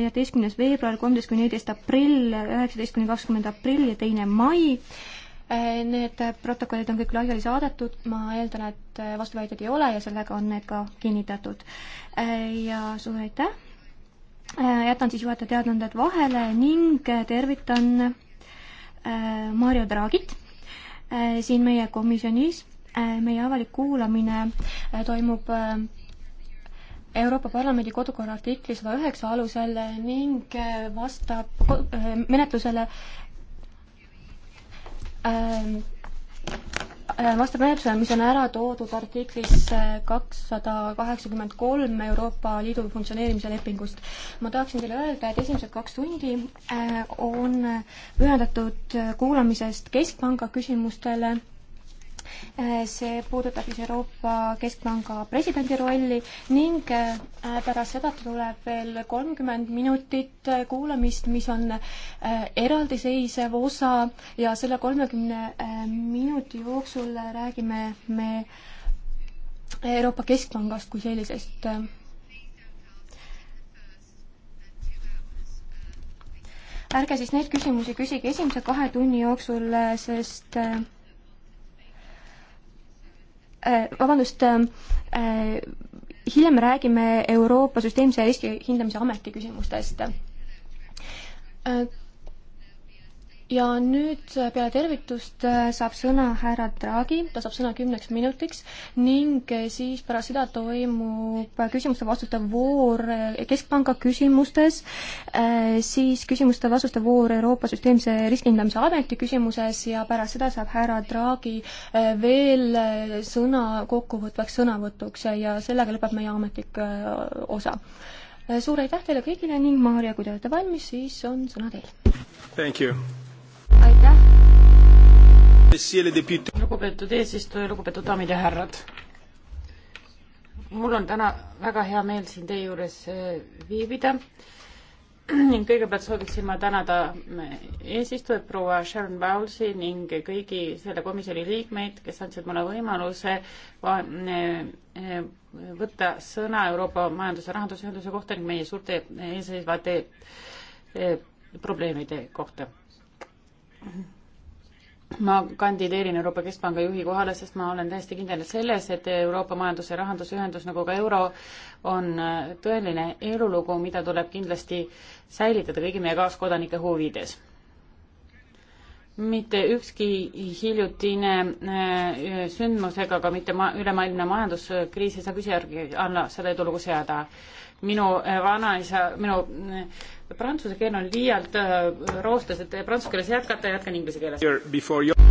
neljateistkümnes veebruar, kolmteist kuni neliteist aprill, üheksateist kuni kakskümmend aprill ja teine mai. Eh, need protokollid on kõik laiali saadetud, ma eeldan, et eh, vastuväiteid ei ole ja sellega on need ka kinnitatud. Eh, ja suur aitäh! jätan siis juhataja teadnanded vahele ning tervitan Mario Draagit siin meie komisjonis. meie avalik kuulamine toimub Euroopa Parlamendi kodukorra artikli sada üheksa alusel ning äh, vastab äh, menetlusele ähm, äh, vastab menetlusele, mis on ära toodud artiklis kakssada kaheksakümmend kolm Euroopa Liidu funktsioneerimise lepingust. ma tahaksin teile öelda, et esimesed kaks tundi on pühendatud kuulamisest Keskpanga küsimustele Äh, see puudutab siis Euroopa Keskpanga presidendi rolli ning äh, pärast seda tuleb veel kolmkümmend minutit äh, kuulamist, mis on eraldiseisev osa ja selle kolmekümne minuti jooksul räägime me Euroopa Keskpangast kui sellisest ärge siis neid küsimusi küsige esimese kahe tunni jooksul, sest Äh, vabandust, ähm, äh, hiljem räägime Euroopa Süsteemse Riski Hindamise Ameti küsimustest äh, ja nüüd äh, peale tervitust äh, saab sõna härra Draghi, ta saab sõna kümneks minutiks ning äh, siis pärast seda toimub küsimuste-vastuste voor Keskpanga küsimustes, siis küsimuste-vastuste voor Euroopa Süsteemse Riskihindamise Ameti küsimuses ja pärast seda saab härra Draghi veel sõna kokkuvõtvaks sõnavõtuks ja sellega lõpeb meie ametlik osa suur aitäh teile kõigile ning Maarja, kui te olete valmis, siis on sõna teil. Thank you aitäh! lugupeetud eesistuja, lugupeetud daamid ja härrad! mul on täna väga hea meel siin teie juures äh, viibida ning kõigepealt sooviksin ma tänada äh, eesistujat proua Sharon Bowlesi ning kõigi selle komisjoni liikmeid, kes andsid mulle võimaluse äh, võtta sõna Euroopa Majandus- ja Rahandusühenduse kohta ning meie suurte eesseisvate probleemide kohta ma kandideerin Euroopa Keskpanga juhi kohale, sest ma olen täiesti kindel selles, et Euroopa Majandus- ja Rahandusühendus nagu ka euro on äh, tõeline elulugu, mida tuleb kindlasti säilitada kõigi meie kaaskodanike huvides. mitte ükski hiljutine äh, sündmus ega ka mitte ma-, ülemaailmne majanduskriis ei saa küsimärgi alla selle edulugu seada minu äh, vanaisa, minu äh, prantsuse keel on liialt äh, roostes, et prantsuse keeles jätkata, jätkan inglise keeles.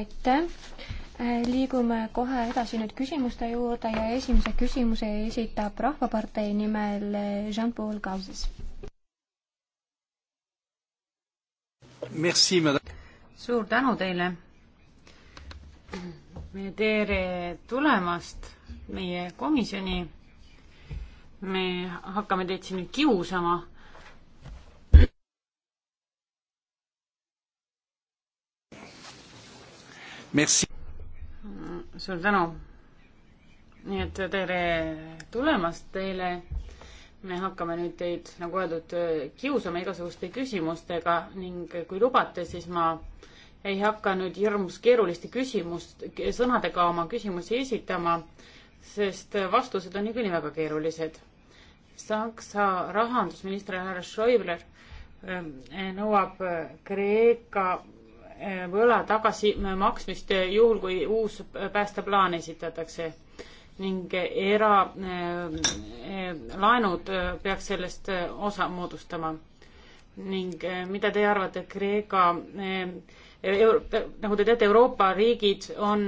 aitäh! Äh, liigume kohe edasi nüüd küsimuste juurde ja esimese küsimuse esitab Rahvapartei nimel äh, Jean-Paul Gauzes. suur tänu teile! tere tulemast meie komisjoni. me hakkame teid siin kiusama suur tänu. nii et tere tulemast teile. me hakkame nüüd teid, nagu öeldud, kiusama igasuguste küsimustega ning kui lubate, siis ma ei hakka nüüd hirmus keeruliste küsimust, sõnadega oma küsimusi esitama, sest vastused on niikuinii väga keerulised. Saksa rahandusminister härra Schäuble eh, nõuab Kreeka võla tagasimaksmist juhul, kui uus päästeplaan esitatakse ning eralaenud eh, peaks sellest osa moodustama. ning eh, mida te arvate, Kreeka eh, Euro, nagu te teate, Euroopa riigid on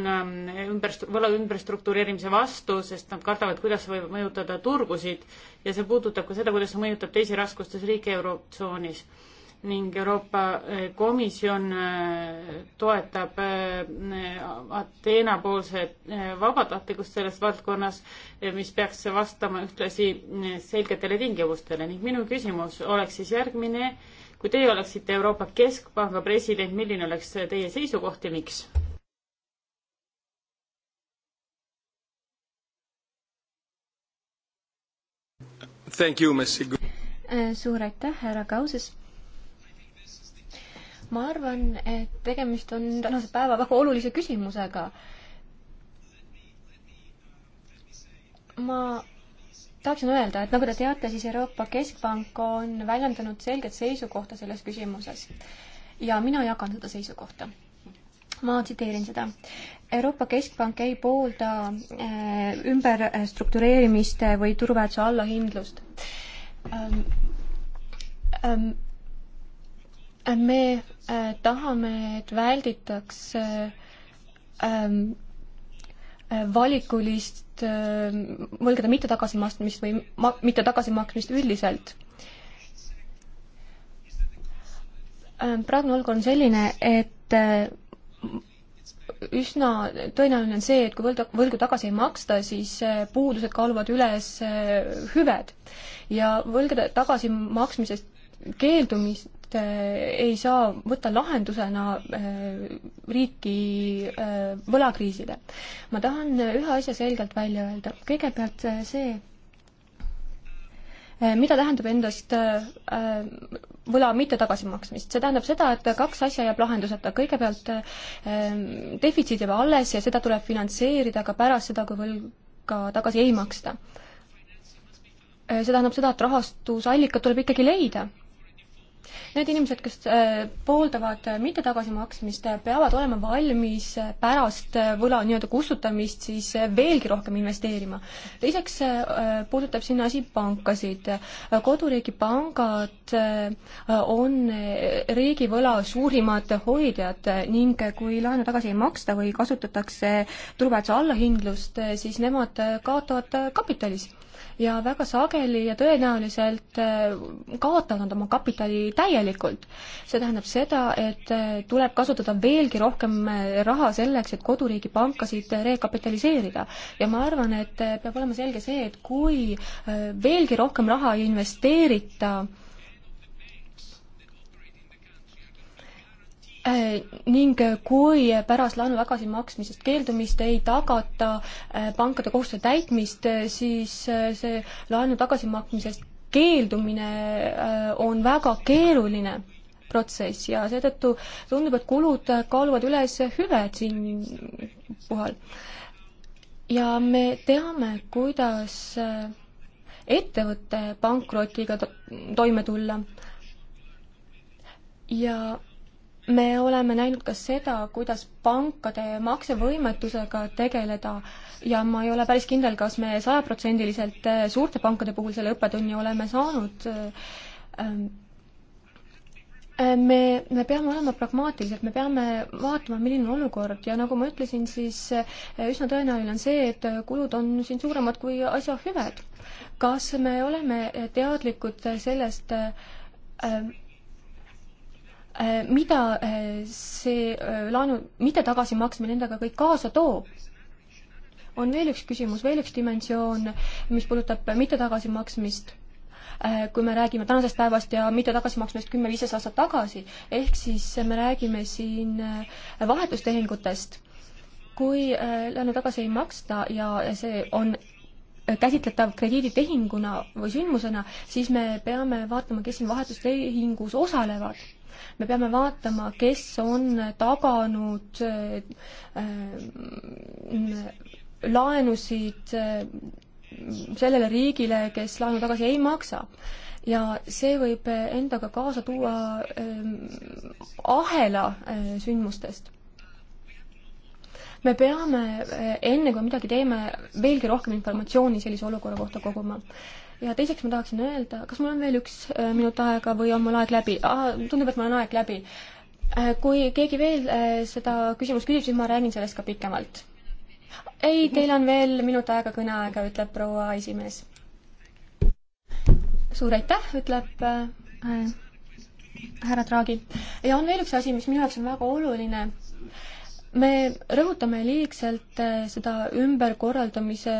ümber, võla ümberstruktureerimise vastu, sest nad kardavad, kuidas see võib mõjutada turgusid ja see puudutab ka seda, kuidas see mõjutab teisi raskustes riike Eurotsoonis ning Euroopa eh, Komisjon eh, toetab eh, Ateena poolset vabatahtlikkust selles valdkonnas, mis peaks vastama ühtlasi selgetele tingimustele ning minu küsimus oleks siis järgmine. kui teie oleksite Euroopa Keskpanga president, milline oleks teie seisukoht ja miks? suur aitäh, härra Kauses ma arvan, et tegemist on tänase päeva väga olulise küsimusega. ma tahaksin öelda, et nagu te teate, siis Euroopa Keskpank on väljendanud selget seisukohta selles küsimuses ja mina jagan seda seisukohta. ma tsiteerin seda. Euroopa Keskpank ei poolda äh, ümberstruktureerimist äh, või turuväärtuse allahindlust ähm,. Ähm, me äh, tahame, et välditaks äh, ähm, äh, valikulist võlgade mitte tagasimaksmist või ma-, mitte tagasimaksmist üldiselt praegune olukord on selline, et üsna tõenäoline on see, et kui võldu, võlgu tagasi ei maksta, siis puudused kaaluvad üles hüved ja võlgade tagasimaksmisest keeldumis, et äh, ei saa võtta lahendusena äh, riiki äh, võlakriisile. ma tahan ühe asja selgelt välja öelda. kõigepealt see, mida tähendab endast võla mitte tagasimaksmist, see tähendab seda, et kaks asja jääb lahenduseta, kõigepealt defitsiit jääb alles ja seda tuleb finantseerida ka pärast seda, kui võlga tagasi ei maksta. see tähendab seda, et rahastusallikad tuleb ikkagi leida Need inimesed, kes äh, pooldavad äh, mitte tagasimaksmist, äh, peavad olema valmis pärast võla nii-öelda kustutamist siis veelgi rohkem investeerima. lisaks puudutab siin asi pankasid. koduriigi pangad on riigivõla suurimad hoidjad ning kui laenu tagasi ei maksta või kasutatakse turuväärtuse allahindlust, siis nemad kaotavad kapitalis ja väga sageli ja tõenäoliselt äh, kaotavad nad oma kapitali täielikult. see tähendab seda, et äh, tuleb kasutada veelgi rohkem äh, raha selleks, et koduriigi pankasid rekapitaliseerida. ja ma arvan, et peab olema selge see, et kui veelgi rohkem raha ei investeerita Äh, ning kui pärast laenu tagasimaksmisest keeldumist ei tagata äh, pankade kohustuse täitmist, äh, siis see laenu tagasimaksmisest keeldumine on väga keeruline protsess ja seetõttu tundub, et kulud kaaluvad üles hüved siin puhul. ja me teame, kuidas ettevõtte pankrotiga to toime tulla ja me oleme näinud ka seda, kuidas pankade maksevõimetusega tegeleda ja ma ei ole päris kindel, kas me sajaprotsendiliselt eh, suurte pankade puhul selle õppetunni oleme saanud. Ähm, me, me peame olema pragmaatilised, me peame vaatama, milline on olukord ja nagu ma ütlesin, siis eh, üsna tõenäoline on see, et kulud on siin suuremad kui asja hüved. kas me oleme eh, teadlikud sellest, Äh, mida äh, see äh, laenu mittetagasimaksmine endaga kõik kaasa toob? on veel üks küsimus, veel üks dimensioon, mis puudutab mittetagasimaksmist kui me räägime tänasest päevast ja mitte tagasimaksmisest kümme-viisteist aastat tagasi, ehk siis me räägime siin vahetustehingutest. kui laenu tagasi ei maksta ja see on käsitletav krediiditehinguna või sündmusena, siis me peame vaatama, kes siin vahetustehingus osalevad me peame vaatama, kes on taganud äh, laenusid äh, sellele riigile, kes laenu tagasi ei maksa. ja see võib endaga kaasa tuua äh, ahela sündmustest me peame enne, kui midagi teeme, veelgi rohkem informatsiooni sellise olukorra kohta koguma ja teiseks ma tahaksin öelda, kas mul on veel üks äh, minut aega või on mul aeg läbi? tundub, et mul on aeg läbi. Äh, kui keegi veel äh, seda küsimust küsib, siis ma räägin sellest ka pikemalt. ei, teil on veel minut aega kõneaega, ütleb proua esimees. suur aitäh, ütleb härra Draagi. ja on veel üks asi, mis minu jaoks on väga oluline me rõhutame liigselt äh, seda ümberkorraldamise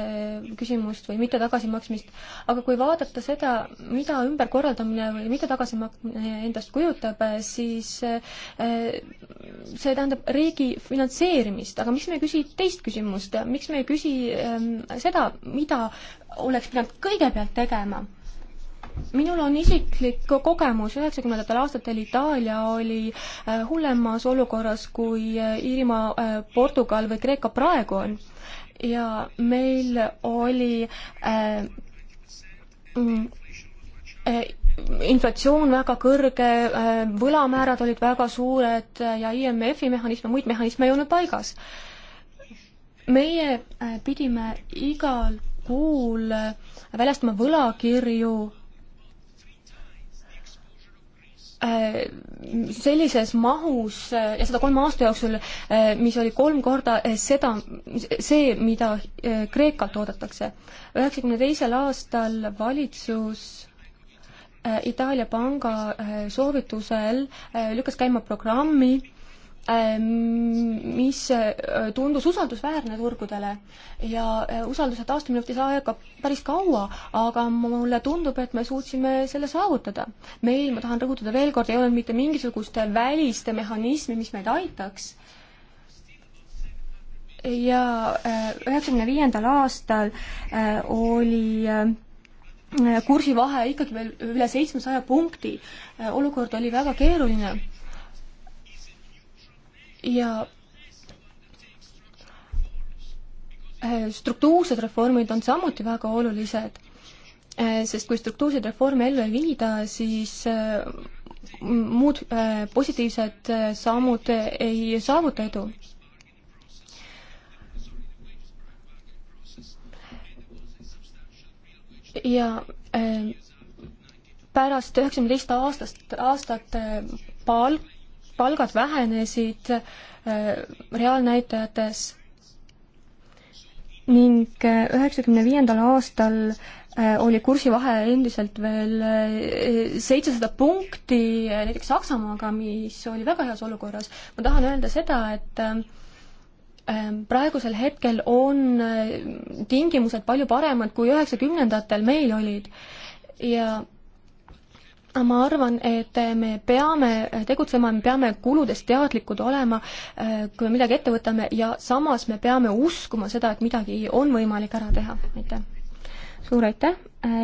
küsimust või mitte tagasimaksmist, aga kui vaadata seda, mida ümberkorraldamine või mitte tagasimaksmine endast kujutab, äh, siis äh, see tähendab riigi finantseerimist, aga miks me ei küsi teist küsimust, miks me ei küsi ähm, seda, mida oleks pidanud kõigepealt tegema minul on isiklik kogemus, üheksakümnendatel aastatel Itaalia oli äh, hullemas olukorras, kui äh, Iirimaa, äh, Portugal või Kreeka praegu on. ja meil oli äh, mm, äh, inflatsioon väga kõrge, võlamäärad olid väga suured ja IMF-i mehhanisme, muid mehhanisme ei olnud paigas. meie pidime igal kuul väljastama võlakirju Äh, sellises mahus äh, ja seda kolme aasta jooksul, äh, mis oli kolm korda seda, see, mida Kreekalt oodatakse. üheksakümne teisel aastal valitsus Itaalia panga soovitusel lükkas käima programmi, Ähm, mis äh, tundus usaldusväärne turgudele ja äh, usalduse taastamine võttis aega päris kaua, aga mulle tundub, et me suutsime selle saavutada. meil, ma tahan rõhutada veel kord, ei olnud mitte mingisugust välist mehhanismi, mis meid aitaks ja äh, üheksakümne viiendal aastal oli kursivahe ikkagi veel üle seitsmesaja punkti. olukord oli väga keeruline ja äh, struktuursed reformid on samuti väga olulised, äh, sest kui struktuurseid reforme ellu ei viida, siis äh, muud positiivsed sammud ei saavuta edu. ja pärast üheksakümne teist aastast, aastat palk palgad vähenesid äh, reaalnäitajates ning äh, üheksakümne viiendal aastal äh, oli kursivahe endiselt veel seitsesada punkti näiteks Saksamaaga, mis oli väga heas olukorras. ma tahan öelda seda, et praegusel hetkel on tingimused palju paremad, kui üheksakümnendatel meil olid ja ma arvan, et me peame tegutsema, me peame kuludest teadlikud olema, kui me midagi ette võtame ja samas me peame uskuma seda, et midagi on võimalik ära teha, aitäh. suur aitäh,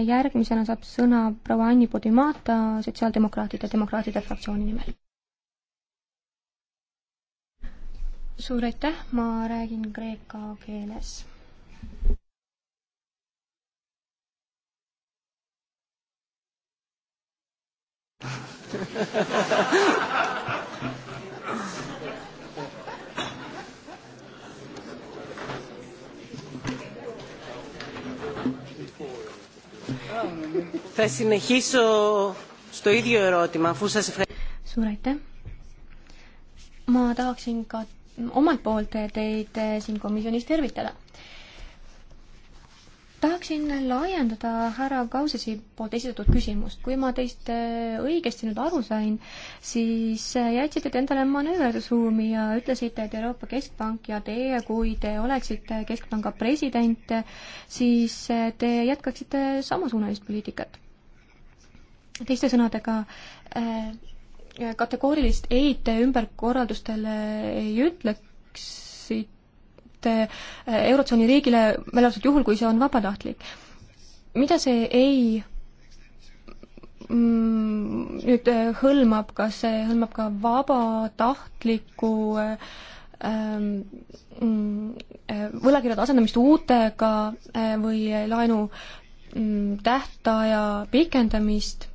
järgmisena saab sõna proua Anni Podimata Sotsiaaldemokraatide, Demokraatide fraktsiooni nimel. suur aitäh, ma räägin kreeka keeles Θα συνεχίσω στο ίδιο ερώτημα, αφού σας ευχαριστώ. Suur aitäh! ma tahaksin ka omalt poolt teid siin komisjonis tervitada tahaksin laiendada härra Kausesi poolt esitatud küsimust. kui ma teist äh, õigesti nüüd aru sain, siis äh, jätsite te endale manööverdusruumi ja ütlesite, et Euroopa Keskpank ja teie, kui te oleksite Keskpanga president, siis äh, te jätkaksite samasuunalist poliitikat. teiste sõnadega, kategoorilist ei te ümberkorraldustele ei ütleks, liit eh, Eurotsooni riigile, välja arvatud juhul, kui see on vabatahtlik. mida see ei mm, nüüd eh, hõlmab, kas see hõlmab ka vabatahtlikku eh, ehm, võlakirjade asendamist uutega või laenu mm, tähtaja pikendamist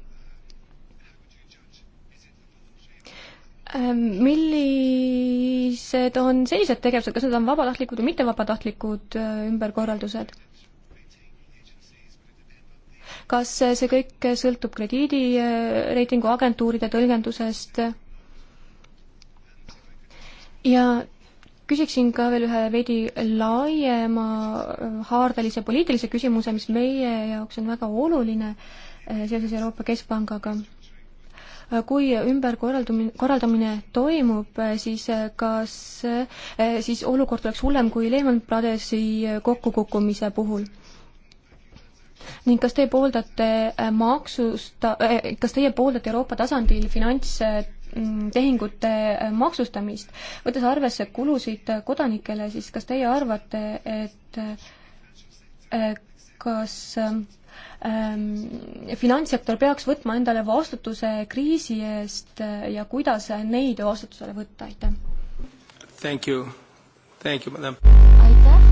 Ehm, millised on senised tegevused, kas need on vabatahtlikud või mittevabatahtlikud äh, ümberkorraldused? kas äh, see kõik sõltub krediidireitingu äh, agentuuride tõlgendusest? ja küsiksin ka veel ühe veidi laiema haardelise poliitilise küsimuse, mis meie jaoks on väga oluline seoses Euroopa Keskpangaga kui ümberkorraldumine, korraldamine toimub, eh, siis eh, kas eh, siis olukord oleks hullem kui Lehman Brothersi kokkukukkumise puhul? ning kas te pooldate maksusta-, kas teie pooldate Euroopa tasandil finants mm, tehingute maksustamist, võttes arvesse kulusid kodanikele, siis kas teie arvate, et kas äh, Ähm, finantssektor peaks võtma endale vastutuse kriisi eest äh, ja kuidas neid vastutusele võtta, aitäh! aitäh!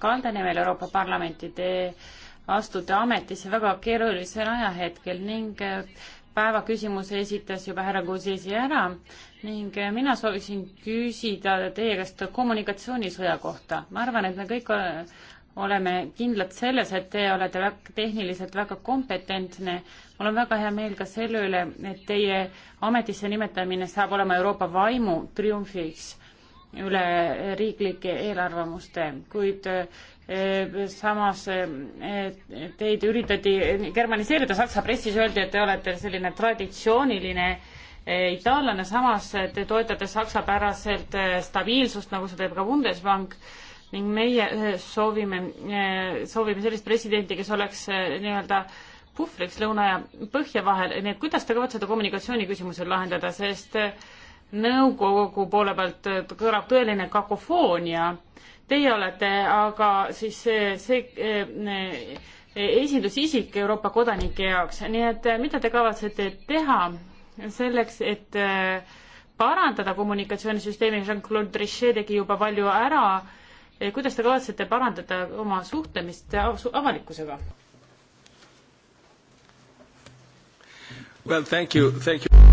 Kalde nimel Euroopa Parlamenti. Te astute ametisse väga keerulisel ajahetkel ning äh, päevaküsimuse esitas juba härra Kuzesi ära ning äh, mina sooviksin küsida teie käest kommunikatsioonisõja kohta. ma arvan, et me kõik äh, oleme kindlad selles, et te olete väga tehniliselt väga kompetentne. mul on väga hea meel ka selle üle, et teie ametisse nimetamine saab olema Euroopa vaimu triumfiks üle riiklike eelarvamuste, kuid eh, samas eh, teid üritati germaniseerida, Saksa pressis öeldi, et te olete selline traditsiooniline eh, itaallane, samas te toetate saksapäraselt stabiilsust, nagu seda teeb ka Bundesbank ning meie soovime, soovime sellist presidenti, kes oleks nii-öelda puhvriks lõuna ja põhja vahel, nii et kuidas te kavatsete kommunikatsiooniküsimused lahendada, sest äh, nõukogu poole pealt kõlab tõeline kakofoonia. Teie olete aga siis see, see eh, esindusisik Euroopa kodanike jaoks, nii et eh, mida te kavatsete teha selleks, et eh, parandada kommunikatsioonisüsteemi, Jean-Claude Trichet tegi juba palju ära, kuidas te kavatsete parandada oma suhtlemist avalikkusega? Well, thank you, thank you.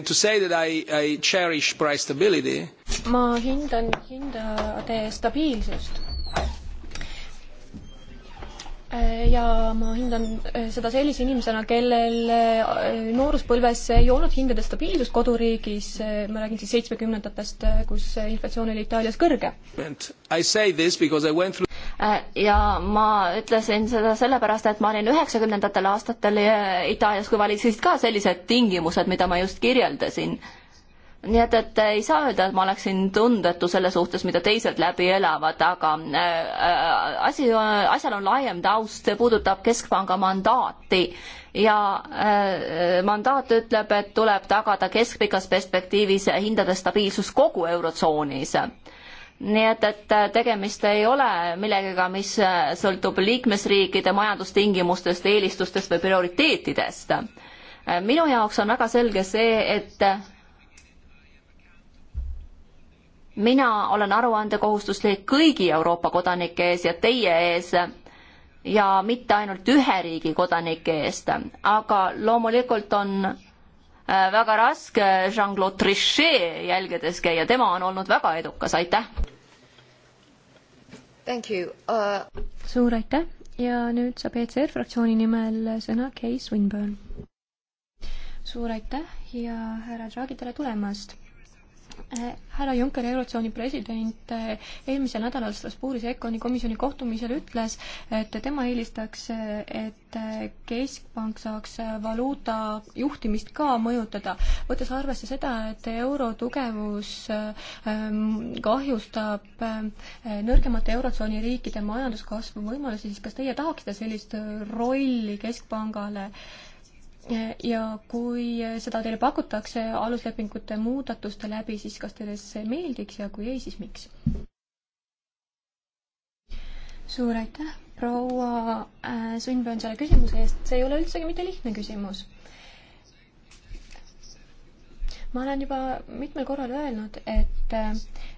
And to say that I, I cherish price stability. ma hindan hindade stabiilsust. Äh, ja ma hindan äh, seda sellise inimesena, kellel äh, nooruspõlves ei olnud hindade stabiilsust koduriigis, ma räägin siis seitsmekümnendatest, kus inflatsioon oli Itaalias kõrge. I say this because I went through Äh, ja ma ütlesin seda sellepärast, et ma olin üheksakümnendatel aastatel äh, Itaalias, kui valitsesid ka sellised tingimused, mida ma just kirjeldasin. nii et, et ei saa öelda, et ma oleksin tundetu selle suhtes, mida teised läbi elavad, aga äh, asi, asjal on laiem taust, see puudutab Keskpanga mandaati ja äh, mandaat ütleb, et tuleb tagada keskpikas perspektiivis hindade stabiilsus kogu Eurotsoonis nii et, et äh, tegemist ei ole millegagi, mis äh, sõltub liikmesriikide majandustingimustest, eelistustest või prioriteetidest. Äh, minu jaoks on väga selge see, et mina olen aruandekohustuslik kõigi Euroopa kodanike ees ja teie ees ja mitte ainult ühe riigi kodanike eest, aga loomulikult on Äh, väga raske Jean-Claude Trichet jälgedes käia, tema on olnud väga edukas, aitäh! Uh... suur aitäh ja nüüd saab ECR fraktsiooni nimel sõna Kay Swinburne. suur aitäh ja härra Draghi, tere tulemast! Eh, härra Juncker, Eurotsooni president, eh, eelmisel nädalal Strasbourgis EKONi komisjoni kohtumisel ütles, et tema eelistaks, et eh, keskpank saaks valuuta juhtimist ka mõjutada, võttes arvesse seda, et euro tugevus kahjustab nõrgemate Eurotsooni riikide majanduskasvu võimalusi, siis kas teie tahaksite sellist rolli keskpangale äh, ja kui seda teile pakutakse aluslepingute muudatuste läbi, siis kas teile see meeldiks ja kui ei, siis miks? suur aitäh, proua äh, Sundberg selle küsimuse eest, see ei ole üldsegi mitte lihtne küsimus ma olen juba mitmel korral öelnud, et äh,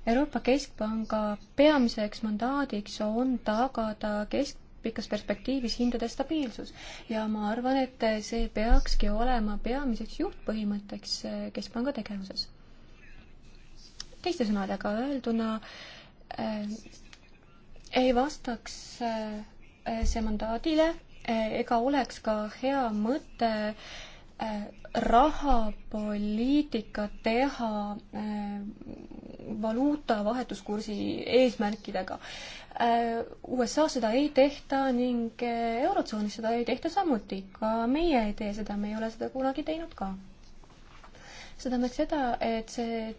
Euroopa Keskpanga peamiseks mandaadiks on tagada kesk-, pikas perspektiivis hindade stabiilsus. ja ma arvan, et see peakski olema peamiseks juhtpõhimõtteks äh, keskpanga tegevuses. teiste sõnadega öelduna äh, ei vastaks äh, see mandaadile äh, ega oleks ka hea mõte äh, rahapoliitikat teha äh, valuuta vahetuskursi eesmärkidega. Äh, USA-s seda ei tehta ning äh, Eurotsoonis seda ei tehta samuti, ka meie ei tee seda, me ei ole seda kunagi teinud ka. see tähendab seda, et see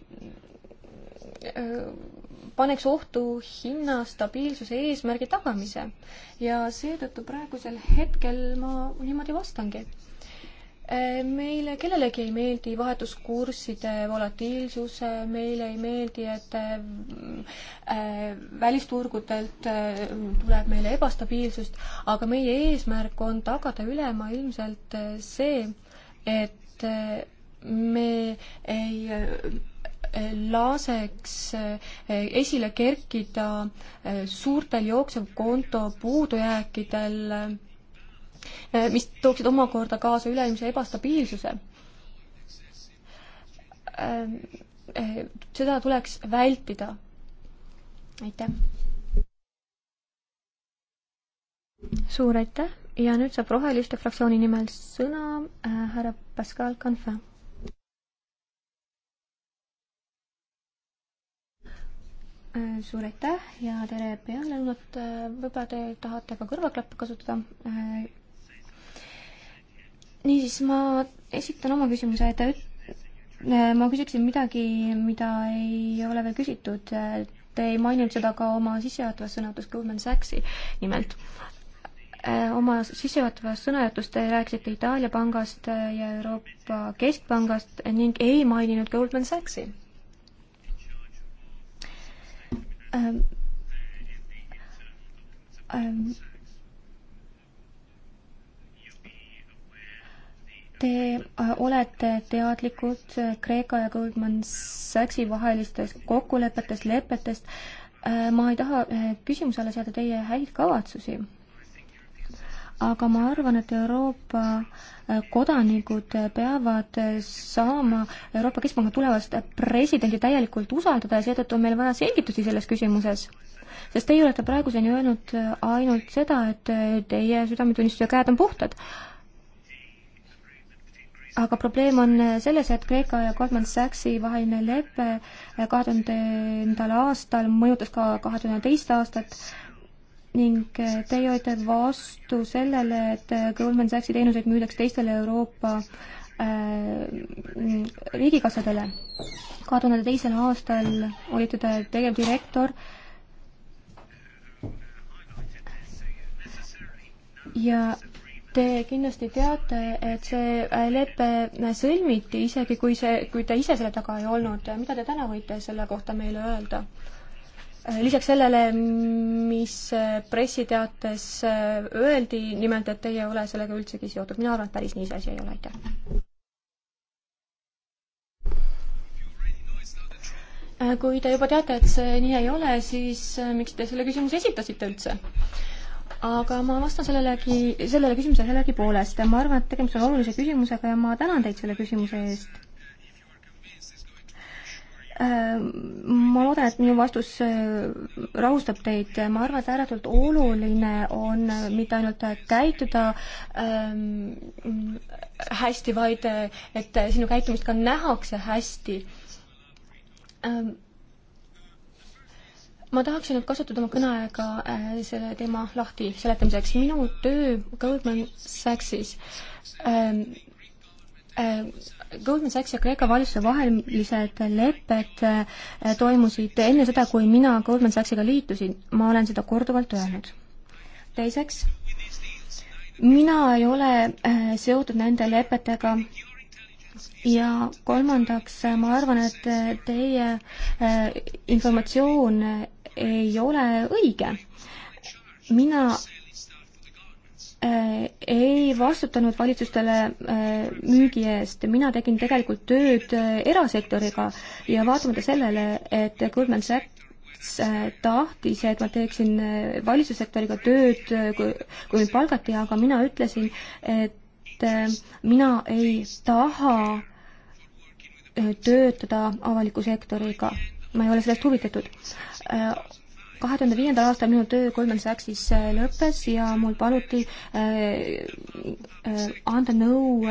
paneks ohtu hinna stabiilsuse eesmärgi tagamise ja seetõttu praegusel hetkel ma niimoodi vastangi meile kellelegi ei meeldi vahetuskursside volatiilsus, meile ei meeldi, et äh, välisturgudelt äh, tuleb meile ebastabiilsust, aga meie eesmärk on tagada ülemaailmselt äh, see, et me ei laseks esile kerkida suurtel jooksevkonto puudujääkidel Eh, mis tooksid omakorda kaasa üleilmse ebastabiilsuse. Eh, eh, seda tuleks vältida. aitäh. suur aitäh ja nüüd saab Roheliste fraktsiooni nimel sõna härra Pascal Canfin. suur aitäh ja tere pealelõunat. võib-olla te tahate ka kõrvaklappe kasutada? niisiis, ma esitan oma küsimuse, et äh, ma küsiksin midagi, mida ei ole veel küsitud. Te ei maininud seda ka oma sissejuhatavas sõnavõtus Goldman Sachsi nimelt. Äh, oma sissejuhatavas sõnavõtus te rääkisite Itaalia pangast ja Euroopa Keskpangast ning ei maininud Goldman Sachsi ähm, ähm, Te äh, olete teadlikud Kreeka ja Goldman Sachsi vahelistest kokkulepetest, lepetest. Äh, ma ei taha äh, küsimuse alla seada teie häid kavatsusi, aga ma arvan, et Euroopa kodanikud peavad saama Euroopa Keskpanga tulevast presidenti täielikult usaldada ja seetõttu on meil vaja selgitusi selles küsimuses sest teie olete praeguseni öelnud ainult seda, et teie südametunnistuse käed on puhtad aga probleem on selles, et Kreeka ja Goldman Sachsi vaheline lepe kahe tuhandendal aastal mõjutas ka kahe tuhande teist aastat ning teie olite vastu sellele, et Goldman Sachsi teenuseid müüdaks teistele Euroopa äh, riigikassadele. kahe tuhande teisel aastal olite te tegevdirektor ja Te kindlasti teate, et see äh, lepe äh, sõlmiti, isegi kui see, kui te ise selle taga ei olnud. mida te täna võite selle kohta meile öelda? Äh, lisaks sellele, mis pressiteates öeldi, nimelt, et teie ei ole sellega üldsegi seotud. mina arvan, et päris nii see asi ei ole, aitäh. kui te juba teate, et see nii ei ole, siis miks te selle küsimuse esitasite üldse? aga ma vastan sellelegi, sellele küsimusele sellegipoolest. ma arvan, et tegemist on olulise küsimusega ja ma tänan teid selle küsimuse eest. Äh, ma loodan, et minu vastus äh, rahustab teid. ma arvan, et ääretult oluline on mitte ainult käituda ähm, hästi, vaid äh, et sinu käitumist ka nähakse hästi ähm, ma tahaksin nüüd kasutada oma kõneaega äh, selle teema lahti seletamiseks. minu töö Goldman Sachsis ähm, äh, Goldman Sachs ja Kreeka valitsuse vahelised lepped äh, toimusid enne seda, kui mina Goldman Sachsiga liitusin. ma olen seda korduvalt öelnud. teiseks, mina ei ole äh, seotud nende lepetega ja kolmandaks, ma arvan, et äh, teie äh, informatsioon ei ole õige. mina äh, ei vastutanud valitsustele äh, müügi eest, mina tegin tegelikult tööd äh, erasektoriga ja vaatamata sellele, et Goldman Sachs tahtis, et ma teeksin valitsussektoriga tööd, kui, kui mind palgati, aga mina ütlesin, et mina ei taha töötada avaliku sektoriga ma ei ole sellest huvitatud. kahe tuhande viiendal aastal minu töö Goldman Sachsis äh, lõppes ja mul paluti äh, äh, anda nõu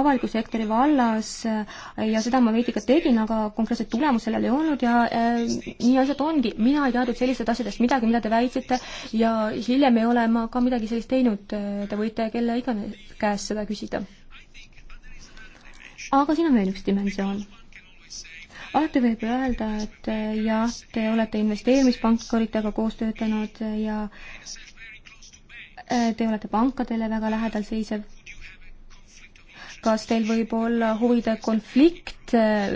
avaliku sektori vallas ja seda ma veidi ka tegin, aga konkreetset tulemust sellel ei olnud ja nii asjad ongi. mina ei teadnud sellistest asjadest midagi, mida te väitsite ja hiljem ei ole ma ka midagi sellist teinud. Te võite kelle iganes käest seda küsida. aga siin on veel üks dimensioon alati võib öelda, et äh, jah, te olete investeerimispankuritega koos töötanud ja äh, te olete pankadele väga lähedal seisev. kas teil võib olla huvide konflikt? Äh,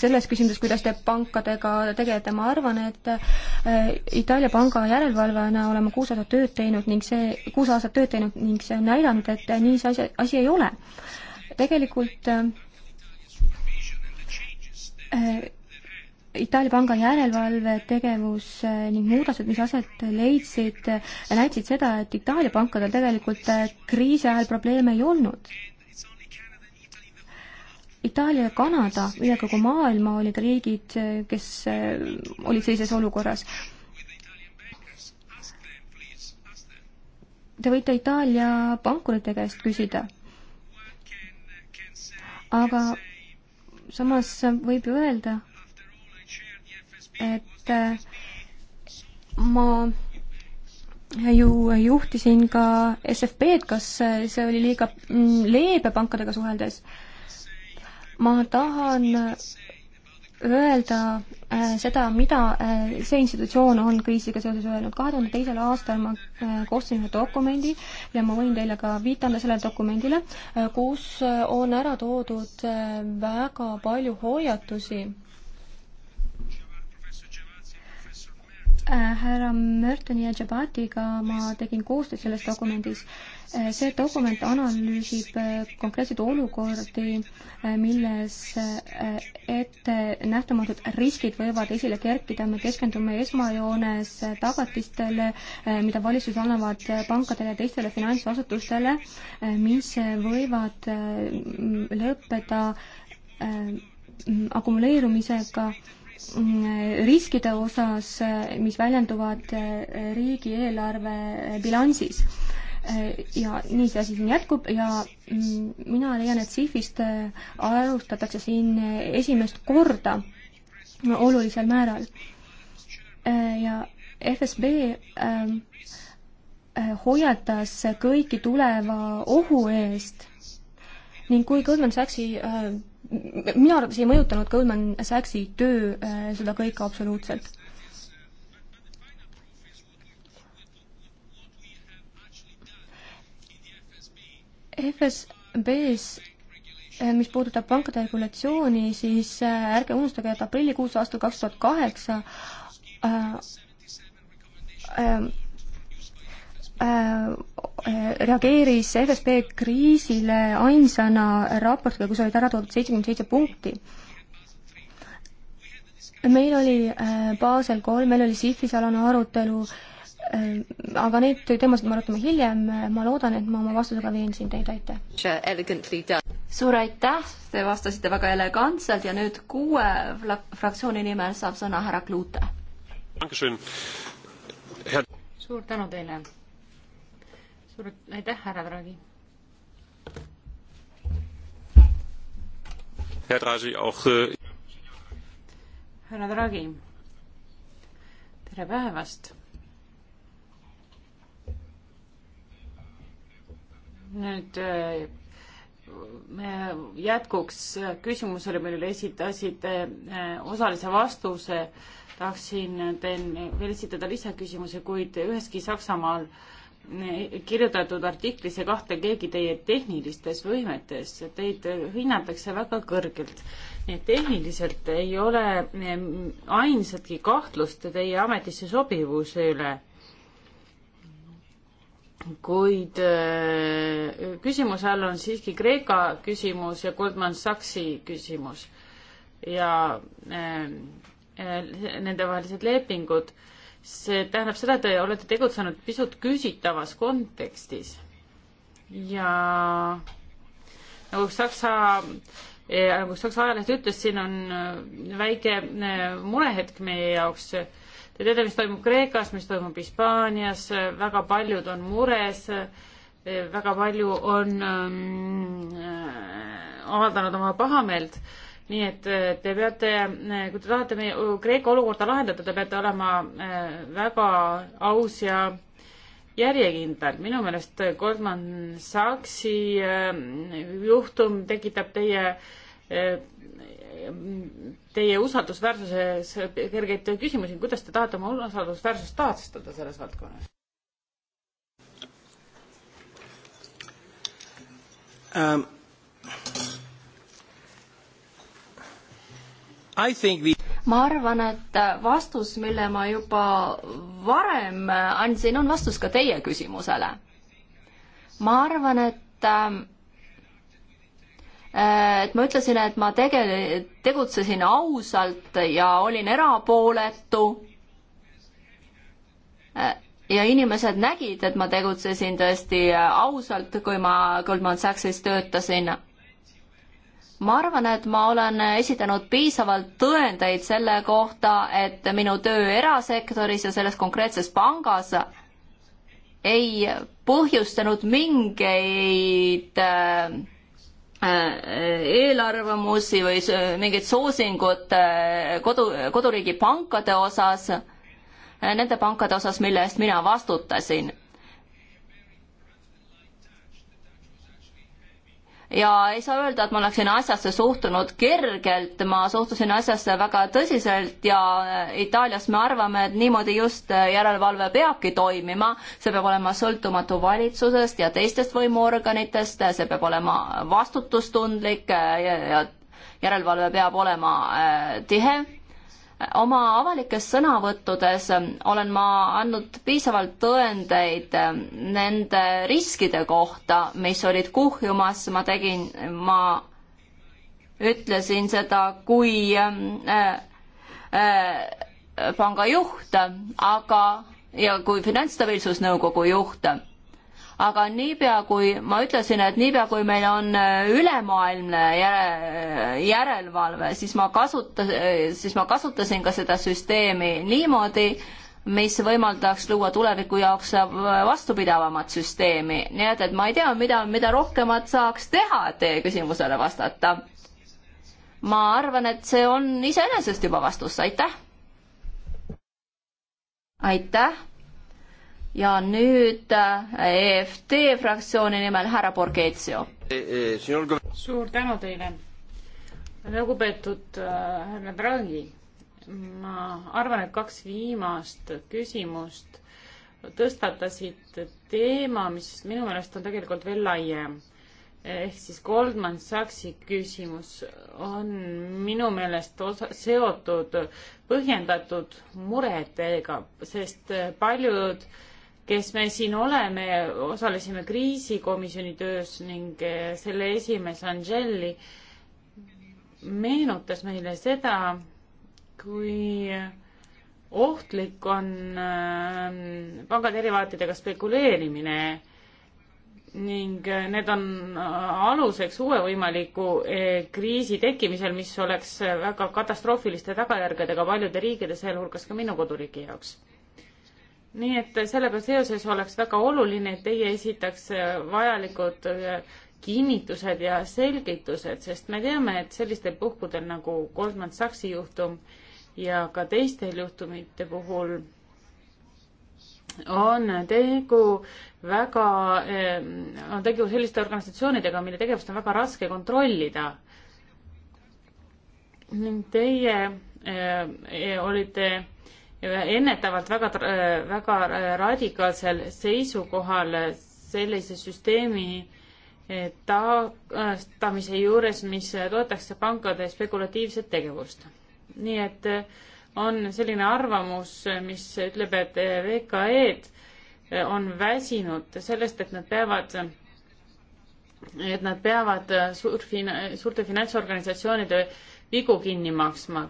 selles küsimuses, kuidas te pankadega tegelete, ma arvan, et Itaalia panga järelevalvena oleme kuus aastat tööd teinud ning see, kuus aastat tööd teinud ning see on näidanud, et nii see asi, asi ei ole. tegelikult äh, Äh, Itaalia panga järelevalvetegevus äh, ning muudatused, mis aset leidsid, äh, näitasid seda, et Itaalia pankadel tegelikult kriisi ajal probleeme ei olnud. Itaalia ja Kanada, üle kogu maailma olid riigid, kes olid sellises olukorras. Te võite Itaalia pankurite käest küsida, aga samas võib ju öelda, et äh, ma ju juhtisin ka SFB-d, kas see oli liiga mm, leebe pankadega suheldes? ma tahan öelda äh, seda, mida äh, see institutsioon on kriisiga seoses öelnud. kahe tuhande teisel aastal ma äh, koostasin ühe dokumendi ja ma võin teile ka viitata sellele dokumendile, kus on ära toodud väga palju hoiatusi härra Mertoni ja Džabatiga ma tegin koostööd selles dokumendis see dokument analüüsib äh, konkreetseid olukordi, äh, milles äh, ette nähtamatud riskid võivad esile kerkida, me keskendume esmajoones tagatistele, mida valitsus annavad pankadele ja teistele finantsasutustele, mis võivad lõppeda akumuleerumisega riskide osas, mis väljenduvad riigieelarve bilansis Äh, ja nii see asi siin jätkub ja mm, mina leian, et SIFist äh, alustatakse siin äh, esimest korda olulisel määral. ja FSB ähm, hoiatas kõiki tuleva ohu eest ning kui Goldman Sachsi minu arvates ei mõjutanud Goldman Sachsi töö seda kõike absoluutselt FSB-s eh, mis puudutab pankade regulatsiooni, siis eh, ärge unustage, et aprillikuus aastal kaks tuhat kaheksa äh, äh, äh, eh, reageeris FSB kriisile ainsana raportiga, kus olid ära toodud seitsekümmend seitse punkti. meil oli Basel kolm, meil oli SIFis alane arutelu äh,, Ehm, aga neid teemasid me arutame hiljem, ma loodan, et ma oma vastusega veensin teid, aitäh! suur aitäh, te vastasite väga elegantselt ja nüüd kuue fraktsiooni nimel saab sõna härra Klute. suur tänu teile! suur aitäh, härra Draghi! härra Draghi, auch äh, härra Draghi, tere päevast! nüüd äh, jätkuks küsimusele, millele esitasite äh, osalise vastuse, tahaksin teil veel esitada lisaküsimuse, kuid üheski Saksamaal kirjutatud artiklis ei kahtle keegi teie tehnilistes võimetes, teid hinnatakse väga kõrgelt. nii et tehniliselt ei ole mm, ainsatki kahtlust teie ametisse sobivuse üle kuid äh, küsimuse all on siiski Kreeka küsimus ja Goldman Sachsi küsimus ja äh, äh, nendevahelised lepingud. see tähendab seda, et te olete tegutsenud pisut küsitavas kontekstis ja nagu Saksa nagu Saksa ajaleht ütles, siin on väike murehetk meie jaoks Te teate, mis toimub Kreekas, mis toimub Hispaanias, väga paljud on mures, väga palju on ähm, avaldanud oma pahameelt, nii et äh, te peate, äh, kui te tahate meie äh, Kreeka olukorda lahendada, te peate olema äh, väga aus ja järjekindel. minu meelest Goldman Sachsi äh, juhtum tekitab teie äh, teie usaldusväärsuses kergeid küsimusi, kuidas te tahate oma usaldusväärsust taastada selles valdkonnas um,? We... ma arvan, et vastus, mille ma juba varem andsin, on vastus ka teie küsimusele. ma arvan, et um, Äh, et ma ütlesin, et ma tege-, tegutsesin ausalt ja olin erapooletu. Äh, ja inimesed nägid, et ma tegutsesin tõesti äh, ausalt, kui ma Goldman Sachsis töötasin. ma arvan, et ma olen esitanud piisavalt tõendeid selle kohta, et minu töö erasektoris ja selles konkreetses pangas ei põhjustanud mingeid äh, eelarvamusi või mingit soosingut äh, kodu, koduriigi pankade osas, äh, nende pankade osas, mille eest mina vastutasin ja ei saa öelda, et ma oleksin asjasse suhtunud kergelt, ma suhtusin asjasse väga tõsiselt ja äh, Itaalias me arvame, et niimoodi just äh, järelevalve peabki toimima, see peab olema sõltumatu valitsusest ja teistest võimuorganitest, see peab olema vastutustundlik äh, ja, ja järelevalve peab olema tihe oma avalikes sõnavõttudes ähm, olen ma andnud piisavalt tõendeid ähm, nende riskide kohta, mis olid kuhjumas, ma tegin, ma ütlesin seda kui ähm, äh, äh, panga juht, aga, ja kui finantsstabiilsusnõukogu juht aga niipea, kui ma ütlesin, et niipea, kui meil on äh, ülemaailmne järelevalve, siis ma kasutas, siis ma kasutasin ka seda süsteemi niimoodi, mis võimaldaks luua tuleviku jaoks äh, vastupidavamat süsteemi. nii et, et ma ei tea, mida, mida rohkemat saaks teha, et teie küsimusele vastata. ma arvan, et see on iseenesest juba vastus, aitäh. aitäh ja nüüd äh, EFT fraktsiooni nimel härra Borghezio. Eh, eh, suur tänu teile, lugupeetud äh, härra Draghi. ma arvan, et kaks viimast küsimust tõstatasid teema, mis minu meelest on tegelikult veel laiem. ehk siis Goldman Sachsi küsimus on minu meelest osa, seotud põhjendatud muredega, sest paljud äh, kes me siin oleme, osalesime kriisikomisjoni töös ning eh, selle esimees Angeli meenutas meile seda, kui ohtlik on ähm, pangade erivaatidega spekuleerimine ning eh, need on äh, aluseks uue võimaliku eh, kriisi tekkimisel, mis oleks väga katastroofiliste tagajärgedega paljude riikide, sealhulgas ka minu koduriigi jaoks nii et sellega seoses oleks väga oluline, et teie esitaks vajalikud äh, kinnitused ja selgitused, sest me teame, et sellistel puhkudel nagu Goldman Sachsi juhtum ja ka teiste juhtumite puhul on tegu väga, ähm, on tegu selliste organisatsioonidega, mille tegevust on väga raske kontrollida. ning teie eh, olite ennetavalt väga, väga äh, radikaalsel seisukohal sellise süsteemi äh, taastamise juures, mis toetaks pankade spekulatiivset tegevust. nii et äh, on selline arvamus, mis ütleb, et VKE-d on väsinud sellest, et nad peavad, et nad peavad suur fina-, suurte finantsorganisatsioonide vigu kinni maksma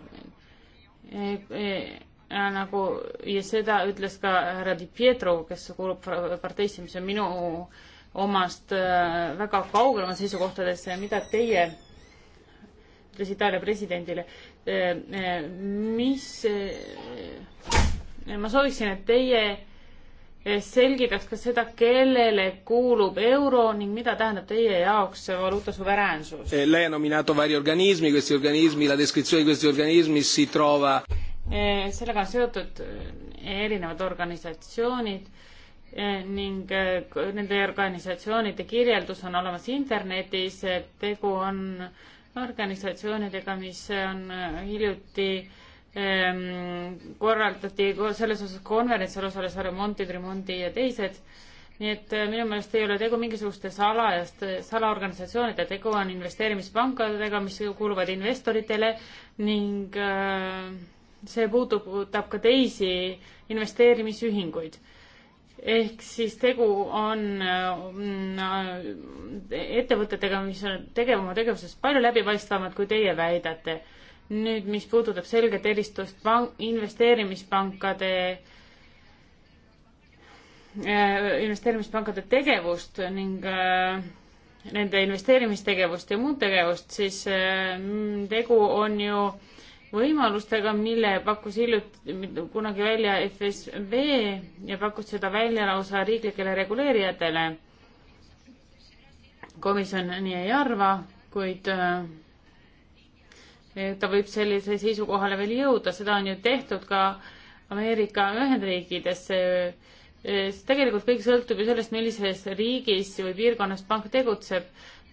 Äh, nagu ja seda ütles ka härra Di Pietro, kes kuulub parteisse, mis on minu omast äh, väga kaugel oma seisukohtadesse, mida teie, ütles Itaalia presidendile, äh, mis, ma sooviksin, et teie selgitaks ka seda, kellele kuulub euro ning mida tähendab teie jaoks valuuta suveräänsus eh,? Lei ha nominato vari organismi, questi organismi, la descrizione di questi organismi si trova Eh, sellega on seotud eh, erinevad organisatsioonid eh, ning nende organisatsioonide kirjeldus on olemas internetis, tegu on organisatsioonidega, mis on hiljuti ehm, korraldati selles osas konverentsil osales Remontid, Remondi ja teised. nii et minu meelest ei ole tegu mingisuguste salajaste, salaorganisatsioonide, tegu on investeerimispankadega, mis kuuluvad investoritele ning äh, see puudutab ka teisi investeerimisühinguid. ehk siis tegu on mm, ettevõtetega, mis on tegema oma tegevuses palju läbipaistvamad, kui teie väidate. nüüd, mis puudutab selget eristust pank, investeerimispankade äh, investeerimispankade tegevust ning äh, nende investeerimistegevust ja muud tegevust, siis äh, mm, tegu on ju äh, võimalustega, mille pakkus hiljuti, kunagi välja FSB ja pakkus seda välja lausa riiklikele reguleerijatele. komisjon nii ei arva, kuid äh, ta võib sellise seisukohale veel jõuda, seda on ju tehtud ka Ameerika Ühendriikides. Äh, tegelikult kõik sõltub ju sellest, millises riigis või piirkonnas pank tegutseb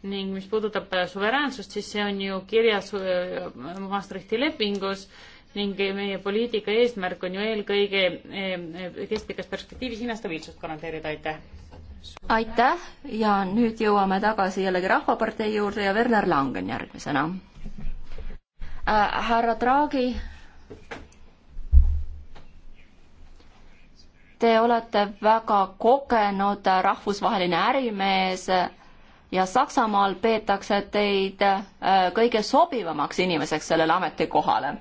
ning mis puudutab äh, suveräänsust, siis see on ju kirjas äh, Maastrichti lepingus ning meie poliitika eesmärk on ju eelkõige äh, keskpikas perspektiivis Hiina stabiilsust garanteerida, aitäh! aitäh ja nüüd jõuame tagasi jällegi Rahvapartei juurde ja Werner Langen järgmisena äh,. härra Draghi, te olete väga kogenud rahvusvaheline ärimees äh, ja Saksamaal peetakse teid äh, kõige sobivamaks inimeseks sellele ametikohale.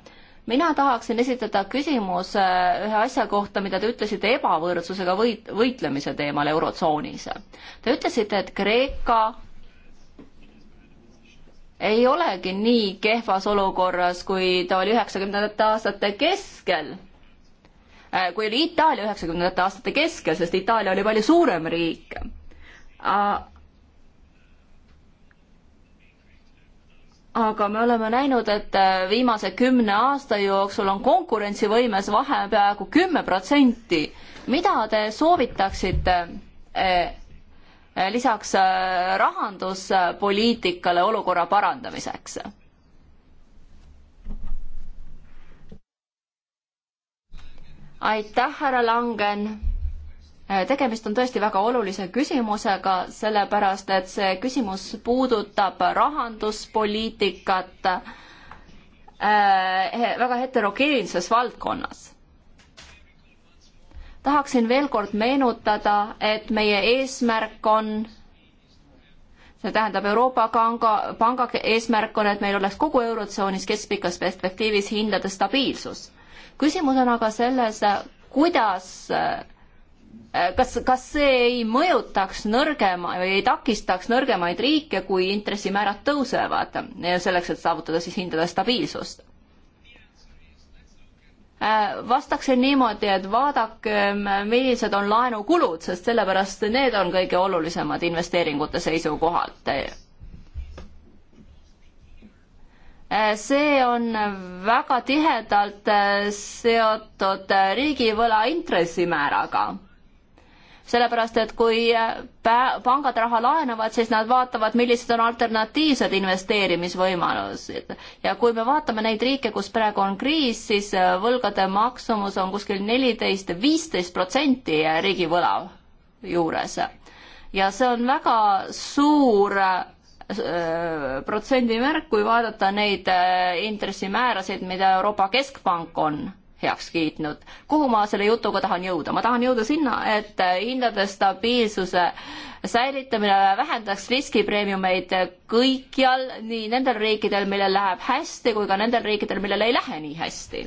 mina tahaksin esitada küsimuse äh, ühe asja kohta, mida te ütlesite ebavõrdsusega võit-, võitlemise teemal Eurotsoonis. Te ütlesite, et Kreeka ei olegi nii kehvas olukorras, kui ta oli üheksakümnendate aastate keskel äh, kui oli Itaalia üheksakümnendate aastate keskel, sest Itaalia oli palju suurem riik. aga me oleme näinud, et äh, viimase kümne aasta jooksul on konkurentsivõimes vahe peaaegu kümme protsenti. mida te soovitaksite äh, äh, lisaks rahanduspoliitikale olukorra parandamiseks? aitäh, härra Langen Äh, tegemist on tõesti väga olulise küsimusega, sellepärast et see küsimus puudutab rahanduspoliitikat äh, väga heterogeenses valdkonnas tahaksin veel kord meenutada, et meie eesmärk on, see tähendab Euroopa Panga, panga eesmärk on, et meil oleks kogu Eurotsoonis keskpikas perspektiivis hindade stabiilsus. küsimus on aga selles, kuidas äh, Äh, kas, kas see ei mõjutaks nõrgema või ei takistaks nõrgemaid riike, kui intressimäärad tõusevad, selleks et saavutada siis hindade stabiilsust? Äh, vastaksin niimoodi, et vaadake, millised on laenukulud, sest sellepärast need on kõige olulisemad investeeringute seisukohalt. Äh, see on väga tihedalt seotud riigivõla intressimääraga sellepärast et kui äh, pangad raha laenavad, siis nad vaatavad, millised on alternatiivsed investeerimisvõimalused. ja kui me vaatame neid riike, kus praegu on kriis, siis äh, võlgade maksumus on kuskil neliteist, viisteist protsenti äh, riigivõla juures. ja see on väga suur protsendimärk, kui vaadata neid intressimäärasid, mida Euroopa Keskpank on heaks kiitnud. kuhu ma selle jutuga tahan jõuda? ma tahan jõuda sinna, et äh, hindade stabiilsuse säilitamine vähendaks riskipreemiumeid kõikjal, nii nendel riikidel, millel läheb hästi, kui ka nendel riikidel, millel ei lähe nii hästi.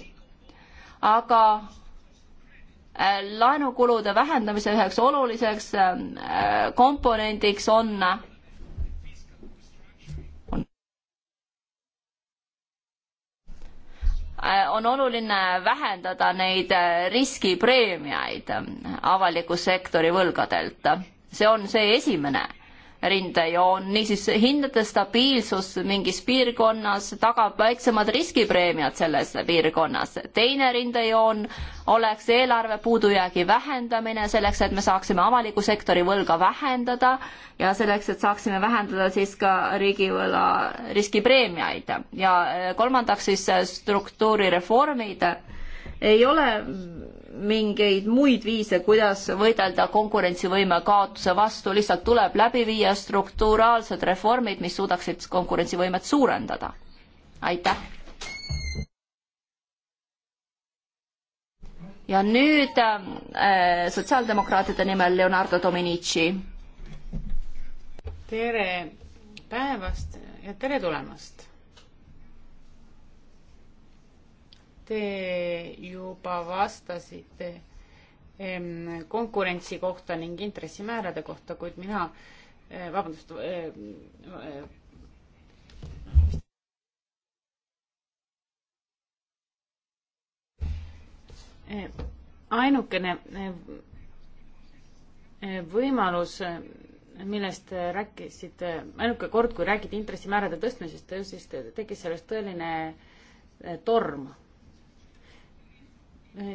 aga äh, laenukulude vähendamise üheks oluliseks äh, komponendiks on Äh, on oluline vähendada neid äh, riskipreemiaid äh, avaliku sektori võlgadelt. see on see esimene rindejoon, niisiis hindade stabiilsus mingis piirkonnas tagab väiksemad riskipreemiad selles piirkonnas. teine rindejoon oleks eelarve puudujäägi vähendamine selleks, et me saaksime avaliku sektori võlga vähendada ja selleks, et saaksime vähendada siis ka riigivõla riskipreemiaid. ja kolmandaks siis struktuurireformid ei ole mingeid muid viise, kuidas võidelda konkurentsivõime kaotuse vastu, lihtsalt tuleb läbi viia strukturaalsed reformid, mis suudaksid konkurentsivõimet suurendada. aitäh. ja nüüd äh, sotsiaaldemokraatide nimel Leonardo Dominici. tere päevast ja tere tulemast Te juba vastasite konkurentsi kohta ning intressimäärade kohta, kuid mina, eh, vabandust, eh, eh, ainukene võimalus, millest rääkisid, ainuke kord, kui räägiti intressimäärade tõstmisest, siis tekkis sellest tõeline torm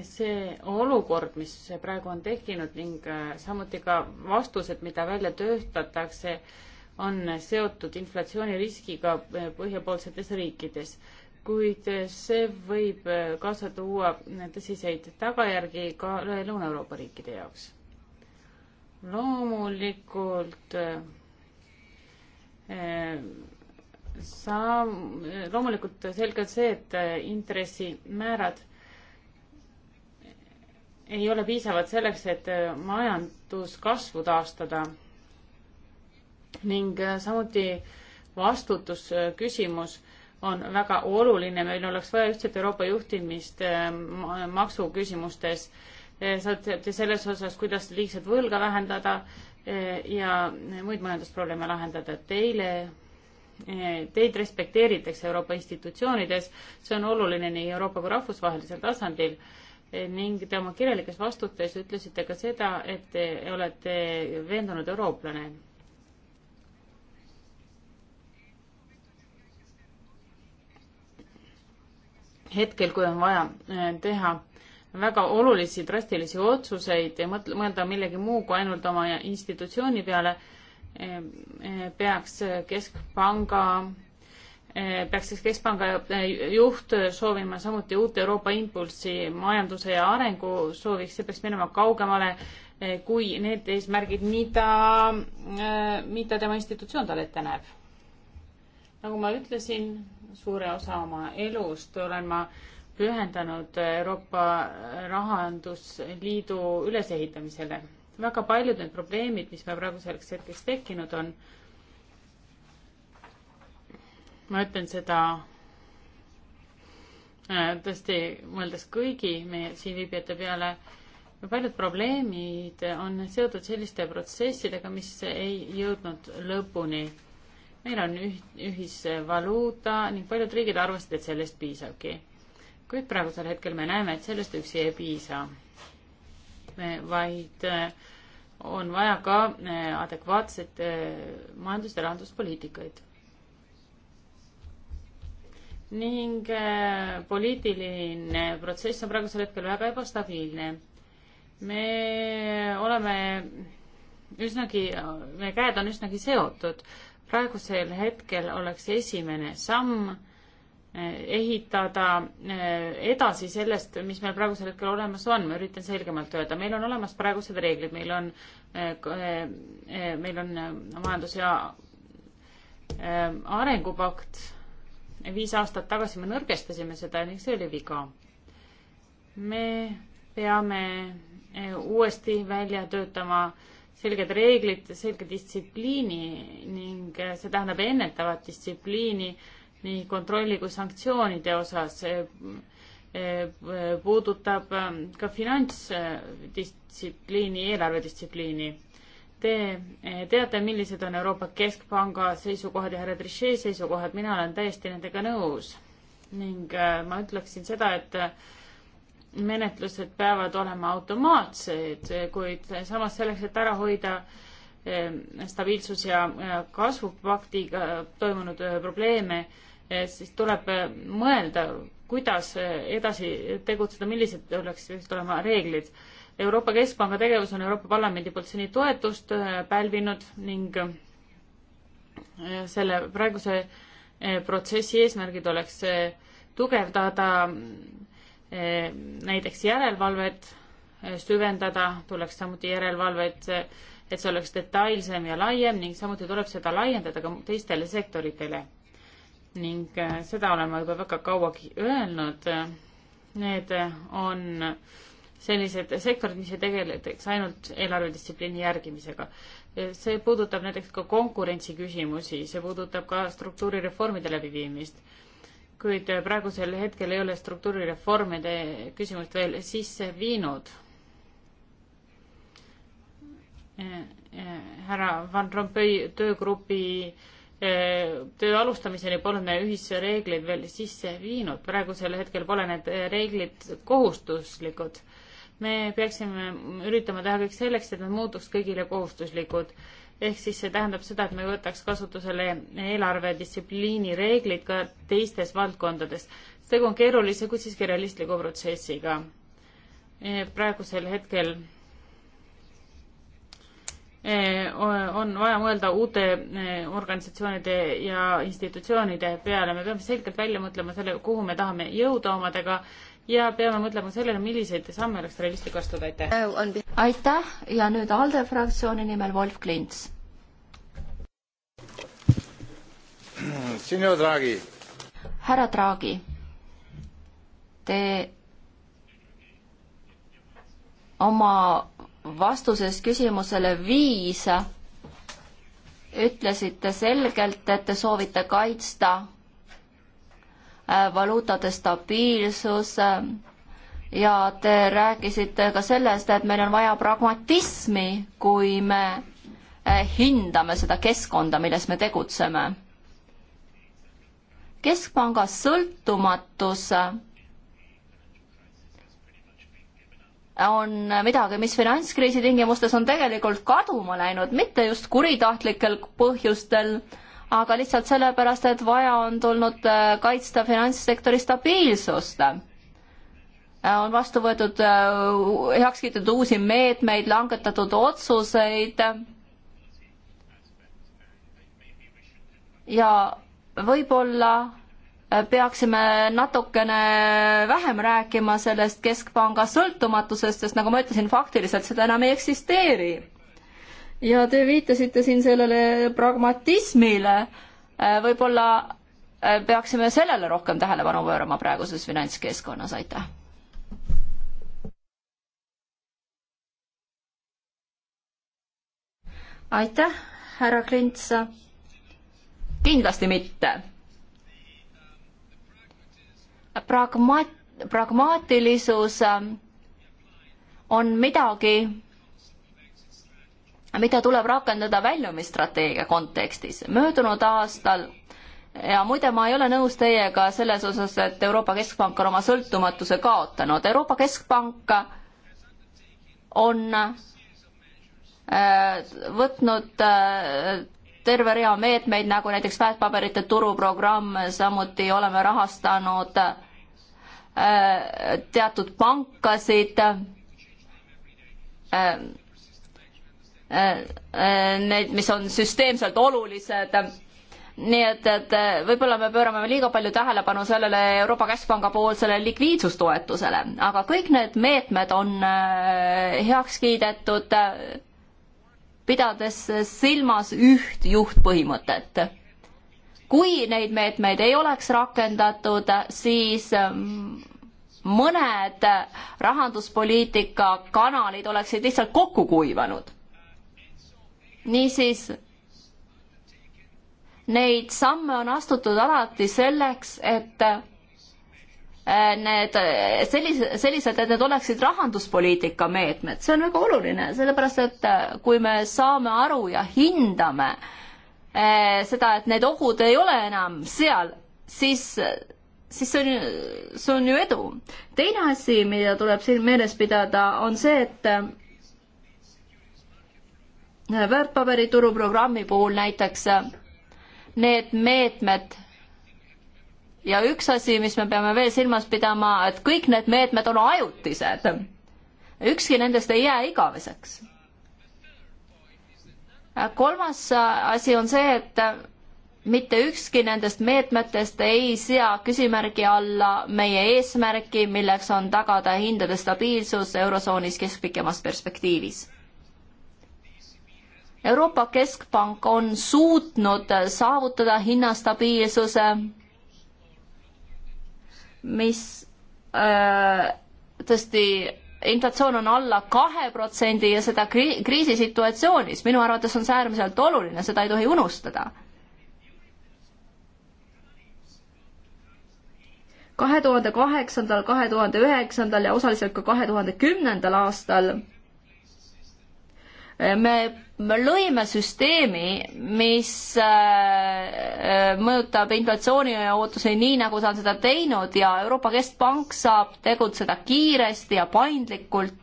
see olukord, mis praegu on tekkinud ning äh, samuti ka vastused, mida välja töötatakse, on seotud inflatsiooniriskiga äh, põhjapoolsetes riikides. kuid äh, see võib kaasa tuua tõsiseid tagajärgi ka Lõuna-Euroopa riikide jaoks. loomulikult saa-, loomulikult selge on see, et intressimäärad ei ole piisavad selleks, et äh, majanduskasvu taastada ning äh, samuti vastutusküsimus on väga oluline, meil oleks vaja ühtset Euroopa juhtimist äh, maksuküsimustes, selles osas, kuidas liigset võlga vähendada ja muid majandusprobleeme lahendada. Teile, teid respekteeritakse Euroopa institutsioonides, see on oluline nii Euroopa kui rahvusvahelisel tasandil ning te oma kirjalikes vastutes ütlesite ka seda, et te olete veendunud eurooplane. hetkel, kui on vaja eh, teha väga olulisi drastilisi otsuseid ja mõtle, mõelda millegi muu kui ainult oma institutsiooni peale, eh, eh, peaks keskpanga Eh, peaks siis Keskpanga eh, juht soovima samuti uut Euroopa impulssi majanduse ja arengu sooviks, see peaks minema kaugemale eh, kui need eesmärgid, mida, mida tema institutsioon talle ette näeb. nagu ma ütlesin, suure osa oma elust olen ma pühendanud Euroopa Rahandusliidu ülesehitamisele. väga paljud need probleemid, mis meil praeguseks hetkeks tekkinud on, ma ütlen seda äh, tõesti mõeldes kõigi meie siin viibijate peale, paljud probleemid on seotud selliste protsessidega, mis ei jõudnud lõpuni. meil on üht, ühisvaluuta ning paljud riigid arvasid, et sellest piisabki. kuid praegusel hetkel me näeme, et sellest üksi ei piisa. vaid äh, on vaja ka äh, adekvaatset majandus- ja rahanduspoliitikaid ning äh, poliitiline protsess on praegusel hetkel väga ebastabiilne. me oleme üsnagi, meie käed on üsnagi seotud. praegusel hetkel oleks esimene samm äh, ehitada äh, edasi sellest, mis meil praegusel hetkel olemas on, ma üritan selgemalt öelda, meil on olemas praegused reeglid, meil on, meil on majandus- ja arengupakt viis aastat tagasi me nõrgestasime seda ning see oli viga. me peame eh, uuesti välja töötama selged reeglid, selge distsipliini ning eh, see tähendab ennetavat distsipliini nii kontrolli kui sanktsioonide osas eh, puudutab ka finantsdistsipliini, eelarvedistsipliini. Te teate, millised on Euroopa Keskpanga seisukohad ja härra Trichet seisukohad, mina olen täiesti nendega nõus. ning äh, ma ütleksin seda, et äh, menetlused peavad olema automaatsed, kuid samas selleks, et ära hoida äh, stabiilsus- ja kasvupaktiga toimunud probleeme, siis tuleb mõelda, kuidas edasi tegutseda, millised oleksid olema reeglid Euroopa Keskpanga tegevus on Euroopa Parlamendi poolt seni toetust äh, pälvinud ning äh, selle praeguse äh, protsessi eesmärgid oleks tugevdada näiteks järelevalvet, süvendada tuleks samuti järelevalvet, et see oleks detailsem ja laiem ning samuti tuleb seda laiendada ka teistele sektoritele. ning seda olen ma juba väga kaua öelnud. Need on sellised sektorid, mis ei tegeleteks ainult eelarvedistsipliini järgimisega. see puudutab näiteks ka konkurentsi küsimusi, see puudutab ka struktuurireformide läbiviimist, kuid praegusel hetkel ei ole struktuurireformide küsimust veel sisse viinud. Äh, äh, härra Van Rompuy töögrupi äh, töö alustamiseni pole me ühisreegleid veel sisse viinud, praegusel hetkel pole need reeglid kohustuslikud me peaksime üritama teha kõik selleks, et nad muutuks kõigile kohustuslikud. ehk siis see tähendab seda, et me võtaks kasutusele eelarvedistsipliini reeglid ka teistes valdkondades. tegu on keerulise, kuid siiski realistliku protsessiga. E, praegusel hetkel e, on vaja mõelda uute e, organisatsioonide ja institutsioonide peale, me peame selgelt välja mõtlema selle, kuhu me tahame jõuda omadega ja peame mõtlema sellele, milliseid samme oleks realistlik astuda, aitäh! Oh, aitäh ja nüüd ALDE fraktsiooni nimel Wolf Klints. Signor Draghi. härra Draghi, te oma vastuses küsimusele viis ütlesite selgelt, et te soovite kaitsta Äh, valuutade stabiilsus äh, ja te rääkisite ka sellest, et meil on vaja pragmatismi, kui me äh, hindame seda keskkonda, milles me tegutseme. keskpanga sõltumatus on midagi, mis finantskriisi tingimustes on tegelikult kaduma läinud, mitte just kuritahtlikel põhjustel aga lihtsalt sellepärast, et vaja on tulnud äh, kaitsta finantssektori stabiilsust. Äh, on vastu võetud, äh, heaks kiidetud uusi meetmeid, langetatud otsuseid ja võib-olla peaksime natukene vähem rääkima sellest keskpanga sõltumatusest, sest nagu ma ütlesin, faktiliselt seda enam ei eksisteeri ja te viitasite siin sellele pragmatismile, äh, võib-olla äh, peaksime sellele rohkem tähelepanu pöörama praeguses finantskeskkonnas, aitäh. aitäh, härra Klints. kindlasti mitte. pragma-, pragmaatilisus ähm, on midagi, mida tuleb rakendada väljumisstrateegia kontekstis. möödunud aastal ja muide, ma ei ole nõus teiega selles osas, et Euroopa Keskpank on oma sõltumatuse kaotanud. Euroopa Keskpank on äh, võtnud äh, terve rea meetmeid, nagu näiteks väärtpaberite turuprogramm, samuti oleme rahastanud äh, teatud pankasid need, mis on süsteemselt olulised. nii et, et võib-olla me pöörame liiga palju tähelepanu sellele Euroopa Keskpanga poolsele likviidsustoetusele, aga kõik need meetmed on äh, heaks kiidetud, pidades silmas üht juhtpõhimõtet kui neid meetmeid ei oleks rakendatud, siis ähm, mõned rahanduspoliitika kanalid oleksid lihtsalt kokku kuivanud niisiis, neid samme on astutud alati selleks, et äh, need äh, sellised, sellised, et need oleksid rahanduspoliitika meetmed, see on väga oluline, sellepärast et äh, kui me saame aru ja hindame seda, et need ohud ei ole enam seal, siis, siis see on ju, see on ju edu. teine asi, mida tuleb siin meeles pidada, on see, et väärtpaberituru programmi puhul näiteks äh, need meetmed ja üks asi, mis me peame veel silmas pidama, et kõik need meetmed on ajutised. ükski nendest ei jää igaveseks. Äh, kolmas äh, asi on see, et mitte ükski nendest meetmetest ei sea küsimärgi alla meie eesmärki, milleks on tagada hindade stabiilsus Eurotsoonis keskpikemas perspektiivis. Euroopa Keskpank on suutnud saavutada hinnastabiilsuse, mis äh, tõesti, inflatsioon on alla kahe protsendi ja seda kri-, kriisisituatsioonis, minu arvates on see äärmiselt oluline, seda ei tohi unustada kahe tuhande kaheksandal, kahe tuhande üheksandal ja osaliselt ka kahe tuhande kümnendal aastal me me lõime süsteemi, mis äh, mõjutab inflatsiooni ja ootusi nii, nagu ta on seda teinud ja Euroopa Keskpank saab tegutseda kiiresti ja paindlikult,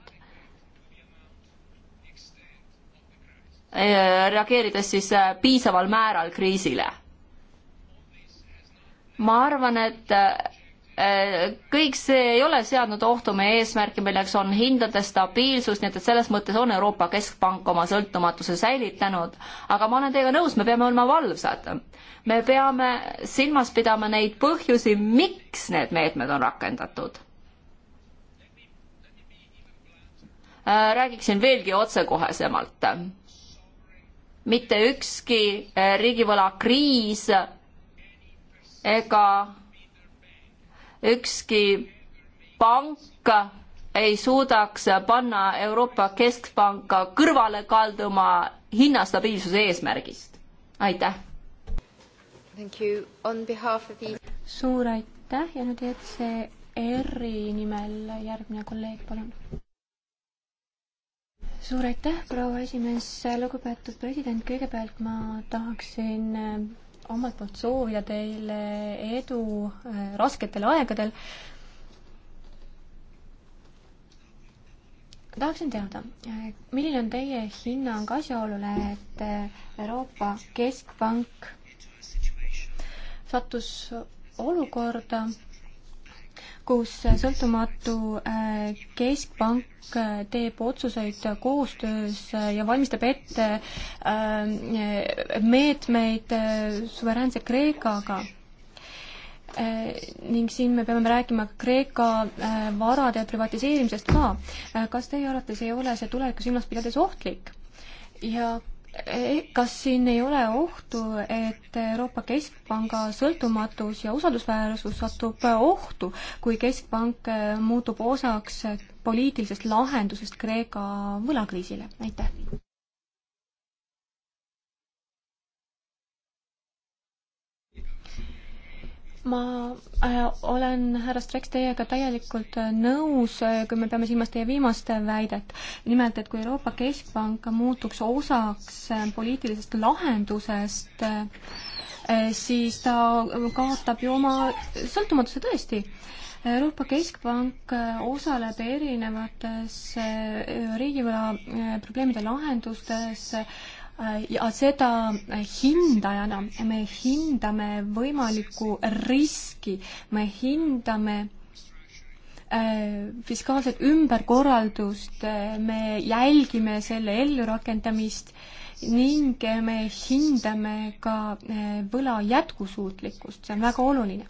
äh, reageerides siis äh, piisaval määral kriisile. ma arvan, et kõik see ei ole seadnud ohtu meie eesmärki, milleks on hindade stabiilsus, nii et, et selles mõttes on Euroopa Keskpank oma sõltumatuse säilitanud. aga ma olen teiega nõus, me peame olema valvsad. me peame silmas pidama neid põhjusi, miks need meetmed on rakendatud. Äh, räägiksin veelgi otsekohesemalt. mitte ükski äh, riigivõlakriis ega ükski pank ei suudaks panna Euroopa Keskpanka kõrvale kalduma hinnastabiilsuse eesmärgist. aitäh! The... suur aitäh ja nüüd ECR-i nimel järgmine kolleeg, palun. suur aitäh, proua esimees, lugupeetud president, kõigepealt ma tahaksin omalt poolt soovida teile edu äh, rasketel aegadel. tahaksin teada, äh, milline on teie hinnang asjaolule, et äh, Euroopa Keskpank sattus olukorda, kus sõltumatu äh, keskpank äh, teeb otsuseid koostöös äh, ja valmistab ette meetmeid suveräänse Kreekaga. ning siin me peame rääkima Kreeka varade privatiseerimisest ka. kas teie arvates ei ole see tulevikku silmas pidades ohtlik? ja Eh, kas siin ei ole ohtu, et Euroopa Keskpanga sõltumatus ja usaldusväärsus satub ohtu, kui Keskpank eh, muutub osaks poliitilisest lahendusest Kreeka võlakriisile? aitäh! ma äh, olen, härra Streks, teiega täielikult äh, nõus, äh, kui me peame silmas teie viimast väidet. nimelt, et kui Euroopa Keskpank muutuks osaks poliitilisest lahendusest, siis ta kaotab ju oma sõltumatuse tõesti Euroopa Keskpank osaleb erinevates riigivõla probleemide lahendustes, Äh, ja seda hindajana. me hindame võimalikku riski, me hindame äh, fiskaalset ümberkorraldust, äh, me jälgime selle ellurakendamist ning me hindame ka võla jätkusuutlikkust, see on väga oluline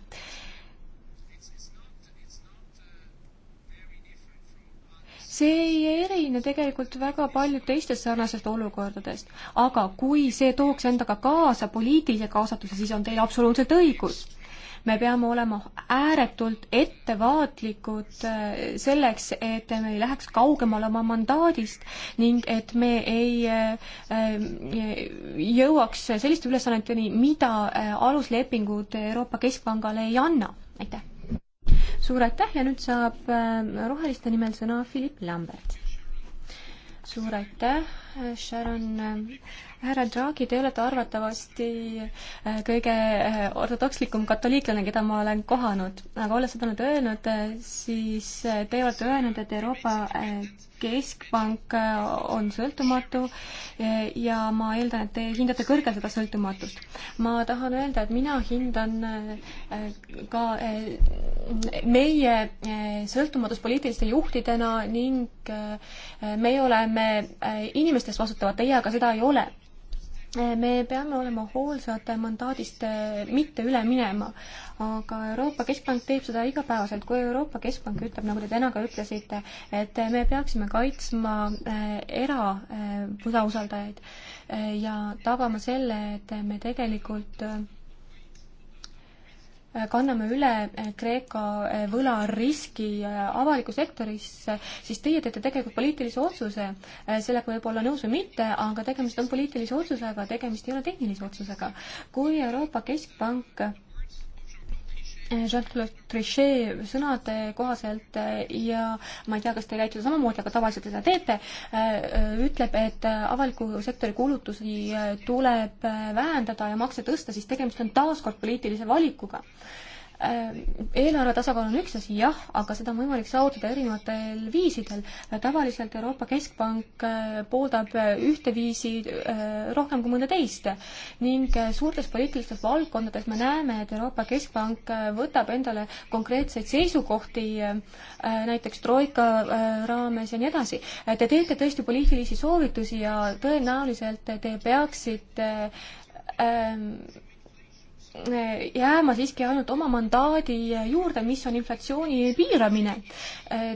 see ei erine tegelikult väga palju teistest sarnasest olukordadest, aga kui see tooks endaga kaasa poliitilise kaasatuse, siis on teil absoluutselt õigus. me peame olema ääretult ettevaatlikud äh, selleks, et me ei läheks kaugemale oma mandaadist ning et me ei äh, jõuaks selliste ülesanneteni, mida äh, aluslepingud Euroopa Keskpangale ei anna. aitäh! suur aitäh ja nüüd saab äh, roheliste nimel sõna Philip Lambert. suur aitäh, äh, Sharon. härra Draghi, te olete arvatavasti äh, kõige ortodokslikum katoliiklane, keda ma olen kohanud, aga olles seda nüüd öelnud, siis te olete öelnud, et Euroopa keskpank äh, on sõltumatu äh, ja ma eeldan, et te hindate kõrgelt seda sõltumatust. ma tahan öelda, et mina hindan äh, ka meie sõltumatust poliitiliste juhtidena ning meie oleme inimestest vastutavad, teie aga seda ei ole me peame olema hoolsad mandaadist eh, mitte üle minema, aga Euroopa Keskpank teeb seda igapäevaselt, kui Euroopa Keskpank ütleb, nagu te täna ka ütlesite, et me peaksime kaitsma eh, eravõlausaldajaid eh, ja tagama selle, et me tegelikult äh, kanname üle eh, Kreeka eh, võlariski eh, avalikku sektorisse, siis teie teete tegelikult poliitilise otsuse. sellega võib olla nõus või mitte, aga tegemist on poliitilise otsusega, tegemist ei ole tehnilise otsusega. kui Euroopa Keskpank Jean-Claude Trichet sõnade kohaselt äh, ja ma ei tea, kas te käitute samamoodi, aga tavaliselt te seda teete, äh, ütleb, et äh, avaliku sektori kulutusi tuleb vähendada ja makse tõsta, siis tegemist on taaskord poliitilise valikuga Äh, eelarve tasakaal on üks asi, jah, aga seda on võimalik saavutada erinevatel viisidel. tavaliselt Euroopa Keskpank äh, pooldab äh, ühte viisi rohkem kui mõnda teist ning suurtes poliitilistes valdkondades me näeme, et Euroopa Keskpank võtab endale konkreetseid seisukohti näiteks Troika raames ja nii edasi. Te teete tõesti poliitilisi soovitusi ja tõenäoliselt te peaksite ähm, jääma siiski ainult oma mandaadi juurde, mis on inflatsiooni piiramine.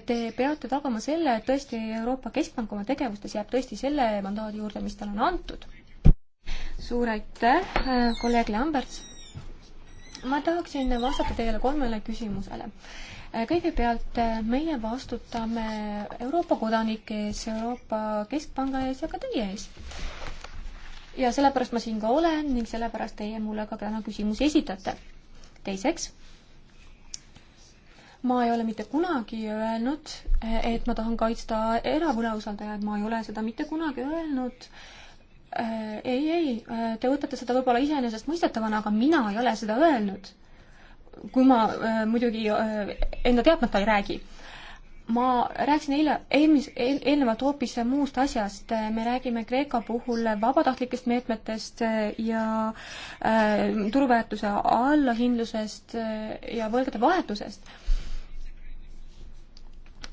Te peate tagama selle, et tõesti Euroopa Keskpank oma tegevustes jääb tõesti selle mandaadi juurde, mis talle on antud. suur aitäh, kolleeg Lamberts. ma tahaksin vastata teile kolmele küsimusele kõigepealt meie vastutame Euroopa kodanike ees, Euroopa Keskpanga ees ja ka teie ees ja sellepärast ma siin ka olen ning sellepärast teie mulle ka täna küsimusi esitate. teiseks, ma ei ole mitte kunagi öelnud, et ma tahan kaitsta eravõlausaldajad, ma ei ole seda mitte kunagi öelnud äh, ei, ei, äh, te võtate seda võib-olla iseenesestmõistetavana, aga mina ei ole seda öelnud. kui ma äh, muidugi äh, enda teadmata ei räägi äh, ma rääkisin eile, eelmis-, eelnevalt hoopis muust asjast. me räägime Kreeka puhul vabatahtlikest meetmetest ja äh, turuväärtuse allahindlusest äh, ja võlgade vahetusest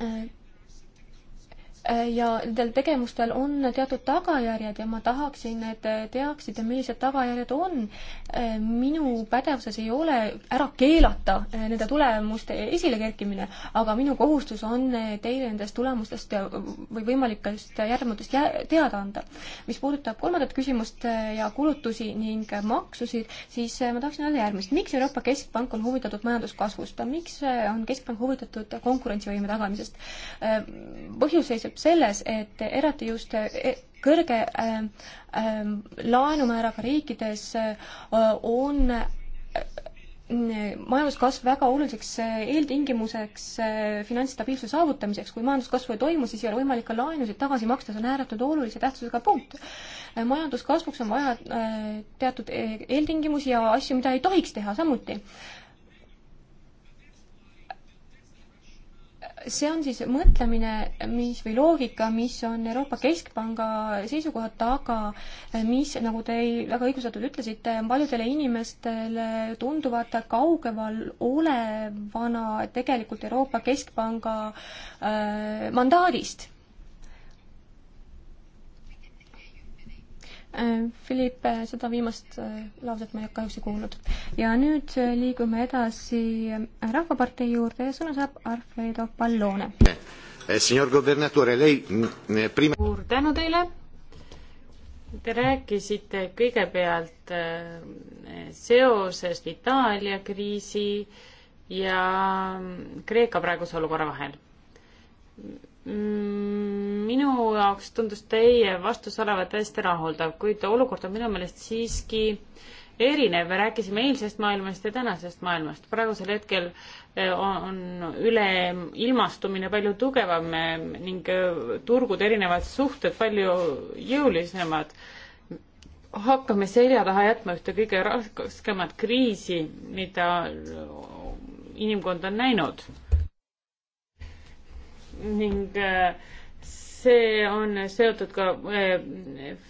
äh,. Äh, ja nendel tegevustel on teatud tagajärjed ja ma tahaksin, et teaksite, millised tagajärjed on. Äh, minu pädevuses ei ole ära keelata äh, nende tulemuste esilekerkimine, aga minu kohustus on teile nendest tulemustest või võimalikest järeldustest teada anda. mis puudutab kolmandat küsimust ja kulutusi ning maksusid, siis ma tahaksin öelda järgmist. miks Euroopa Keskpank on huvitatud majanduskasvust, miks on Keskpank huvitatud konkurentsivõime tagamisest? põhjus seisneb seisneb selles, et eriti just e, kõrge äh, äh, laenumääraga riikides äh, on äh, majanduskasv väga oluliseks äh, eeltingimuseks äh, finantsstabiilsuse saavutamiseks, kui majanduskasvu ei toimu, siis ei ole võimalik ka laenusid tagasi maksta, see on ääretult olulise tähtsusega punkt. majanduskasvuks on vaja teatud eeltingimusi ja asju, mida ei tohiks teha samuti. see on siis mõtlemine, mis või loogika, mis on Euroopa Keskpanga seisukoha taga, mis, nagu te väga õigustatult ütlesite, paljudele inimestele tunduvad kaugemal olevana tegelikult Euroopa Keskpanga äh, mandaadist. Äh, Philipp, äh, seda viimast äh, lauset ma kahjuks ei kuulnud. ja nüüd liigume edasi Rahvapartei juurde ja sõna saab Alfredo Pallone. Eh, mm, eh, suur tänu teile. Te rääkisite kõigepealt seosest Itaalia kriisi ja mm, Kreeka praeguse olukorra vahel Mm, minu jaoks tundus teie vastus olevat täiesti rahuldav, kuid olukord on minu meelest siiski erinev, me rääkisime eilsest maailmast ja tänasest maailmast. praegusel hetkel eh, on üleilmastumine palju tugevam eh, ning eh, turgud erinevad suhted palju jõulisemad. hakkame selja taha jätma ühte kõige raskemat kriisi, mida inimkond on näinud ning äh, see on seotud ka äh,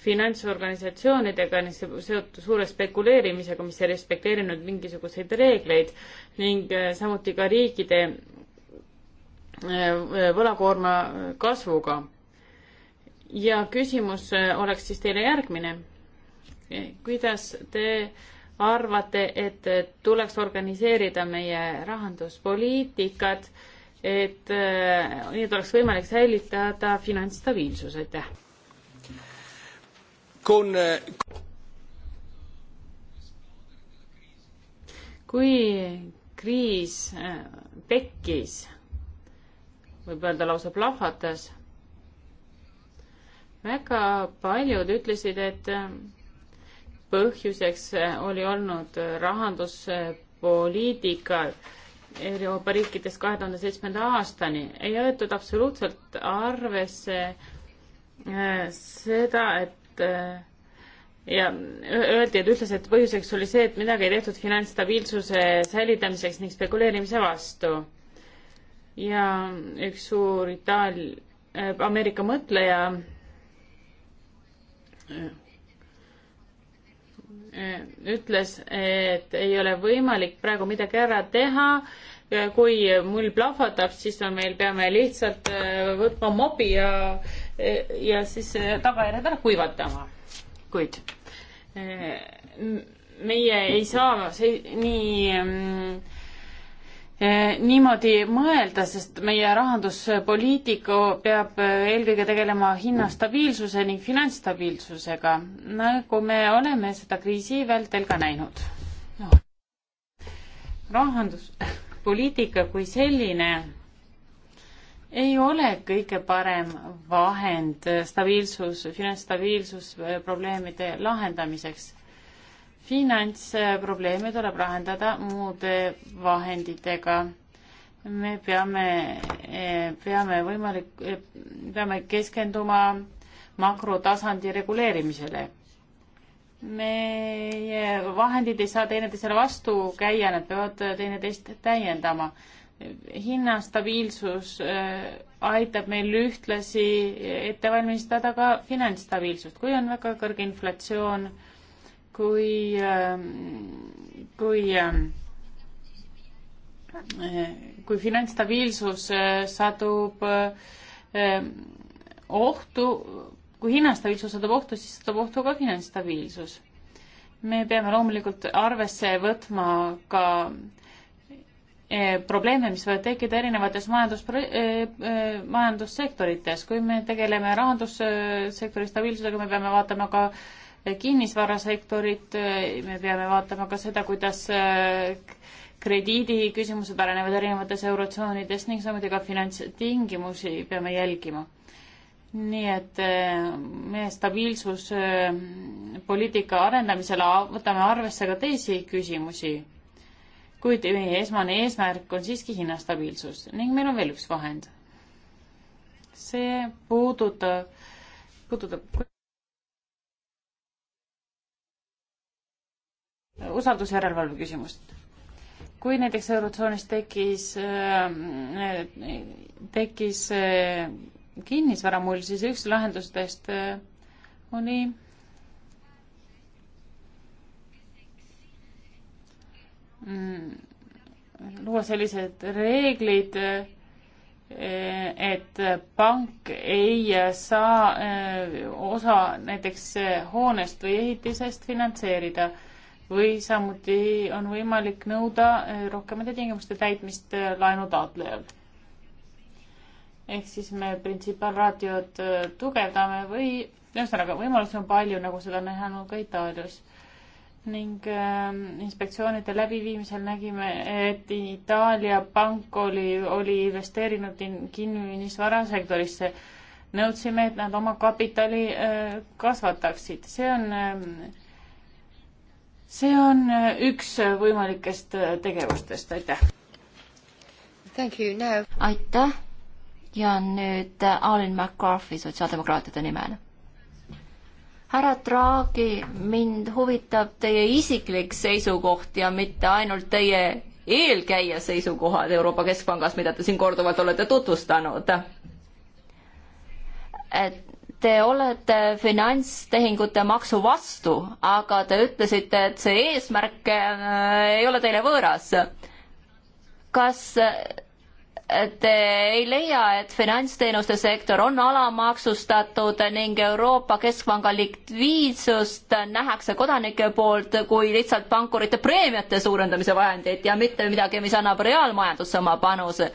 finantsorganisatsioonidega, seotud suure spekuleerimisega, mis ei respekteerinud mingisuguseid reegleid ning äh, samuti ka riikide võlakoorma kasvuga. ja küsimus oleks siis teile järgmine. kuidas te arvate, et tuleks organiseerida meie rahanduspoliitikat äh, et nii, äh, et oleks võimalik säilitada finantsstabiilsus, aitäh. Äh, kui kriis äh, tekkis, võib öelda lausa plahvatas, väga paljud ütlesid, et põhjuseks oli olnud rahanduspoliitika äh, Euroopa riikides kahe tuhande seitsmenda aastani. ei võetud absoluutselt arvesse äh, seda, et äh, ja öeldi, et ühtlaselt põhjuseks oli see, et midagi ei tehtud finantsstabiilsuse säilitamiseks ning spekuleerimise vastu. ja üks suur Itaal-, äh, Ameerika mõtleja ütles, et ei ole võimalik praegu midagi ära teha. kui mull plahvatab, siis on meil, peame lihtsalt äh, võtma mobi ja, ja siis äh, tagajärjed ära kuivatama. kuid äh, meie ei saa see, nii mm, Eh, niimoodi mõelda, sest meie rahanduspoliitika peab eh, eelkõige tegelema hinnastabiilsuse ning finantsstabiilsusega, nagu me oleme seda kriisi vältel ka näinud no.. rahanduspoliitika kui selline ei ole kõige parem vahend stabiilsus, finantsstabiilsus eh, probleemide lahendamiseks finantsprobleeme tuleb lahendada muude vahenditega. me peame, eh, peame võimalik, eh, peame keskenduma makrotasandi reguleerimisele. meie vahendid ei saa teineteisele vastu käia, nad peavad teineteist täiendama. hinnastabiilsus eh, aitab meil ühtlasi ette valmistada ka finantsstabiilsust, kui on väga kõrge inflatsioon kui, ähm, kui ähm, äh, kui finantsstabiilsus äh, satub ähm, ohtu, kui hinnastabiilsus satub ohtu, siis satub ohtu ka finantsstabiilsus. me peame loomulikult arvesse võtma ka äh, probleeme, mis võivad tekkida erinevates majandus, majandussektorites. kui me tegeleme rahandussektori stabiilsusega, me peame vaatama ka äh, kinnisvarasektorit, me peame vaatama ka seda, kuidas äh, krediidiküsimused arenevad erinevates eurotsoonides ning samuti ka finantstingimusi peame jälgima. nii et äh, meie stabiilsuspoliitika äh, arendamisel võtame arvesse ka teisi küsimusi, kuid meie esmane eesmärk on siiski hinnastabiilsus ning meil on veel üks vahend. see puudutab, puudutab usaldusjärelevalve küsimust. kui näiteks Eurotsoonis tekkis, äh, tekkis äh, kinnisvaramull, siis üks lahendustest äh, oli mm, luua sellised reeglid, et pank ei saa osa näiteks hoonest või ehitisest finantseerida või samuti on võimalik nõuda eh, rohkemate tingimuste täitmist eh, laenutaotlejal. ehk siis me printsipaalraadiot eh, tugevdame või ühesõnaga, võimalusi on palju, nagu seda on näha ka Itaalias. ning äh, inspektsioonide läbiviimisel nägime, et Itaalia pank oli, oli investeerinud in, kinnisvarasektorisse. nõudsime, et nad oma kapitali äh, kasvataksid, see on äh, see on äh, üks äh, võimalikest äh, tegevustest, aitäh. aitäh ja nüüd Alin McCarthy sotsiaaldemokraatide nimel. härra Draghi, mind huvitab teie isiklik seisukoht ja mitte ainult teie eelkäija seisukohad Euroopa Keskpangas, mida te siin korduvalt olete tutvustanud. et Te olete finantstehingute maksu vastu, aga te ütlesite, et see eesmärk äh, ei ole teile võõras. kas äh, te ei leia, et finantsteenuste sektor on alamaksustatud ning Euroopa Keskpanga likviidsust nähakse kodanike poolt kui lihtsalt pankurite preemiate suurendamise vahendit ja mitte midagi, mis annab reaalmajandusse oma panuse?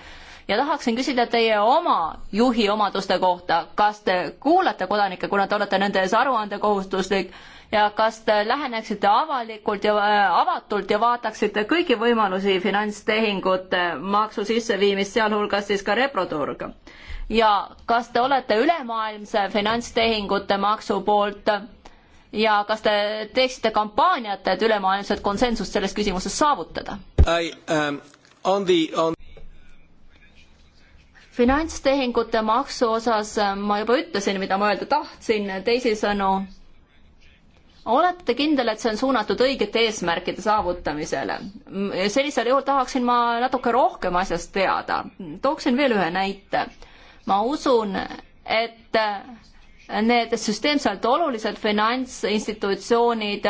ja tahaksin küsida teie oma juhi omaduste kohta, kas te kuulate kodanikke, kuna te olete nende ees aruandekohustuslik ja kas te läheneksite avalikult ja äh, avatult ja vaataksite kõiki võimalusi finantstehingute maksu sisseviimist, sealhulgas siis ka reproturg? ja kas te olete ülemaailmse finantstehingute maksu poolt ja kas te teeksite kampaaniat, et ülemaailmset konsensust selles küsimuses saavutada? Um, on the, on finantstehingute maksu osas äh, ma juba ütlesin, mida ma öelda tahtsin, teisisõnu, olete te kindel, et see on suunatud õigete eesmärkide saavutamisele? Mm, sellisel juhul tahaksin ma natuke rohkem asjast teada. tooksin veel ühe näite. ma usun, et äh, need süsteemselt olulised finantsinstitutsioonid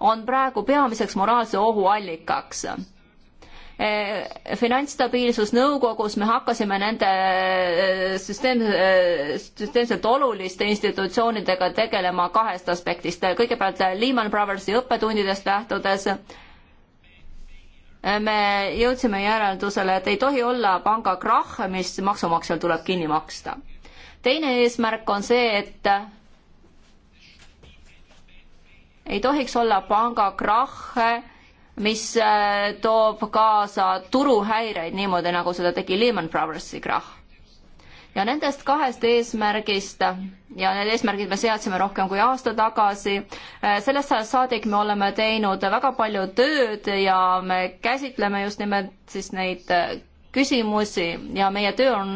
on praegu peamiseks moraalse ohu allikaks Eh, finantsstabiilsusnõukogus me hakkasime nende eh, süsteem, eh, süsteemselt oluliste institutsioonidega tegelema kahest aspektist. kõigepealt Lehman Brothersi õppetundidest lähtudes me jõudsime järeldusele, et ei tohi olla pangakrahh, mis maksumaksjal tuleb kinni maksta. teine eesmärk on see, et ei tohiks olla pangakrahhe mis äh, toob kaasa turuhäireid niimoodi, nagu seda tegi Lehman Brothersi krahh. ja nendest kahest eesmärgist ja need eesmärgid me seadsime rohkem kui aasta tagasi, äh, sellest ajast saadik me oleme teinud väga palju tööd ja me käsitleme just nimelt siis neid äh, küsimusi ja meie töö on,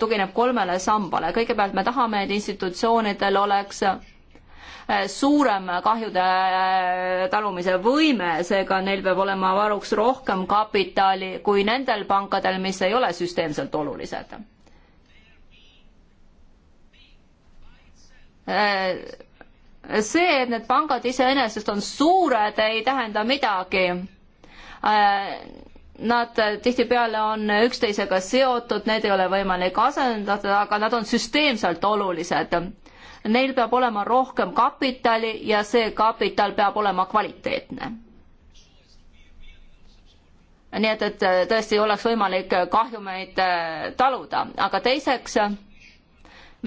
tugineb kolmele sambale. kõigepealt me tahame, et institutsioonidel oleks suurem kahjude äh, talumise võime, seega neil peab olema varuks rohkem kapitali kui nendel pankadel, mis ei ole süsteemselt olulised. Äh, see, et need pangad iseenesest on suured, ei tähenda midagi äh, nad tihtipeale on üksteisega seotud, need ei ole võimalik asendada, aga nad on süsteemselt olulised neil peab olema rohkem kapitali ja see kapital peab olema kvaliteetne nii et, et äh, tõesti oleks võimalik äh, kahjumeid äh, taluda, aga teiseks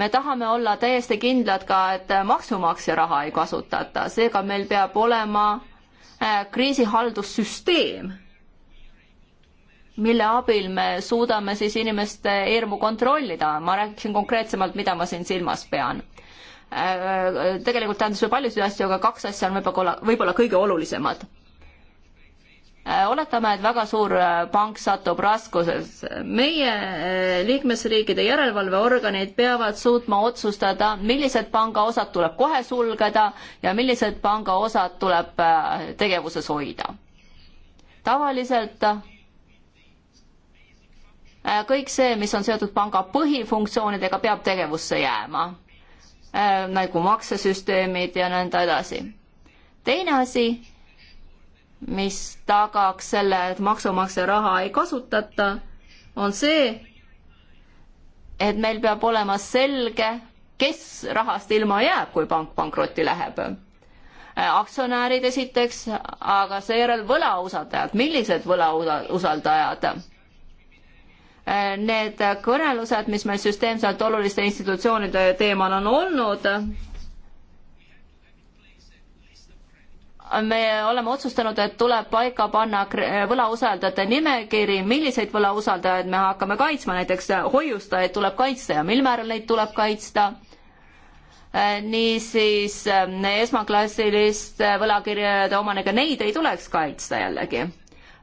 me tahame olla täiesti kindlad ka, et maksumaksja raha ei kasutata, seega meil peab olema kriisihaldussüsteem, mille abil me suudame siis inimeste hirmu kontrollida, ma rääkisin konkreetsemalt, mida ma siin silmas pean Äh, tegelikult tähendas ju paljusid asju, aga kaks asja on võib-olla, võib-olla kõige olulisemad. Äh, oletame, et väga suur äh, pank satub raskusesse. meie liikmesriikide järelevalveorganid peavad suutma otsustada, millised pangaosad tuleb kohe sulgeda ja millised pangaosad tuleb tegevuses hoida. tavaliselt kõik see, mis on seotud panga põhifunktsioonidega, peab tegevusse jääma Äh, nagu maksesüsteemid ja nõnda edasi. teine asi, mis tagaks selle, et maksumaksja raha ei kasutata, on see, et meil peab olema selge, kes rahast ilma jääb, kui pank pankrotti läheb. Äh, aktsionärid esiteks, aga seejärel võlausaldajad, millised võlausaldajad? need kõnelused, mis meil süsteemselt oluliste institutsioonide teemal on olnud, me oleme otsustanud, et tuleb paika panna võlausaldajate nimekiri, milliseid võlausaldajaid me hakkame kaitsma, näiteks hoiustajaid tuleb kaitsta ja mil määral neid tuleb kaitsta niisiis esmaklassiliste võlakirjade omanikke, neid ei tuleks kaitsta jällegi.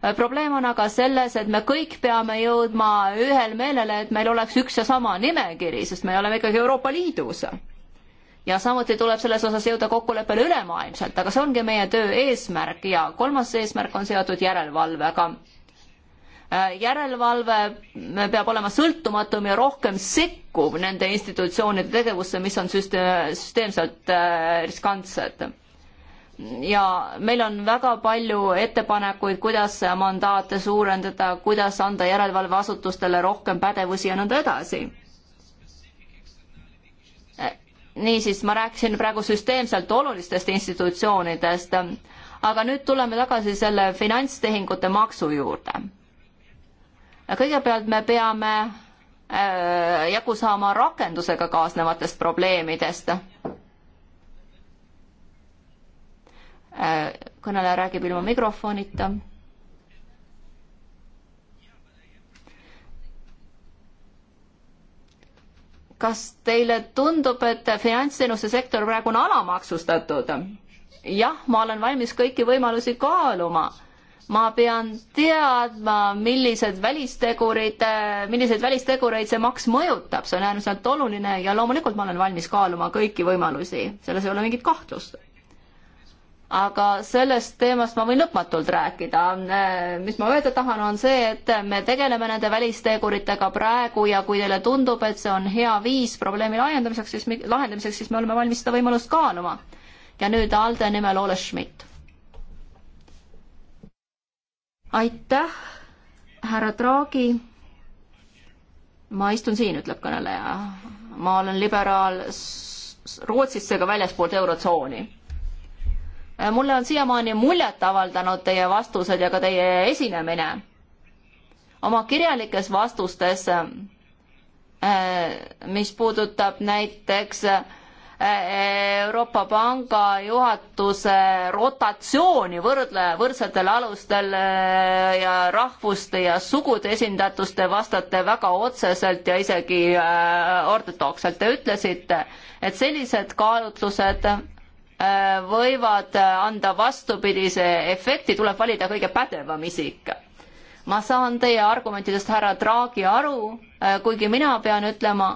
Äh, probleem on aga selles, et me kõik peame jõudma ühel meelele, et meil oleks üks ja sama nimekiri, sest me oleme ikkagi Euroopa Liidus. ja samuti tuleb selles osas jõuda kokkuleppele ülemaailmselt, aga see ongi meie töö eesmärk ja kolmas eesmärk on seotud järelevalvega äh, järelevalve äh, peab olema sõltumatum ja rohkem sekkuv nende institutsioonide tegevusse, mis on süste-, süsteemselt riskantsed ja meil on väga palju ettepanekuid, kuidas mandaate suurendada, kuidas anda järelevalveasutustele rohkem pädevusi ja nõnda edasi. niisiis, ma rääkisin praegu süsteemselt olulistest institutsioonidest, aga nüüd tuleme tagasi selle finantstehingute maksu juurde. kõigepealt me peame äh, jagu saama rakendusega kaasnevatest probleemidest Äh, kõneleja räägib ilma mikrofonita. kas teile tundub, et finantsteenuste sektor praegu on alamaksustatud? jah, ma olen valmis kõiki võimalusi kaaluma ma pean teadma, millised välistegurid, milliseid välistegureid see maks mõjutab, see on äärmiselt oluline ja loomulikult ma olen valmis kaaluma kõiki võimalusi, selles ei ole mingit kahtlust aga sellest teemast ma võin lõpmatult rääkida. Äh, mis ma öelda tahan, on see, et me tegeleme nende välisteeguritega praegu ja kui teile tundub, et see on hea viis probleemi lahendamiseks, siis, lahendamiseks, siis me oleme valmis seda võimalust kaaluma. ja nüüd ALDE nimel Ole Schmidt. aitäh, härra Draghi. ma istun siin, ütleb kõneleja. ma olen liberaal Rootsist, seega väljaspoolt Eurotsooni Äh, mulle on siiamaani muljet avaldanud teie vastused ja ka teie esinemine. oma kirjalikes vastustes, äh, mis puudutab näiteks äh, Euroopa Panga juhatuse rotatsiooni võrdle, võrdsetel alustel ja rahvuste ja sugude esindatust te vastate väga otseselt ja isegi ortodoksselt. Te ütlesite, et sellised kaalutlused Äh, võivad äh, anda vastupidise efekti, tuleb valida kõige pädevam isik. ma saan teie argumentidest, härra Draghi, aru, äh, kuigi mina pean ütlema,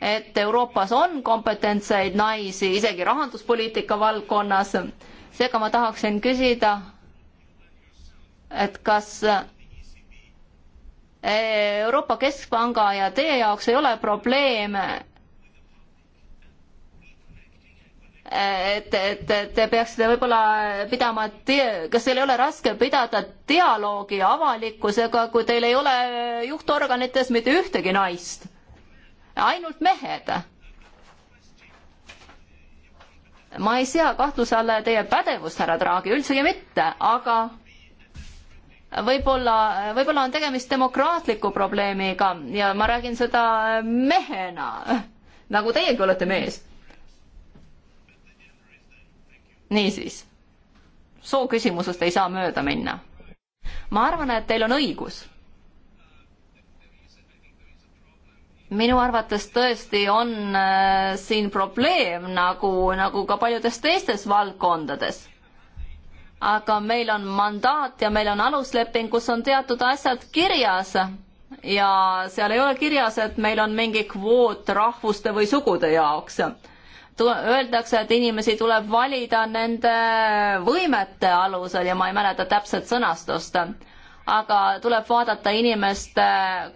et Euroopas on kompetentseid naisi isegi rahanduspoliitika valdkonnas. seega ma tahaksin küsida, et kas Euroopa Keskpanga ja teie jaoks ei ole probleeme et, et te peaksite võib-olla pidama, kas teil ei ole raske pidada dialoogi avalikkusega, kui teil ei ole juhtorganites mitte ühtegi naist, ainult mehed? ma ei sea kahtluse alla teie pädevust, härra Draghi, üldsegi mitte, aga võib-olla, võib-olla on tegemist demokraatliku probleemiga ja ma räägin seda mehena, nagu teiegi olete mees niisiis, soo küsimusest ei saa mööda minna. ma arvan, et teil on õigus. minu arvates tõesti on äh, siin probleem nagu, nagu ka paljudes teistes valdkondades aga meil on mandaat ja meil on alusleping, kus on teatud asjad kirjas ja seal ei ole kirjas, et meil on mingi kvoot rahvuste või sugude jaoks öeldakse, et inimesi tuleb valida nende võimete alusel ja ma ei mäleta täpset sõnastust, aga tuleb vaadata inimeste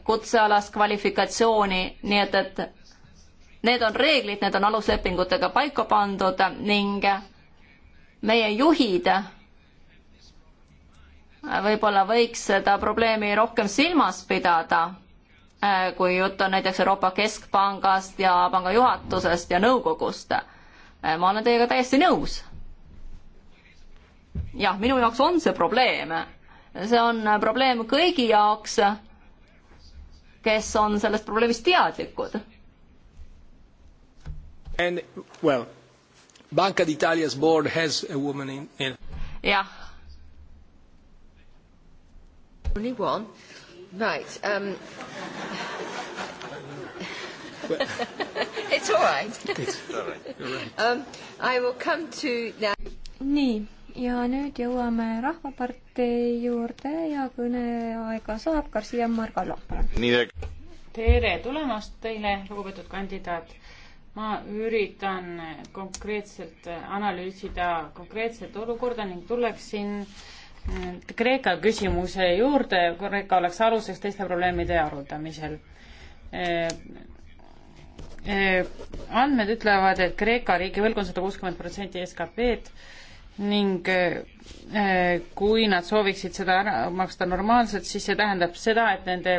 kutsealast kvalifikatsiooni, nii et, et need on reeglid, need on aluslepingutega paika pandud ning meie juhid võib-olla võiks seda probleemi rohkem silmas pidada Äh, kui jutt on näiteks Euroopa Keskpangast ja panga juhatusest ja nõukogust. Äh, ma olen teiega täiesti nõus. jah, minu jaoks on see probleem. see on äh, probleem kõigi jaoks, kes on sellest probleemist teadlikud. And well, Banca d'Italia's board has a woman in, in. jah. Only one Right. Um, it's all right. It's all right. You're right. Um, I will come to now. nii, ja nüüd jõuame Rahvapartei juurde ja kõneaega saab Garcia Margallo, palun. tere tulemast teile, lugupeetud kandidaat. ma üritan konkreetselt analüüsida konkreetset olukorda ning tuleksin äh, Äh, Kreeka küsimuse juurde, Kreeka oleks aluseks teiste probleemide arutamisel. Äh, äh, andmed ütlevad, et Kreeka riigivõlg on sada kuuskümmend protsenti SKP-d ning kui nad sooviksid seda ära maksta normaalselt, siis see tähendab seda, et nende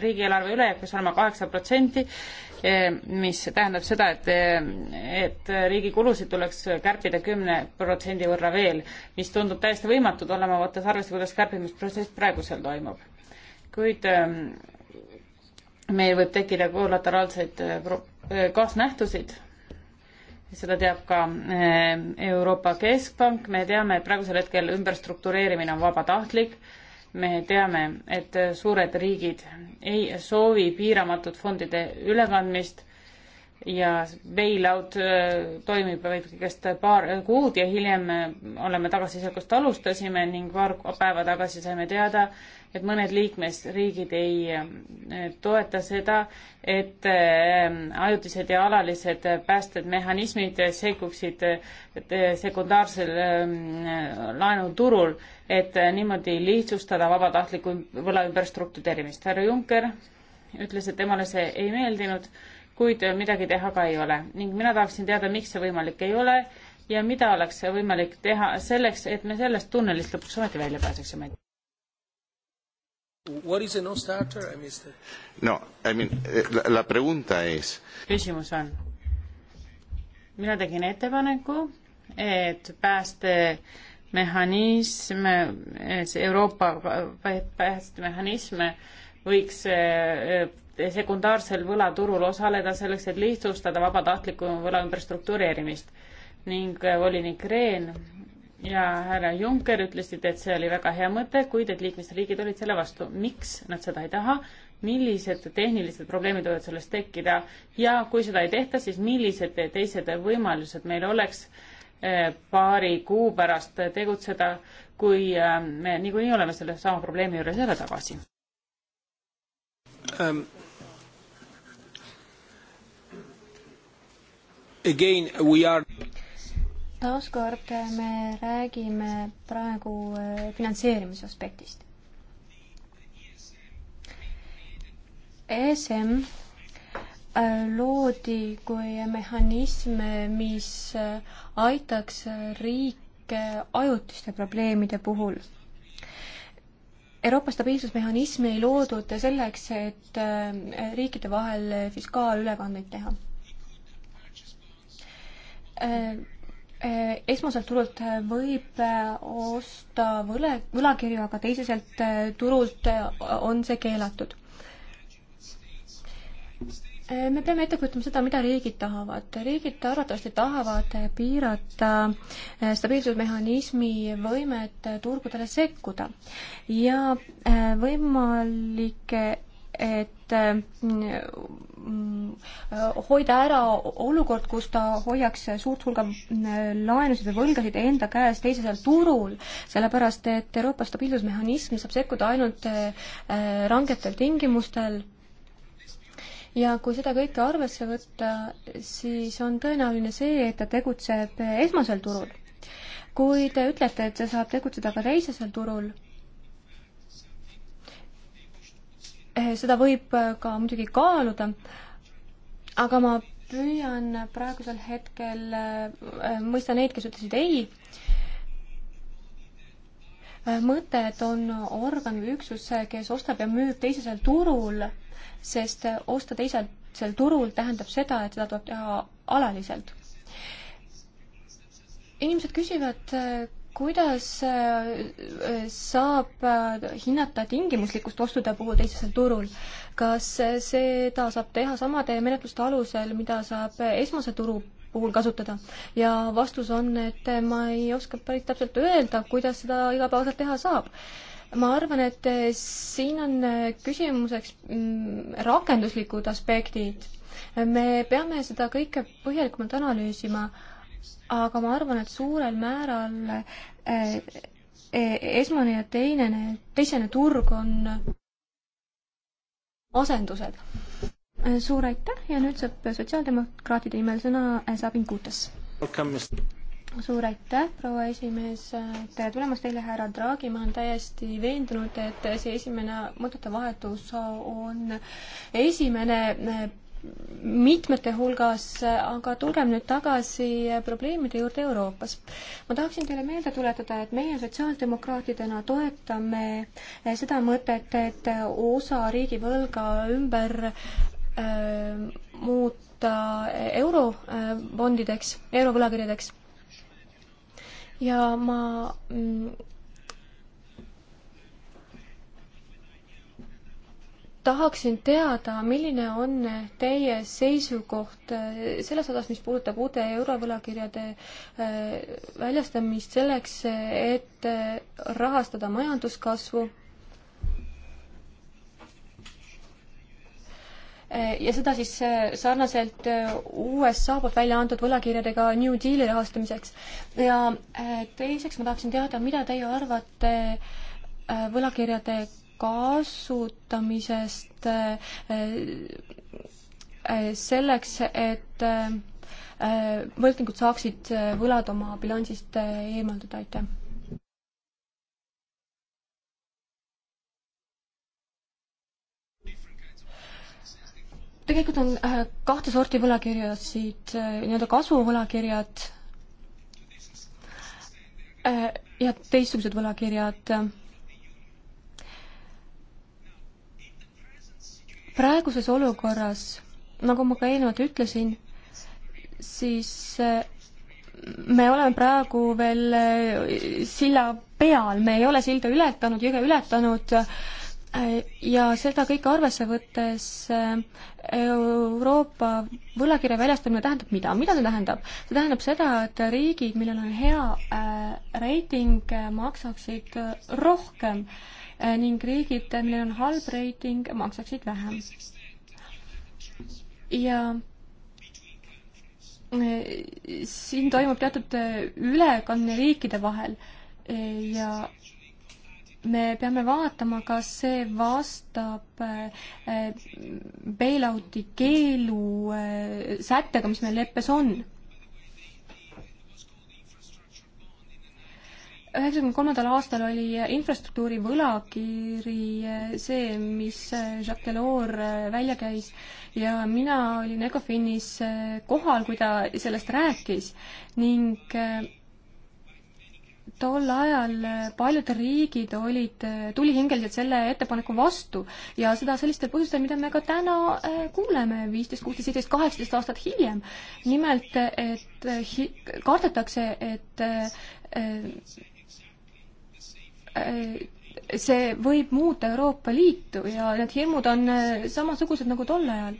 riigieelarve ülejääk peaks olema kaheksa protsenti Eh, mis tähendab seda, et, eh, et riigi kulusid tuleks kärpida kümne protsendi võrra veel, mis tundub täiesti võimatu olema, võttes arvesse, kuidas kärpimisprotsess praegusel toimub. kuid eh, meil võib tekkida kollateraalseid kaasnähtusid, seda teab ka Euroopa Keskpank, me teame, et praegusel hetkel ümberstruktureerimine on vabatahtlik me teame, et suured riigid ei soovi piiramatut fondide ülekandmist ja bailout äh, toimib vaid kõigest paar kuud ja hiljem äh, oleme tagasi seal, kust alustasime ning paar päeva tagasi saime teada, et mõned liikmesriigid ei äh, toeta seda, et ajutised ja alalised päästed mehhanismid sekkuksid sekundaarsel ähm, laenuturul, et niimoodi lihtsustada vabatahtliku võla ümber struktureerimist. härra Juncker ütles, et temale see ei meeldinud kuid midagi teha ka ei ole ning mina tahaksin teada, miks see võimalik ei ole ja mida oleks võimalik teha selleks, et me sellest tunnelist lõpuks ometi välja pääseksime. What is a non-starter? I missed it. No, I mean, eh, la, la pregunta es. küsimus on, mina tegin ettepaneku, et päästemehhanism, eh, see Euroopa päästemehhanism võiks eh, sekundaarsel võlaturul osaleda selleks, et lihtsustada vabatahtlikku võla ümberstruktureerimist ning äh, volinik Rehn ja härra Juncker ütlesid, et see oli väga hea mõte, kuid et liikmesriigid olid selle vastu. miks nad seda ei taha, millised tehnilised probleemid võivad sellest tekkida ja kui seda ei tehta, siis millised teised võimalused meil oleks äh, paari kuu pärast tegutseda, kui äh, me niikuinii oleme selle sama probleemi juures jälle tagasi um,? again we are taaskord me räägime praegu eh, finantseerimise aspektist. ESM eh, loodi kui mehhanism, mis eh, aitaks riike ajutiste probleemide puhul. Euroopa stabiilsusmehhanismi ei loodud selleks, et riikide vahel fiskaalülekandeid teha Äh, äh, esmaselt turult võib äh, osta võle, võlakirju, aga teiseselt turult on see keelatud. me peame ette kujutama seda, mida riigid tahavad. riigid arvatavasti tahavad piirata stabiilsusmehhanismi võimet turgudele sekkuda ja võimalike et mm, hoida ära olukord, kus ta hoiaks suurt hulga mm, laenusid või võlgasid enda käes teisel turul, sellepärast et Euroopa stabiilsusmehhanismi saab sekkuda ainult eh, eh, rangetel tingimustel ja kui seda kõike arvesse võtta, siis on tõenäoline see, et ta tegutseb esmasel turul. kui te ütlete, et see saab tegutseda ka teisesel turul, Eh, seda võib eh, ka muidugi kaaluda, aga ma püüan praegusel hetkel eh, mõista neid, kes ütlesid ei. mõte, et on organ või üksus, kes ostab ja müüb teisel turul, sest osta teisel turul tähendab seda, et seda tuleb teha alaliselt. inimesed küsivad, kuidas äh, saab äh, hinnata tingimuslikkust ostude puhul teisel turul? kas seda saab teha samade menetluste alusel, mida saab esmase turu puhul kasutada? ja vastus on, et ma ei oska päris täpselt öelda, kuidas seda igapäevaselt teha saab ma arvan, et siin on küsimuseks mm, rakenduslikud aspektid. me peame seda kõike põhjalikumalt analüüsima, aga ma arvan, et suurel määral eh, eh, esmane ja teine, teisene turg on asendused. Eh, suur aitäh ja nüüd saab sotsiaaldemokraatide nimel sõna Sabin Kuutes. suur aitäh, proua esimees, tere tulemast teile, härra Draghi, ma olen täiesti veendunud, et see esimene mõtete vahetus on esimene mitmete hulgas, aga tulgem nüüd tagasi probleemide juurde Euroopas. ma tahaksin teile meelde tuletada, et meie sotsiaaldemokraatidena toetame seda mõtet, et osa riigivõlga ümber äh, muuta eurofondideks, eurovõlakirjadeks. ja ma mm, tahaksin teada, milline on teie seisukoht äh, selles osas, mis puudutab uute eurovõlakirjade äh, väljastamist selleks, et äh, rahastada majanduskasvu ja seda siis sarnaselt USA poolt välja antud võlakirjadega New Deali rahastamiseks. ja teiseks ma tahaksin teada, mida teie arvate võlakirjade kasutamisest eh, eh, selleks, et eh, võlgnikud saaksid võlad oma bilansist eemaldada, aitäh. tegelikult on kahte sorti võlakirjasid, nii-öelda kasvuvõlakirjad ja teistsugused võlakirjad praeguses olukorras, nagu ma ka eelnevalt ütlesin, siis eh, me oleme praegu veel eh, silla peal, me ei ole silda ületanud, jõge ületanud eh, ja seda kõike arvesse võttes Euroopa võlakirja väljastamine tähendab mida? mida see tähendab? see tähendab seda, et riigid, millel on hea reiting, maksaksid rohkem äh, Äh, ning riigid, millel on halb reiting, maksaksid vähem. ja äh, siin toimub teatud äh, ülekanne riikide vahel ja me peame vaatama, kas see vastab bailout'i keelu sättega, mis meil leppes on üheksakümne kolmandal aastal oli infrastruktuuri võlakiri see, mis Jacques Delors välja käis ja mina olin Ecofinis kohal, kui ta sellest rääkis ning tol ajal paljud riigid olid tulihingeliselt selle ettepaneku vastu ja seda sellistel põhjustel, mida me ka täna äh, kuuleme, viisteist, kuusteist, seitseteist, kaheksateist aastat hiljem. nimelt, et kardetakse, et äh, Äh, see võib muuta Euroopa Liitu ja need hirmud on äh, samasugused nagu tol ajal.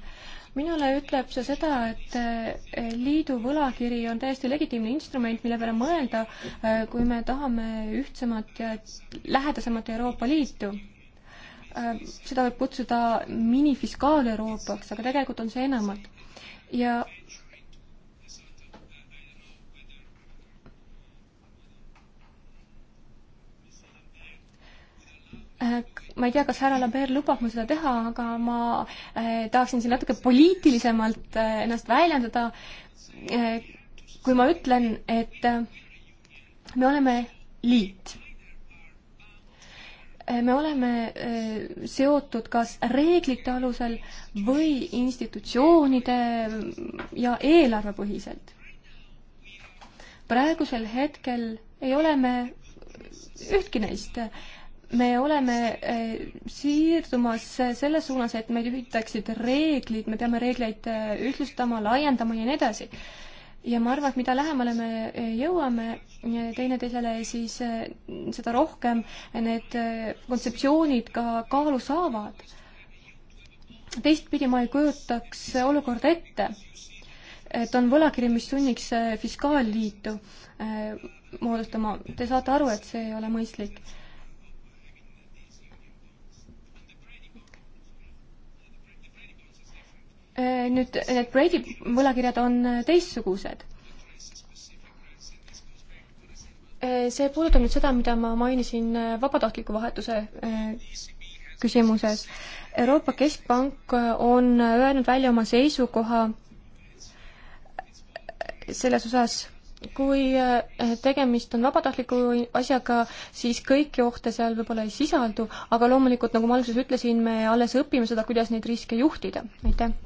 minule ütleb see seda, et äh, liidu võlakiri on täiesti legitiimne instrument, mille peale mõelda, kui me tahame ühtsemat ja lähedasemat Euroopa Liitu. seda võib kutsuda minifiskaal Euroopaks, aga tegelikult on see enamalt. ja Äh, ma ei tea, kas härra Laber lubab mul seda teha, aga ma äh, tahaksin siin natuke poliitilisemalt äh, ennast väljendada. kui ma ütlen, et me oleme liit me oleme seotud kas reeglite alusel või institutsioonide mm, ja eelarvepõhiselt. praegusel hetkel ei ole me ühtki neist me oleme eh, siirdumas selles suunas, et meid juhitaksid reeglid, me peame reegleid eh, ühtlustama, laiendama ja nii edasi. ja ma arvan, et mida lähemale me eh, jõuame teineteisele, siis seda rohkem need kontseptsioonid ka kaalu saavad. teistpidi ma ei kujutaks olukorda ette, et on võlakiri, mis sunniks fiskaalliitu moodustama, te saate aru, et see ei ole mõistlik Äh, nüüd need Brady võlakirjad on äh, teistsugused. Äh, see puudutab nüüd seda, mida ma mainisin vabatahtliku vahetuse küsimuses. Euroopa Keskpank on öelnud välja oma seisukoha selles osas, kui eh, tegemist on vabatahtliku asjaga, siis kõiki ohte seal võib-olla ei sisaldu, aga loomulikult, nagu ma alguses ütlesin, me alles õpime seda, kuidas neid riske juhtida, aitäh!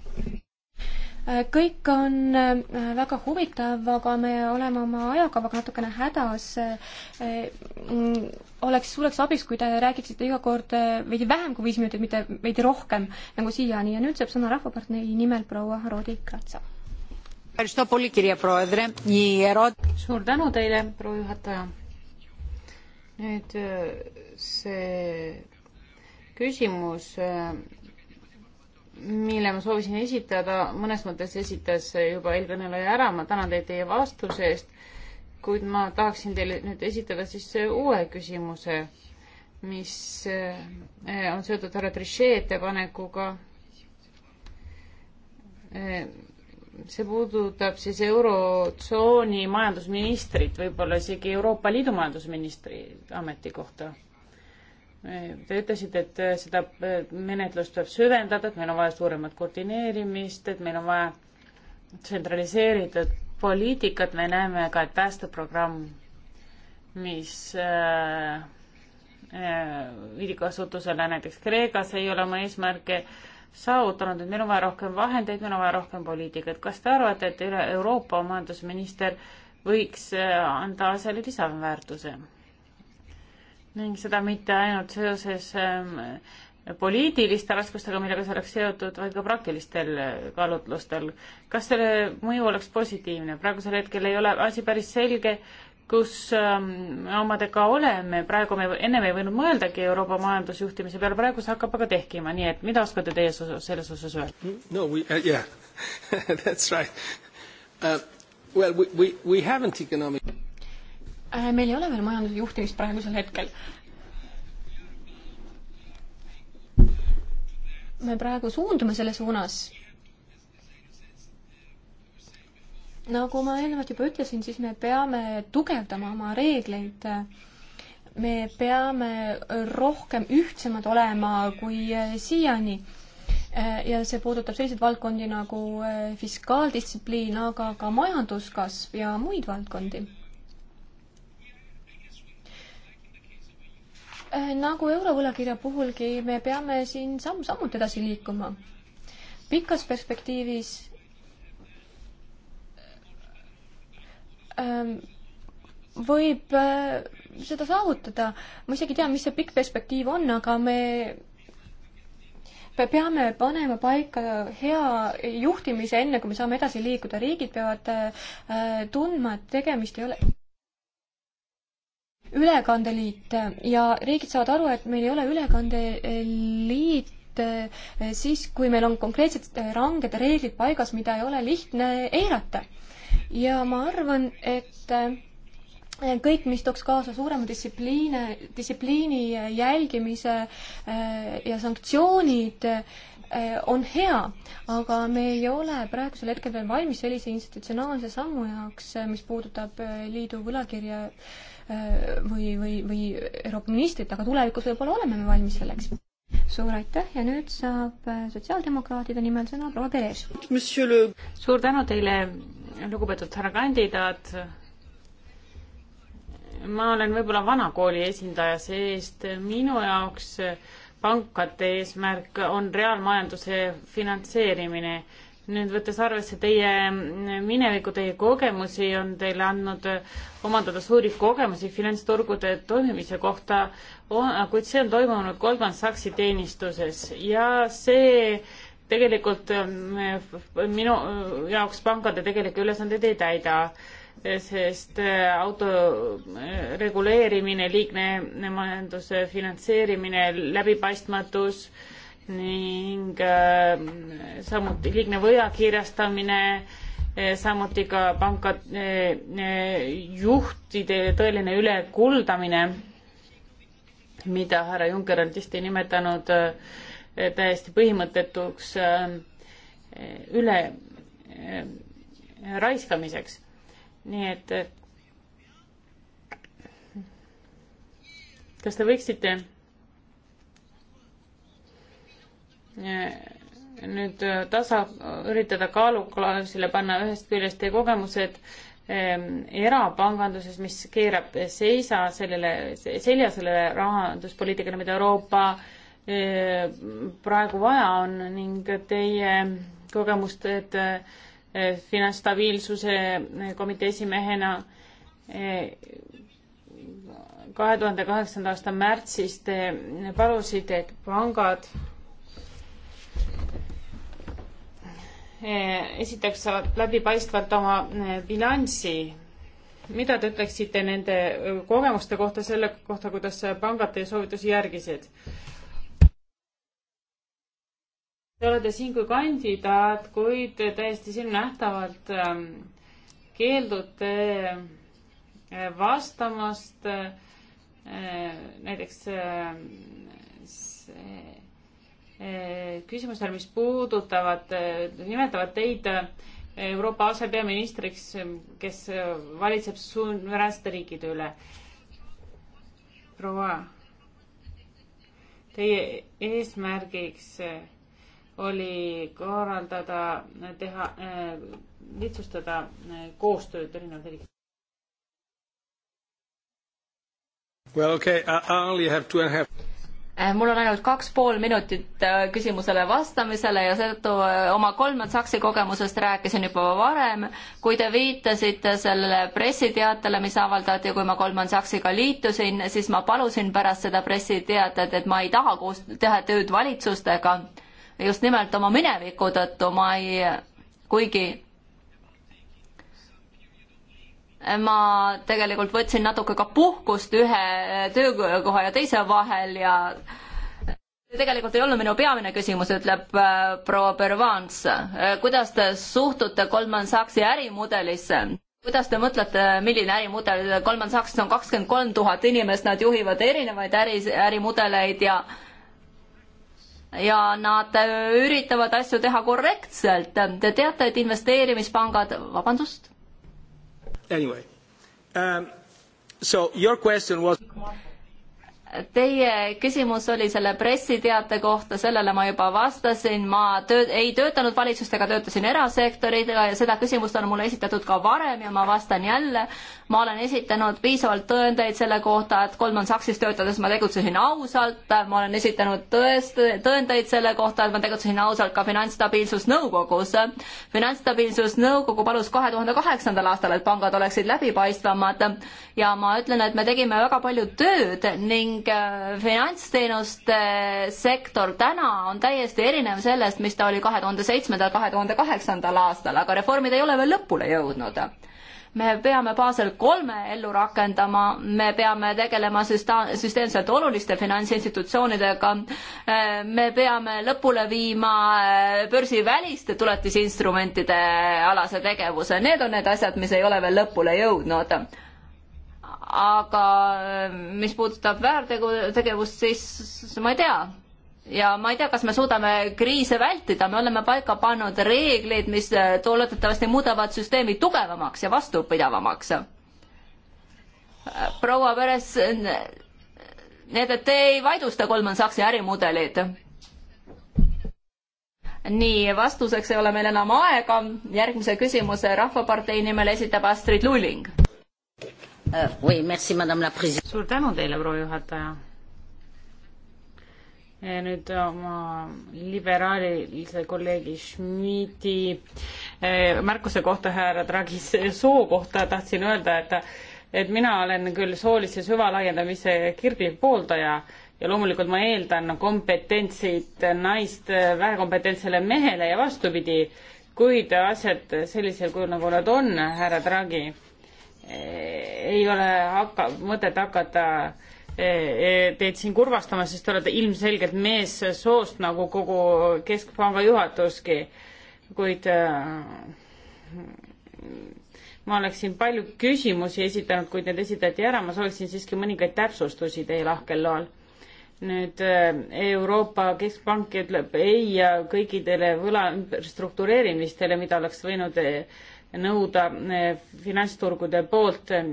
Eh, kõik on eh, väga huvitav, aga me oleme oma ajakavaga natukene hädas. Mm, oleks suureks abiks, kui te räägiksite iga kord veidi vähem kui viis minutit, mitte veidi rohkem nagu siiani ja nüüd saab sõna Rahvapartei nimel proua Rodi Kratsa suur tänu teile, proua juhataja. nüüd äh, see küsimus, äh, mille ma soovisin esitada, mõnes mõttes esitas juba eelkõneleja ära, ma tänan teid teie vastuse eest, kuid ma tahaksin teile nüüd esitada siis äh, uue küsimuse, mis on seotud härra Trichet ettepanekuga see puudutab siis Eurotsooni majandusministrit, võib-olla isegi Euroopa Liidu majandusministri ametikohta. Te ütlesite, et seda menetlust tuleb süvendada, et meil on vaja suuremat koordineerimist, et meil on vaja tsentraliseeritud poliitikat, me näeme ka, et päästeprogramm, mis viidi äh, äh, kasutusele näiteks Kreekas, ei ole oma eesmärke äh, saavutanud, et meil on vaja rohkem vahendeid, meil on vaja rohkem poliitikat. kas te arvate, et üle Euroopa majandusminister võiks äh, anda asjale lisaväärtuse? ning seda mitte ainult seoses ähm, poliitiliste raskustega, millega see oleks seotud, vaid ka praktilistel äh, kaalutlustel. kas selle mõju oleks positiivne? praegusel hetkel ei ole asi päris selge kus me ähm, omadega oleme, praegu me, ennem ei võinud mõeldagi Euroopa majandusjuhtimise peale, praegu see hakkab aga tehkima, nii et mida oskate teie selles osas öelda? Mm, no we uh,, yeah that's right uh,. Well we, we, we haven't economic uh, meil ei ole veel majandusjuhtimist praegusel hetkel. me praegu suundume selle suunas nagu ma eelnevalt juba ütlesin, siis me peame tugevdama oma reegleid. me peame rohkem ühtsemad olema kui siiani. ja see puudutab selliseid valdkondi nagu fiskaaldistsipliin, aga ka majanduskasv ja muid valdkondi nagu eurovõlakirja puhulgi, me peame siin samm-sammult edasi liikuma. pikas perspektiivis Ehm, võib äh, seda saavutada. ma isegi tean, mis see pikk perspektiiv on, aga me me peame panema paika hea juhtimise, enne kui me saame edasi liikuda. riigid peavad äh, tundma, et tegemist ei ole ülekandeliit ja riigid saavad aru, et meil ei ole ülekandeliit äh, siis, kui meil on konkreetsed äh, ranged reeglid paigas, mida ei ole lihtne eirata äh, ja ma arvan, et äh, kõik, mis tooks kaasa suurema distsipliine, distsipliini jälgimise äh, ja sanktsioonid, äh, on hea, aga me ei ole praegusel hetkel veel valmis sellise institutsionaalse sammu jaoks, mis puudutab liidu võlakirja või, või, või Euroopa ministrit, aga tulevikus võib-olla oleme me valmis selleks. suur aitäh ja nüüd saab sotsiaaldemokraatide nimel sõna proua Perez. suur tänu teile lugupeetud härra kandidaat, ma olen võib-olla vana kooli esindaja, sest minu jaoks pankade eesmärk on reaalmajanduse finantseerimine. nüüd võttes arvesse teie minevikku, teie kogemusi, on teile andnud omandada suuri kogemusi finantsturgude toimimise kohta, kuid see on toimunud Goldman Sachsi teenistuses ja see tegelikult ähm, minu äh, jaoks pangade tegelikke ülesandeid ei täida, äh, sest äh, auto reguleerimine, liigne majanduse finantseerimine, läbipaistmatus ning samuti liigne võjakirjastamine, samuti ka pankade juhtide tõeline ülekuldamine, mida härra Juncker on tihti nimetanud äh, Äh, täiesti põhimõttetuks äh, üle äh, raiskamiseks. nii et kas te võiksite nüüd tasa, üritada kaaluklausile panna ühest küljest teie kogemused ähm, erapanganduses, mis keerab seisa sellele, selja sellele rahanduspoliitikale, mida Euroopa äh, praegu vaja on ning teie kogemused e, finantsstabiilsuse e, komitee esimehena e, kahe tuhande kaheksanda aasta märtsis te palusite, et pangad esiteks läbipaistvalt oma bilanssi. mida te ütleksite nende kogemuste kohta, selle kohta, kuidas pangad teie soovitusi järgisid? Te olete siin kui kandidaat, kuid täiesti silmnähtavalt ähm, keeldute äh, vastamast äh, näiteks äh, küsimusele, mis puudutavad, nimetavad teid Euroopa asepeaministriks, ähm, kes valitseb suveräänsete riikide üle. proua, teie eesmärgiks oli korraldada, teha, lihtsustada eh, koostööd erinevate riikidega. Well, okay. I only have two and a half eh, mul on ainult kaks pool minutit eh, küsimusele vastamisele ja seetõttu oma kolmand Saksi kogemusest rääkisin juba varem. kui te viitasite sellele pressiteatele, mis avaldati, kui ma kolmand Saksiga liitusin, siis ma palusin pärast seda pressiteatet, et ma ei taha koos teha tööd valitsustega just nimelt oma mineviku tõttu ma ei, kuigi ma tegelikult võtsin natuke ka puhkust ühe töökoha ja teise vahel ja tegelikult ei olnud minu peamine küsimus, ütleb äh, proua Pervans äh,. kuidas te suhtute Goldman Sachsi ärimudelisse? kuidas te mõtlete, milline ärimudel, Goldman Sachs on kakskümmend kolm tuhat inimest, nad juhivad erinevaid äri, ärimudeleid ja äh, ja nad äh, üritavad asju teha korrektselt. Te teate, et investeerimispangad, vabandust? Anyway um,, so your question was Teie küsimus oli selle pressiteate kohta, sellele ma juba vastasin, ma töö-, ei töötanud valitsustega, töötasin erasektoriga ja seda küsimust on mulle esitatud ka varem ja ma vastan jälle. ma olen esitanud piisavalt tõendeid selle kohta, et Goldman Sachsis töötades ma tegutsesin ausalt, ma olen esitanud tõest-, tõendeid selle kohta, et ma tegutsesin ausalt ka Finantsstabiilsusnõukogus. finantsstabiilsusnõukogu palus kahe tuhande kaheksandal aastal, et pangad oleksid läbipaistvamad ja ma ütlen, et me tegime väga palju tööd ning ning äh, finantsteenuste sektor täna on täiesti erinev sellest, mis ta oli kahe tuhande seitsmendal, kahe tuhande kaheksandal aastal, aga reformid ei ole veel lõpule jõudnud. me peame Basel kolme ellu rakendama, me peame tegelema süsta-, süsteemselt oluliste finantsinstitutsioonidega, äh, me peame lõpule viima äh, börsiväliste tuletisinstrumentide alase tegevuse, need on need asjad, mis ei ole veel lõpule jõudnud aga äh, mis puudutab väärtegevust, siis ma ei tea. ja ma ei tea, kas me suudame kriise vältida, me oleme paika pannud reegleid, mis loodetavasti äh, muudavad süsteemi tugevamaks ja vastupidavamaks. Äh, proua Peres, need, et te ei vaidlusta Goldman Sachsi ärimudelid. nii, vastuseks ei ole meil enam aega, järgmise küsimuse Rahvapartei nimel esitab Astrid Luling Euh, suur tänu teile, proua juhataja. nüüd oma liberaalilise kolleegi Schmidti äh, märkuse kohta härra Draghi soo kohta tahtsin öelda, et et mina olen küll soolise süvalaiendamise kirglik pooldaja ja loomulikult ma eeldan kompetentsid naist vähekompetentsele mehele ja vastupidi, kuid asjad sellisel kujul, nagu nad on, härra Draghi Eh, ei ole hakka-, mõtet hakata eh, eh, teid siin kurvastama, sest te olete ilmselgelt mees soost nagu kogu Keskpanga juhatuski, kuid äh, ma oleksin palju küsimusi esitanud, kuid need esitati ära, ma sooviksin siiski mõningaid täpsustusi teie lahkel loal nüüd äh, Euroopa Keskpank ütleb ei kõikidele võla ümberstruktureerimistele, mida oleks võinud äh, nõuda eh, finantsturgude poolt eh,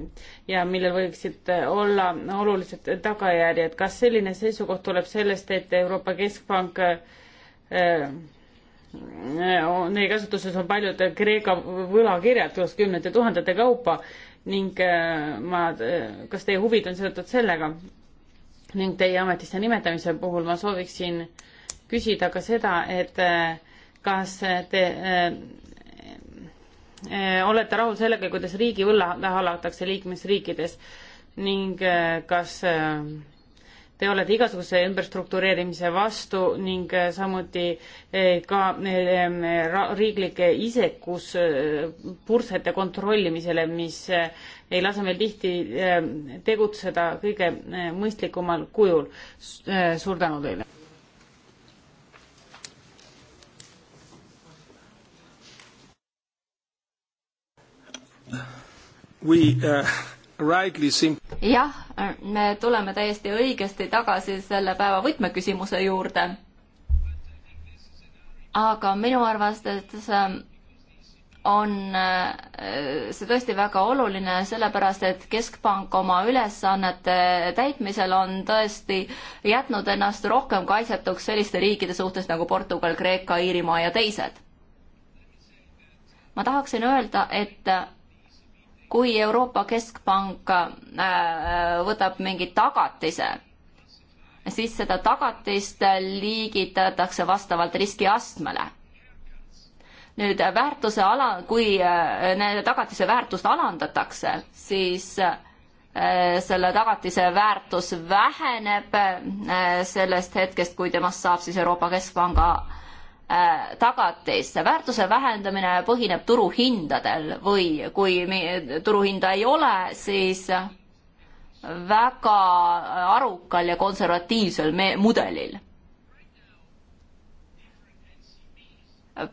ja millel võiksid eh, olla olulised tagajärjed. kas selline seisukoht tuleb sellest, et Euroopa Keskpank Neie kasutuses on paljud Kreeka võlakirjad koos kümnete tuhandete kaupa ning ma, kas teie huvid on seotud sellega? ning teie ametisse nimetamise puhul ma sooviksin küsida ka seda, et kas te Äh, olete rahul sellega, kuidas riigi võlla hallatakse liikmesriikides ning äh, kas äh, te olete igasuguse ümberstruktureerimise vastu ning samuti ka ähm, riiklike isekus pursete kontrollimisele, mis ei lase meil tihti tegutseda kõige mõistlikumal kujul. suur tänu teile! Uh, jah, me tuleme täiesti õigesti tagasi selle päeva võtmeküsimuse juurde. aga minu arvates ähm, on äh, see tõesti väga oluline, sellepärast et Keskpank oma ülesannete täitmisel on tõesti jätnud ennast rohkem kaitsetuks selliste riikide suhtes nagu Portugal, Kreeka, Iirimaa ja teised. ma tahaksin öelda, et kui Euroopa Keskpank äh, võtab mingi tagatise, siis seda tagatist liigitatakse vastavalt riskiastmele. nüüd väärtuse ala, kui äh, nende tagatise väärtust alandatakse, siis äh, selle tagatise väärtus väheneb sellest hetkest, kui temast saab siis Euroopa Keskpanga Äh, tagatis. väärtuse vähendamine põhineb turuhindadel või kui turuhinda ei ole, siis väga arukal ja konservatiivsel mudelil.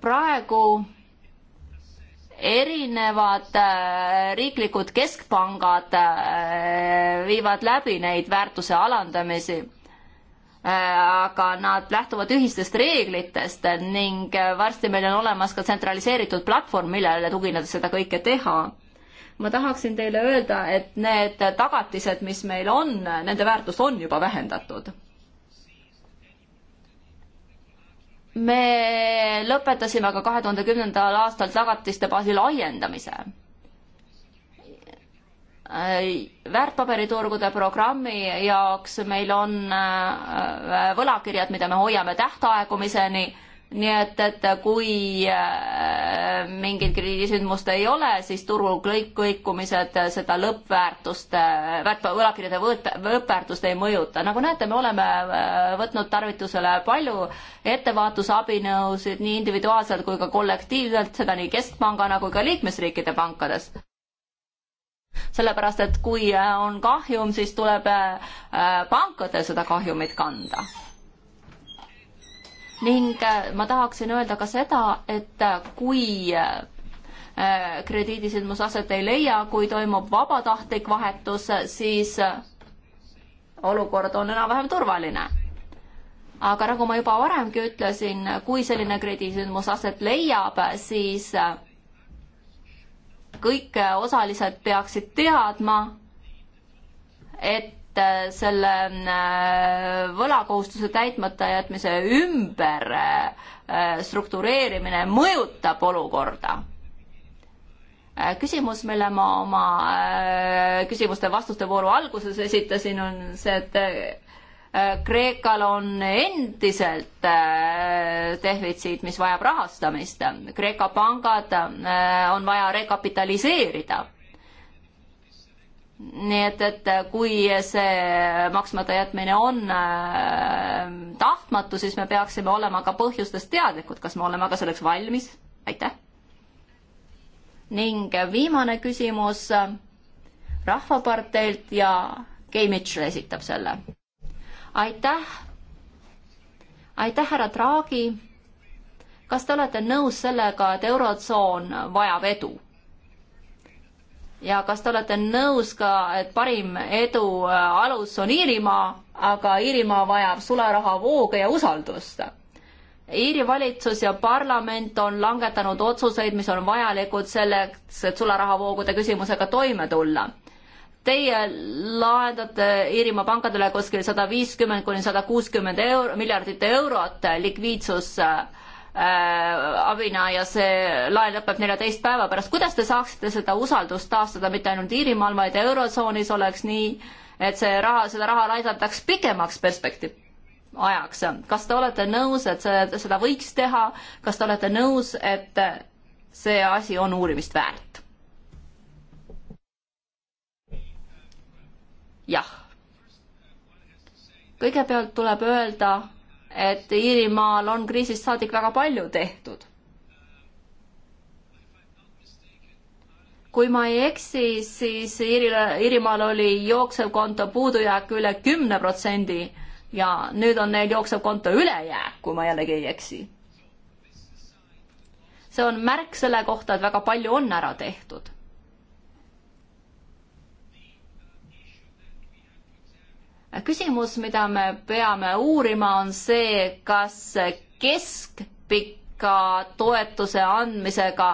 praegu erinevad äh, riiklikud keskpangad äh, viivad läbi neid väärtuse alandamisi aga nad lähtuvad ühistest reeglitest ning varsti meil on olemas ka tsentraliseeritud platvorm, millele tuginedes seda kõike teha. ma tahaksin teile öelda, et need tagatised, mis meil on, nende väärtust on juba vähendatud. me lõpetasime aga kahe tuhande kümnendal aastal tagatiste baasi laiendamise Äh, väärtpaberiturgude programmi jaoks meil on äh, võlakirjad, mida me hoiame tähtaegumiseni, nii et, et kui äh, mingit krediidisündmust ei ole, siis turul kõik kõikumised seda lõppväärtust, võlakirjade lõppväärtust ei mõjuta. nagu näete, me oleme võtnud tarvitusele palju ettevaatusabinõusid nii individuaalselt kui ka kollektiivselt, seda nii keskpangana kui ka liikmesriikide pankades sellepärast, et kui äh, on kahjum, siis tuleb äh, äh, pankadel seda kahjumit kanda. ning ma tahaksin öelda ka seda, et kui krediidisündmus aset ei leia, kui toimub vabatahtlik vahetus, siis olukord on enam-vähem turvaline. aga nagu ma juba varemgi ütlesin, kui selline krediidisündmus aset leiab, siis kõik osalised peaksid teadma, et äh, selle äh, võlakohustuse täitmata jätmise ümber äh, struktureerimine mõjutab olukorda. küsimus, mille ma oma küsimuste-vastuste vooru alguses esitasin, on see, et Äh, Kreekal on endiselt äh, defitsiit, mis vajab rahastamist. Kreeka pangad äh, on vaja rekapitaliseerida. nii et, et kui see maksmata jätmine on tahtmatu, siis me peaksime olema ka põhjustest teadlikud, kas me oleme ka selleks valmis, aitäh. ning viimane küsimus Rahvaparteilt ja Kei Mitchell esitab selle aitäh, aitäh, härra Draghi. kas te olete nõus sellega, et Eurotsoon vajab edu? ja kas te olete nõus ka, et parim edu äh, alus on Iirimaa, aga Iirimaa vajab sularahavooge ja usaldust? Iiri valitsus ja parlament on langetanud otsuseid, mis on vajalikud selleks, et sularahavoogude küsimusega toime tulla Teie lahendate Iirimaa pankadele kuskil sada viiskümmend kuni sada kuuskümmend euro, miljardit eurot likviidsus äh, abina ja see laen lõpeb neljateist päeva pärast. kuidas te saaksite seda usaldust taastada mitte ainult Iirimaal, vaid Eurotsoonis oleks nii, et see raha, seda raha laidataks pikemaks perspektiiv, ajaks. kas te olete nõus, et see, seda võiks teha, kas te olete nõus, et see asi on uurimist väärt? jah. kõigepealt tuleb öelda, et Iirimaal on kriisist saadik väga palju tehtud. kui ma ei eksi, siis Iirile, Iirimaal oli jooksevkonto puudujääk üle kümne protsendi ja nüüd on neil jooksevkonto ülejääk, kui ma jällegi ei eksi. see on märk selle kohta, et väga palju on ära tehtud küsimus, mida me peame uurima, on see, kas keskpika toetuse andmisega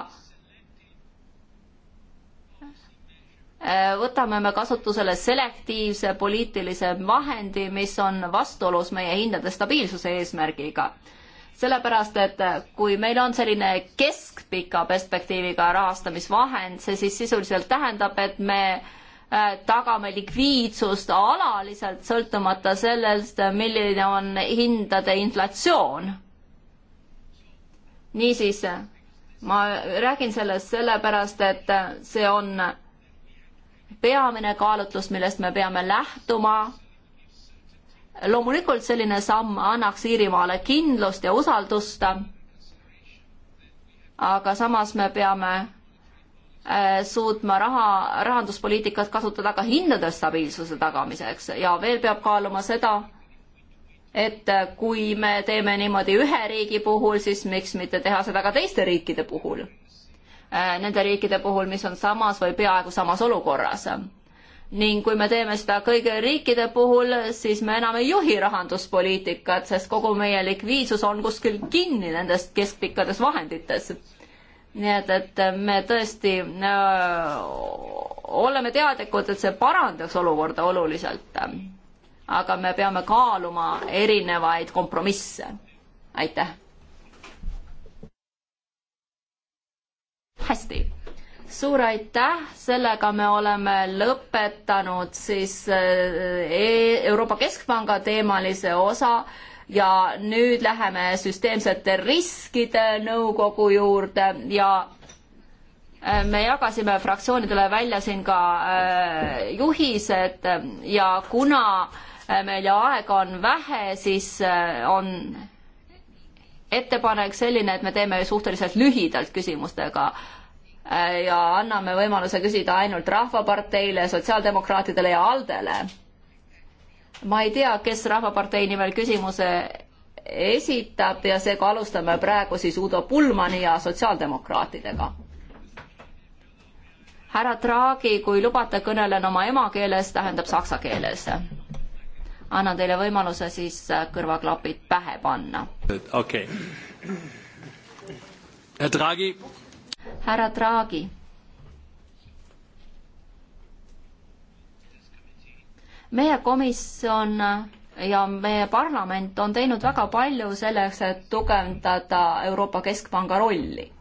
äh, võtame me kasutusele selektiivse poliitilise vahendi, mis on vastuolus meie hindade stabiilsuse eesmärgiga. sellepärast, et kui meil on selline keskpika perspektiiviga rahastamisvahend, see siis sisuliselt tähendab, et me Äh, tagame likviidsust alaliselt, sõltumata sellest, milline on hindade inflatsioon. niisiis, ma räägin sellest sellepärast, et see on peamine kaalutlus, millest me peame lähtuma. loomulikult selline samm annaks Iirimaale kindlust ja usaldust. aga samas me peame Äh, suutma raha, rahanduspoliitikat kasutada ka hindade stabiilsuse tagamiseks ja veel peab kaaluma seda, et äh, kui me teeme niimoodi ühe riigi puhul, siis miks mitte teha seda ka teiste riikide puhul. Äh, nende riikide puhul, mis on samas või peaaegu samas olukorras. ning kui me teeme seda kõigi riikide puhul, siis me enam ei juhi rahanduspoliitikat, sest kogu meie likviidsus on kuskil kinni nendes keskpikkades vahendites nii et, et me tõesti äh, oleme teadlikud, et see parandaks olukorda oluliselt. aga me peame kaaluma erinevaid kompromisse. aitäh. hästi, suur aitäh, sellega me oleme lõpetanud siis äh, e-, Euroopa Keskpanga teemalise osa ja nüüd läheme süsteemsete riskide nõukogu juurde ja äh, me jagasime fraktsioonidele välja siin ka äh, juhised ja kuna äh, meil aega on vähe, siis on ettepanek selline, et me teeme suhteliselt lühidalt küsimustega ja anname võimaluse küsida ainult Rahvaparteile, Sotsiaaldemokraatidele ja ALDE-le ma ei tea, kes Rahvapartei nimel küsimuse esitab ja seega alustame praegu siis Udo Pulmani ja sotsiaaldemokraatidega. härra Draghi, kui lubate, kõnelen oma emakeeles, tähendab saksa keeles. annan teile võimaluse siis kõrvaklapid pähe panna. okei okay.. härra Draghi. härra Draghi meie komisjon ja meie parlament on teinud väga palju selleks, et tugevdada Euroopa Keskpanga rolli.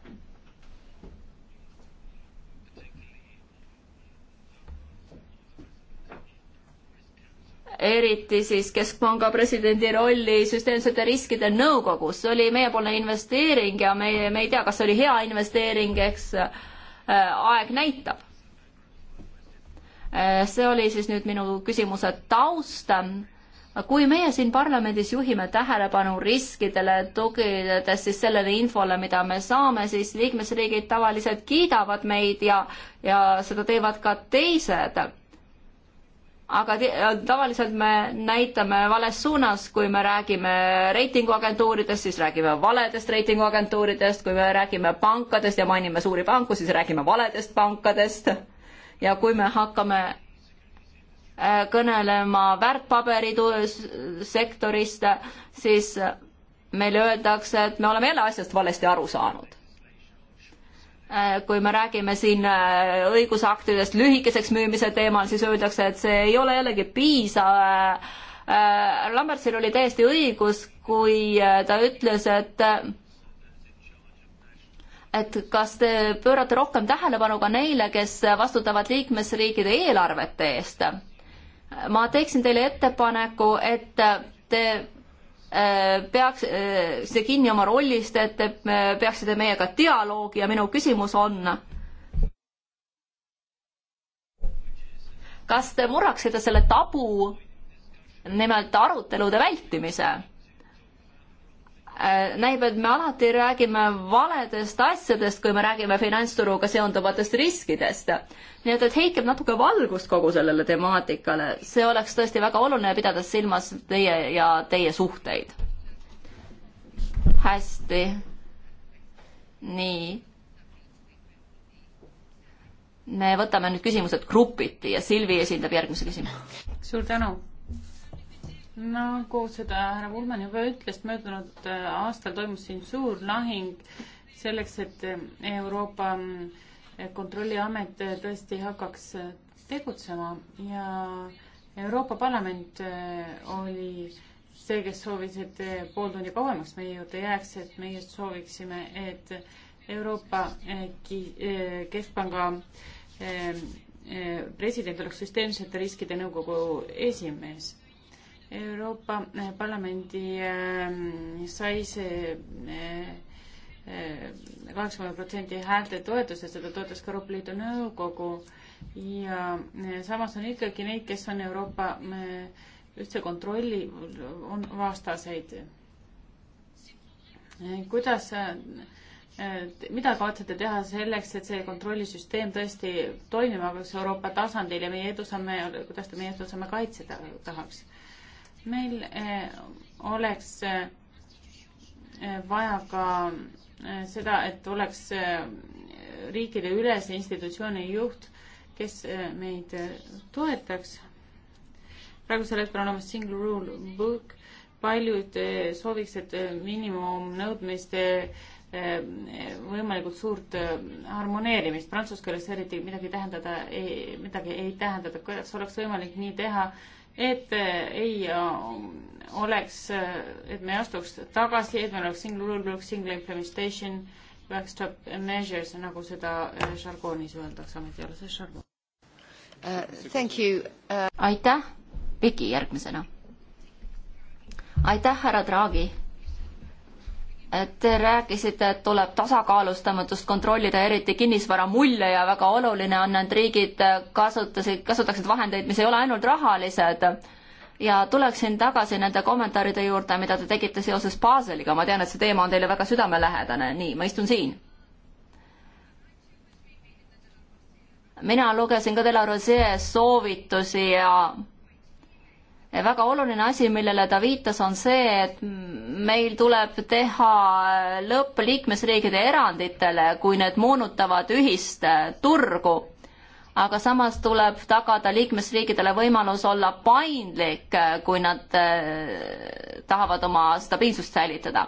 eriti siis Keskpanga presidendi rolli süsteemsete riskide nõukogus, see oli meiepoolne investeering ja me, me ei tea, kas see oli hea investeering, eks äh, aeg näitab Äh, see oli siis nüüd minu küsimuse taust. kui meie siin parlamendis juhime tähelepanu riskidele, tuginedes siis sellele infole, mida me saame, siis liikmesriigid tavaliselt kiidavad meid ja, ja seda teevad ka teised aga te tavaliselt me näitame vales suunas, kui me räägime reitinguagentuuridest, siis räägime valedest reitinguagentuuridest, kui me räägime pankadest ja mainime suuri panku, siis räägime valedest pankadest ja kui me hakkame äh, kõnelema väärtpaberisektorist, siis meile öeldakse, et me oleme jälle asjast valesti aru saanud. Äh, kui me räägime siin äh, õigusaktidest lühikeseks müümise teemal, siis öeldakse, et see ei ole jällegi piisav. Lambertsil oli täiesti õigus, kui ta ütles, et et kas te pöörate rohkem tähelepanu ka neile, kes vastutavad liikmesriikide eelarvete eest? ma teeksin teile ettepaneku, et te äh, peaks, äh, see kinni oma rollist, et te äh, peaksite meiega dialoogi ja minu küsimus on. kas te murraksite selle tabu, nimelt arutelude vältimise? Äh, näib, et me alati räägime valedest asjadest, kui me räägime finantsturuga seonduvatest riskidest. nii et, et heikeb natuke valgust kogu sellele temaatikale, see oleks tõesti väga oluline, pidades silmas teie ja teie suhteid. hästi. nii. me võtame nüüd küsimused grupiti ja Silvi esindab järgmise küsimuse. suur tänu nagu seda härra Pulman juba ütles, möödunud äh, aastal toimus siin suur lahing selleks, et äh, Euroopa äh, Kontrolliamet tõesti hakkaks tegutsema ja Euroopa Parlament oli see, kes soovis, et pool tundi kauemaks meie juurde jääks, et meie sooviksime, et Euroopa Keskpanga president oleks süsteemsete riskide nõukogu esimees Euroopa eh, Parlamendi eh, sai see eh, kaheksakümmend protsenti häälte toetusest, seda toetas ka Euroopa Liidu Nõukogu ja samas on ikkagi neid, kes on Euroopa ühtse kontrolli, on vastaseid. kuidas, mida kavatsete teha selleks, et see kontrollisüsteem tõesti toimima hakkaks Euroopa tasandil ja meie edusamme, kuidas te meie edusamme kaitseda tahaks? meil eh, oleks eh, vaja ka eh, seda, et oleks riikide ülese institutsiooni juht, kes meid toetaks. praegusel hetkel on olemas single rule book, paljud sooviks, et miinimumnõudmiste võimalikult suurt harmoneerimist, prantsuse keeles eriti midagi tähendada ei, midagi ei tähendada, kuidas oleks võimalik nii teha, et äh, ei äh, oleks, äh, et me ei astuks tagasi, et meil oleks single rule book, single implementation, backstop measures, nagu seda žargoonis öeldakse, ametialases žargoonis uh,. Thank you uh.... aitäh, Viki järgmisena. aitäh, härra Draagi Te rääkisite, et tuleb tasakaalustamatust kontrollida, eriti kinnisvara mulje ja väga oluline on, et riigid kasutasid, kasutaksid vahendeid, mis ei ole ainult rahalised. ja tuleksin tagasi nende kommentaaride juurde, mida te tegite seoses Baseliga, ma tean, et see teema on teile väga südamelähedane, nii, ma istun siin. mina lugesin ka Dela Rosie soovitusi ja väga oluline asi, millele ta viitas, on see, et meil tuleb teha lõpp liikmesriikide eranditele, kui need moonutavad ühist turgu. aga samas tuleb tagada liikmesriikidele võimalus olla paindlik, kui nad eh, tahavad oma stabiilsust säilitada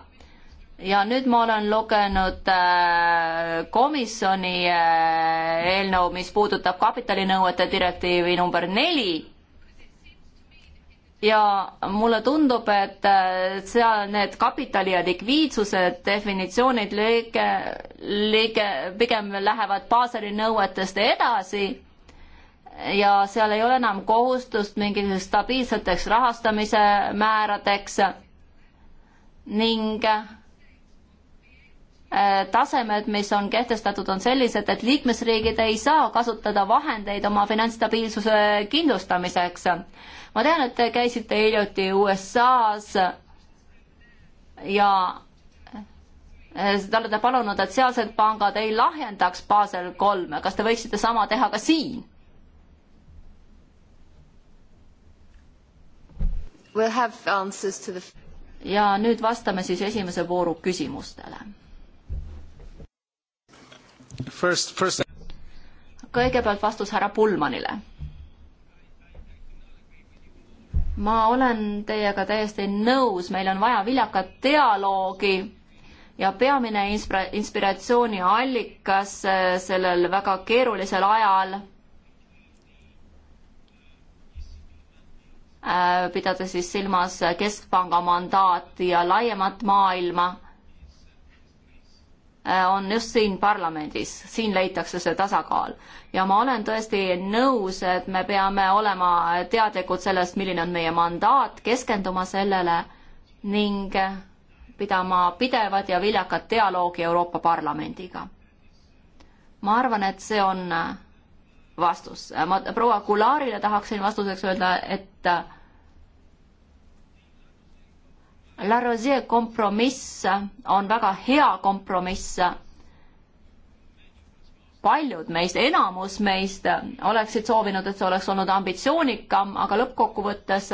ja nüüd ma olen lugenud eh, komisjoni eh, eelnõu, mis puudutab kapitalinõuete direktiivi number neli ja mulle tundub, et äh, seal need kapitali ja likviidsuse definitsioonid liige, liige, pigem lähevad Baseli nõuetest edasi ja seal ei ole enam kohustust mingisuguseks stabiilseteks rahastamise määradeks ning äh, tasemed, mis on kehtestatud, on sellised, et liikmesriigid ei saa kasutada vahendeid oma finantsstabiilsuse kindlustamiseks ma tean, et te käisite hiljuti USA-s ja eh, te olete palunud, et sealsed pangad ei lahjendaks Basel kolme, kas te võiksite sama teha ka siin? We'll have answers to the ja nüüd vastame siis esimese vooru küsimustele. kõigepealt vastus härra Pullmanile ma olen teiega täiesti nõus, meil on vaja viljakat dialoogi ja peamine inspira-, inspiratsiooni allikas äh, sellel väga keerulisel ajal, äh, pidades siis silmas keskpanga mandaati ja laiemat maailma Äh, on just siin parlamendis, siin leitakse see tasakaal. ja ma olen tõesti nõus, et me peame olema teadlikud sellest, milline on meie mandaat, keskenduma sellele ning pidama pidevat ja viljakat dialoogi Euroopa Parlamendiga. ma arvan, et see on vastus. ma proua Kularile tahaksin vastuseks öelda, et La Rosier kompromiss on väga hea kompromiss. paljud meist, enamus meist oleksid soovinud, et see oleks olnud ambitsioonikam, aga lõppkokkuvõttes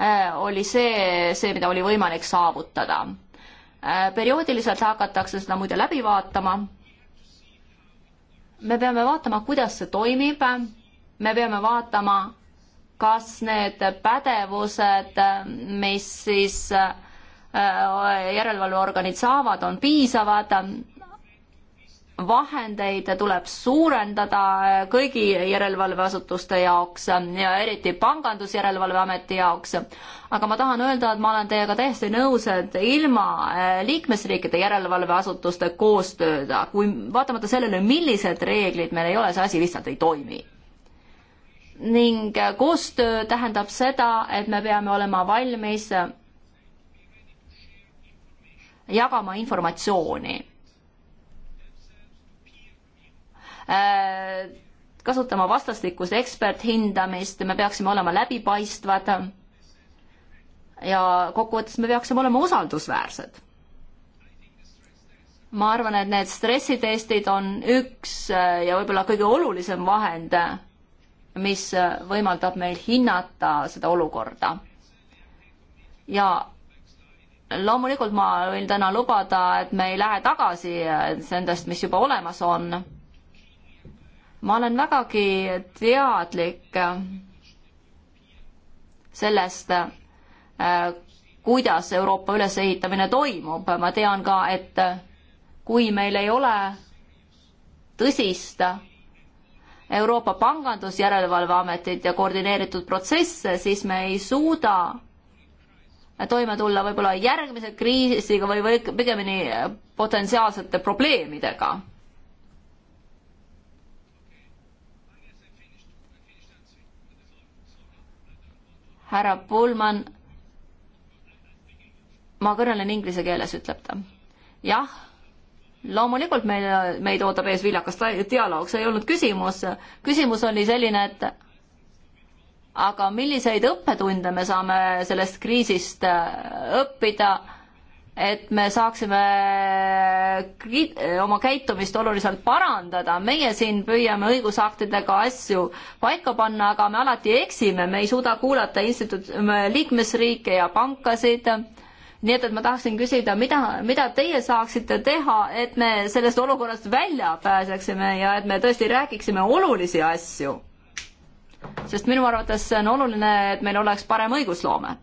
äh, oli see, see, mida oli võimalik saavutada. Äh, perioodiliselt hakatakse seda muide läbi vaatama. me peame vaatama, kuidas see toimib. me peame vaatama, kas need pädevused, mis siis äh, järelevalveorganid saavad, on piisavad, vahendeid tuleb suurendada kõigi järelevalveasutuste jaoks ja eriti Pangandusjärelevalveameti jaoks. aga ma tahan öelda, et ma olen teiega täiesti nõus, et ilma äh, liikmesriikide järelevalveasutuste koostööda, kui vaatamata sellele, millised reeglid meil ei ole, see asi lihtsalt ei toimi ning koostöö tähendab seda, et me peame olema valmis jagama informatsiooni. Äh, kasutama vastastikust eksperthindamist, me peaksime olema läbipaistvad ja kokkuvõttes me peaksime olema usaldusväärsed ma arvan, et need stressitestid on üks äh, ja võib-olla kõige olulisem vahend mis äh, võimaldab meil hinnata seda olukorda. ja loomulikult ma võin täna lubada, et me ei lähe tagasi äh, nendest, mis juba olemas on. ma olen vägagi teadlik äh, sellest, kuidas Euroopa ülesehitamine toimub, ma tean ka, et kui meil ei ole tõsist Euroopa Pangandusjärelevalveametit ja koordineeritud protsesse, siis me ei suuda toime tulla võib-olla järgmise kriisiga või, või pigemini potentsiaalsete probleemidega. härra Pullman, ma kõnelen inglise keeles, ütleb ta. jah loomulikult meil, meid ootab ees viljakas dialoog, see ei olnud küsimus. küsimus oli selline, et aga milliseid õppetunde me saame sellest kriisist äh, õppida, et me saaksime oma käitumist oluliselt parandada. meie siin püüame õigusaktidega asju paika panna, aga me alati eksime, me ei suuda kuulata instituut-, liikmesriike ja pankasid nii et, et ma tahaksin küsida, mida, mida teie saaksite teha, et me sellest olukorrast välja pääseksime ja et me tõesti räägiksime olulisi asju? sest minu arvates see on oluline, et meil oleks parem õigusloome.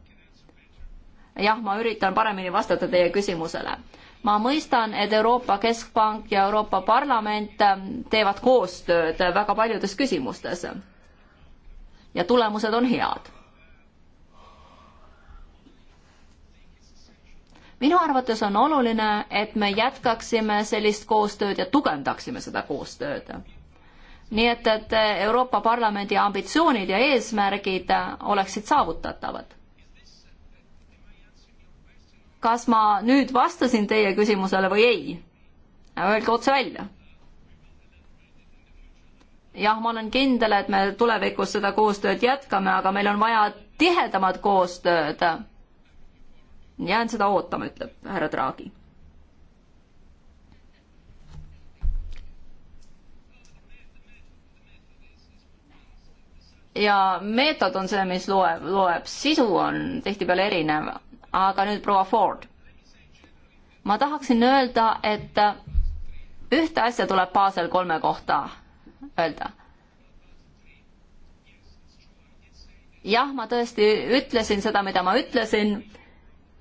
jah, ma üritan paremini vastata teie küsimusele. ma mõistan, et Euroopa Keskpank ja Euroopa Parlament teevad koostööd väga paljudes küsimustes. ja tulemused on head minu arvates on oluline, et me jätkaksime sellist koostööd ja tugevdaksime seda koostööd. nii et, et Euroopa Parlamendi ambitsioonid ja eesmärgid oleksid saavutatavad. kas ma nüüd vastasin teie küsimusele või ei? Öelge otse välja jah, ma olen kindel, et me tulevikus seda koostööd jätkame, aga meil on vaja tihedamat koostööd jään seda ootama, ütleb härra Draghi. ja meetod on see, mis loeb, loeb, sisu on tihtipeale erinev, aga nüüd proua Ford. ma tahaksin öelda, et ühte asja tuleb Basel kolme kohta öelda jah, ma tõesti ütlesin seda, mida ma ütlesin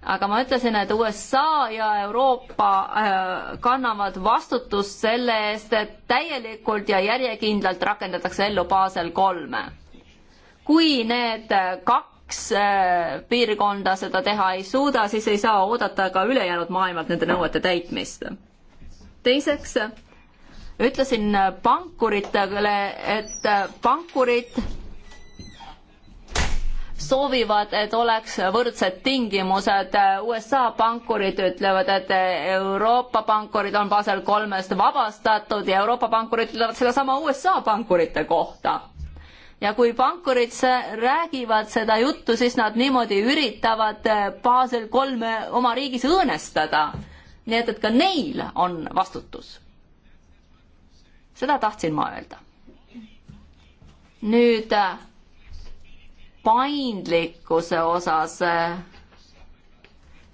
aga ma ütlesin, et USA ja Euroopa äh, kannavad vastutust selle eest, et täielikult ja järjekindlalt rakendatakse ellu Basel kolme. kui need äh, kaks äh, piirkonda seda teha ei suuda, siis ei saa oodata ka ülejäänud maailmalt nende nõuete täitmist. teiseks ütlesin pankuritele, et pankurid soovivad, et oleks võrdsed tingimused. USA pankurid ütlevad, et Euroopa pankurid on Basel kolmest vabastatud ja Euroopa pankurid ütlevad sedasama USA pankurite kohta ja kui pankurid räägivad seda juttu, siis nad niimoodi üritavad Basel kolme oma riigis õõnestada. nii et, et ka neil on vastutus. seda tahtsin ma öelda. nüüd paindlikkuse osas,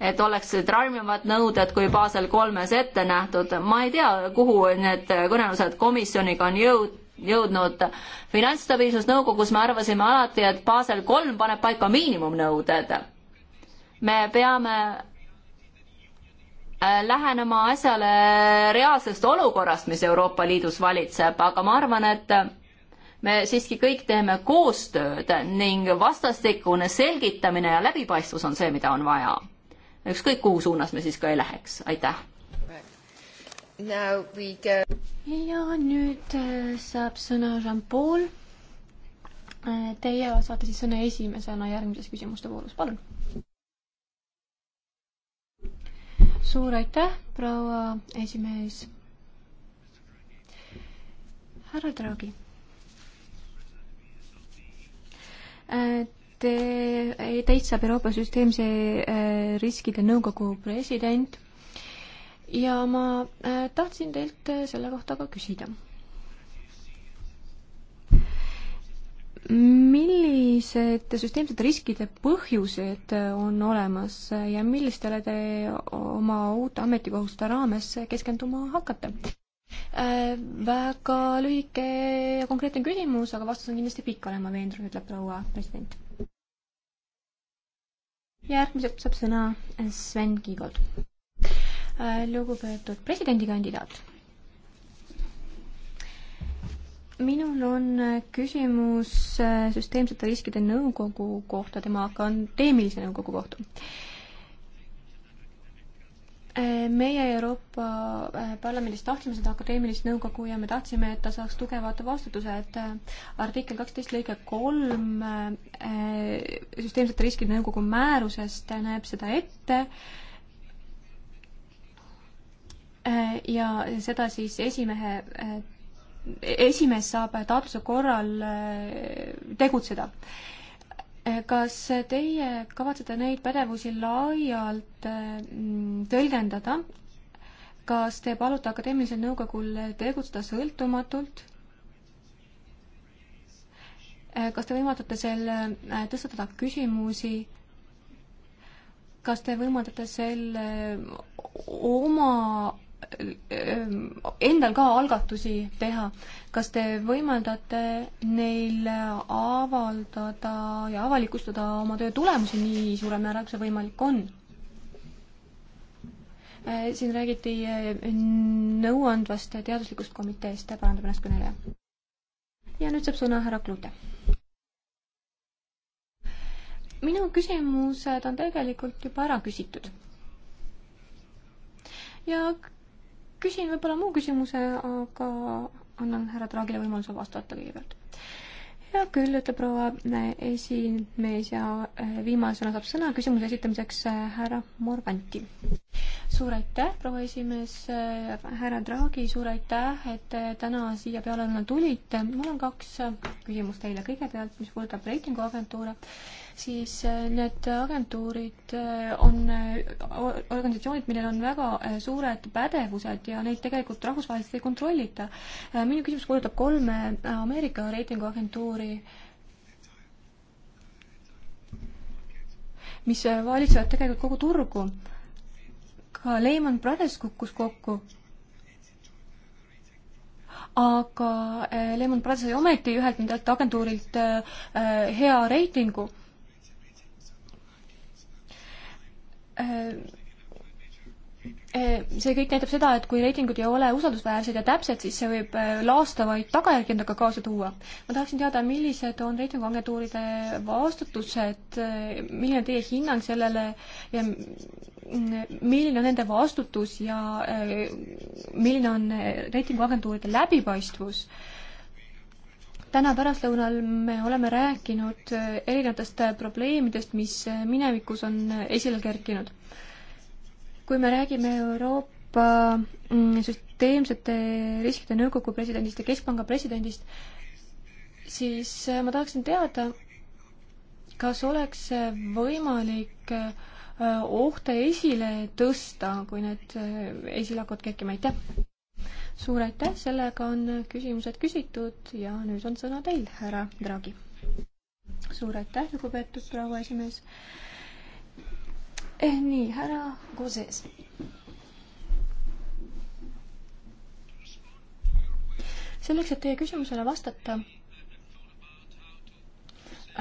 et oleksid rangemad nõuded kui Basel kolmes ette nähtud. ma ei tea, kuhu need kõnelused komisjoniga on jõud-, jõudnud. finantsstabiilsusnõukogus me arvasime alati, et Basel kolm paneb paika miinimumnõuded. me peame äh, lähenema asjale reaalsest olukorrast, mis Euroopa Liidus valitseb, aga ma arvan, et me siiski kõik teeme koostööd ning vastastikune selgitamine ja läbipaistvus on see, mida on vaja. ükskõik kuhu suunas me siis ka ei läheks, aitäh. ja nüüd äh, saab sõna Jean-Paul. Äh, teie saate siis sõna esimesena järgmises küsimuste voorus, palun. suur aitäh, proua esimees. härra Draghi Äh, te, äh, teist saab Euroopa Süsteemse äh, Riskide Nõukogu president ja ma tahtsin teilt selle kohta ka küsida. millised süsteemsed riskide põhjused on olemas ja millistele te oma uute ametikohustuste raames keskenduma hakkate? Äh, väga lühike ja konkreetne küsimus, aga vastus on kindlasti pikk, olen ma veendunud, ütleb proua president. järgmiseks saab sõna Sven Kiigold. Äh, lugupeetud presidendikandidaat. minul on küsimus äh, süsteemsete riskide nõukogu kohta, tema akadeemilise nõukogu kohta Eh, meie Euroopa eh, Parlamendis tahtsime seda akadeemilist nõukogu ja me tahtsime, et ta saaks tugevad vastutused. Eh, artikkel kaksteist lõige kolm süsteemsete riskide nõukogu määrusest näeb seda ette ja seda siis esimehe, esimees saab taotluse korral tegutseda kas teie kavatsete neid pädevusi laialt mm, tõlgendada? kas te palute akadeemilisel nõukogul tegutseda sõltumatult? kas te võimaldate seal äh, tõstatada küsimusi? kas te võimaldate seal äh, oma endal ka algatusi teha. kas te võimaldate neil avaldada ja avalikustada oma töö tulemusi nii suure määra, kui see võimalik on? siin räägiti nõuandvast teaduslikust komiteest, parandab ennast kõneleja. ja nüüd saab sõna härra Klute. minu küsimused on tegelikult juba ära küsitud. ja küsin võib-olla muu küsimuse, aga annan härra Draagile võimaluse vastata kõigepealt. hea küll, ütleb proua äh, esimees ja äh, viimasena saab sõna küsimuse esitamiseks äh, härra Morvanti. suur aitäh, proua esimees, härra Draagi, suur aitäh, et täna siia peale tulite. mul on kaks küsimust teile. kõigepealt, mis puudutab reitinguagentuure siis äh, need agentuurid äh, on äh, organisatsioonid, millel on väga suured pädevused ja neid tegelikult rahvusvaheliselt ei kontrollita. minu küsimus puudutab kolme Ameerika reitinguagentuuri, mis valitsevad tegelikult kogu turgu. ka Lehman Brothers kukkus kokku aga Lehman Brothers sai ometi ühelt nendelt agentuurilt hea reitingu Äh, äh, see kõik näitab seda, et kui reitingud ei ole usaldusväärsed ja täpsed, siis see võib äh, laastavaid tagajärgi endaga kaasa tuua. ma tahaksin teada, millised on reitinguagentuuride vastutused, milline on teie hinnang sellele ja milline on nende vastutus ja milline on reitinguagentuuride läbipaistvus äh, täna pärastlõunal me oleme rääkinud äh, erinevatest äh, probleemidest, mis äh, minevikus on esile kerkinud. kui me räägime Euroopa mm, süsteemsete riskide nõukogu presidendist ja keskpanga presidendist, siis ma tahaksin teada, kas oleks võimalik ohte esile tõsta, kui need esile hakkavad kerkima, aitäh! suur aitäh, sellega on küsimused küsitud ja nüüd on sõna teil, härra Draghi. suur aitäh, lugupeetud proua esimees eh,. nii, härra Koses. selleks, et teie küsimusele vastata,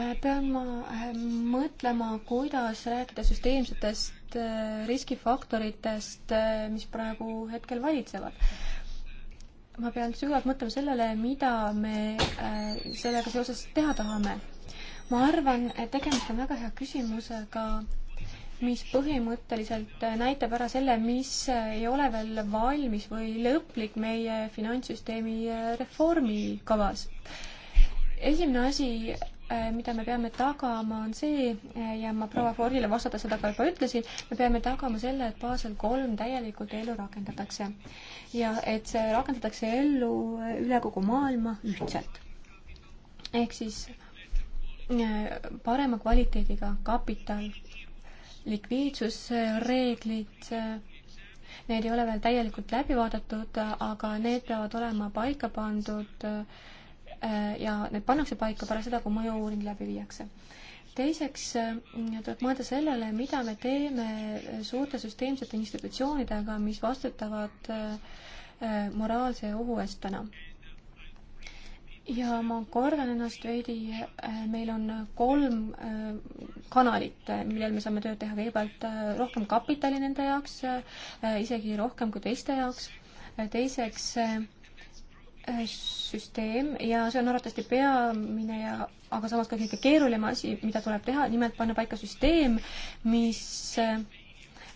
eh, pean ma eh, mõtlema, kuidas rääkida süsteemsetest eh, riskifaktoritest, mis praegu hetkel valitsevad ma pean sügavalt mõtlema sellele, mida me äh, sellega seoses teha tahame. ma arvan, et tegemist on väga hea küsimusega, mis põhimõtteliselt äh, näitab ära selle, mis äh, ei ole veel valmis või lõplik meie finantssüsteemi reformi kavas. esimene asi Äh, mida me peame tagama, on see äh, ja ma proua Fordile vastata seda ka juba ütlesin, me peame tagama selle, et Basel kolm täielikult ellu rakendatakse ja et see rakendatakse ellu äh, üle kogu maailma ühtselt. ehk siis parema kvaliteediga kapital, likviidsusreeglid need ei ole veel täielikult läbi vaadatud, aga need peavad olema paika pandud Äh, ja need pannakse paika pärast seda, kui mõju-uuring läbi viiakse teiseks äh, tuleb mõelda sellele, mida me teeme suurte süsteemsete institutsioonidega, mis vastutavad äh, moraalse ohu eest täna. ja ma kordan ennast veidi, meil on kolm kanalit, millel me saame tööd teha, kõigepealt rohkem kapitali nende jaoks, isegi rohkem kui teiste jaoks, teiseks süsteem ja see on arvatavasti peamine ja aga samas ka kõige keerulisem asi, mida tuleb teha, nimelt panna paika süsteem, mis äh,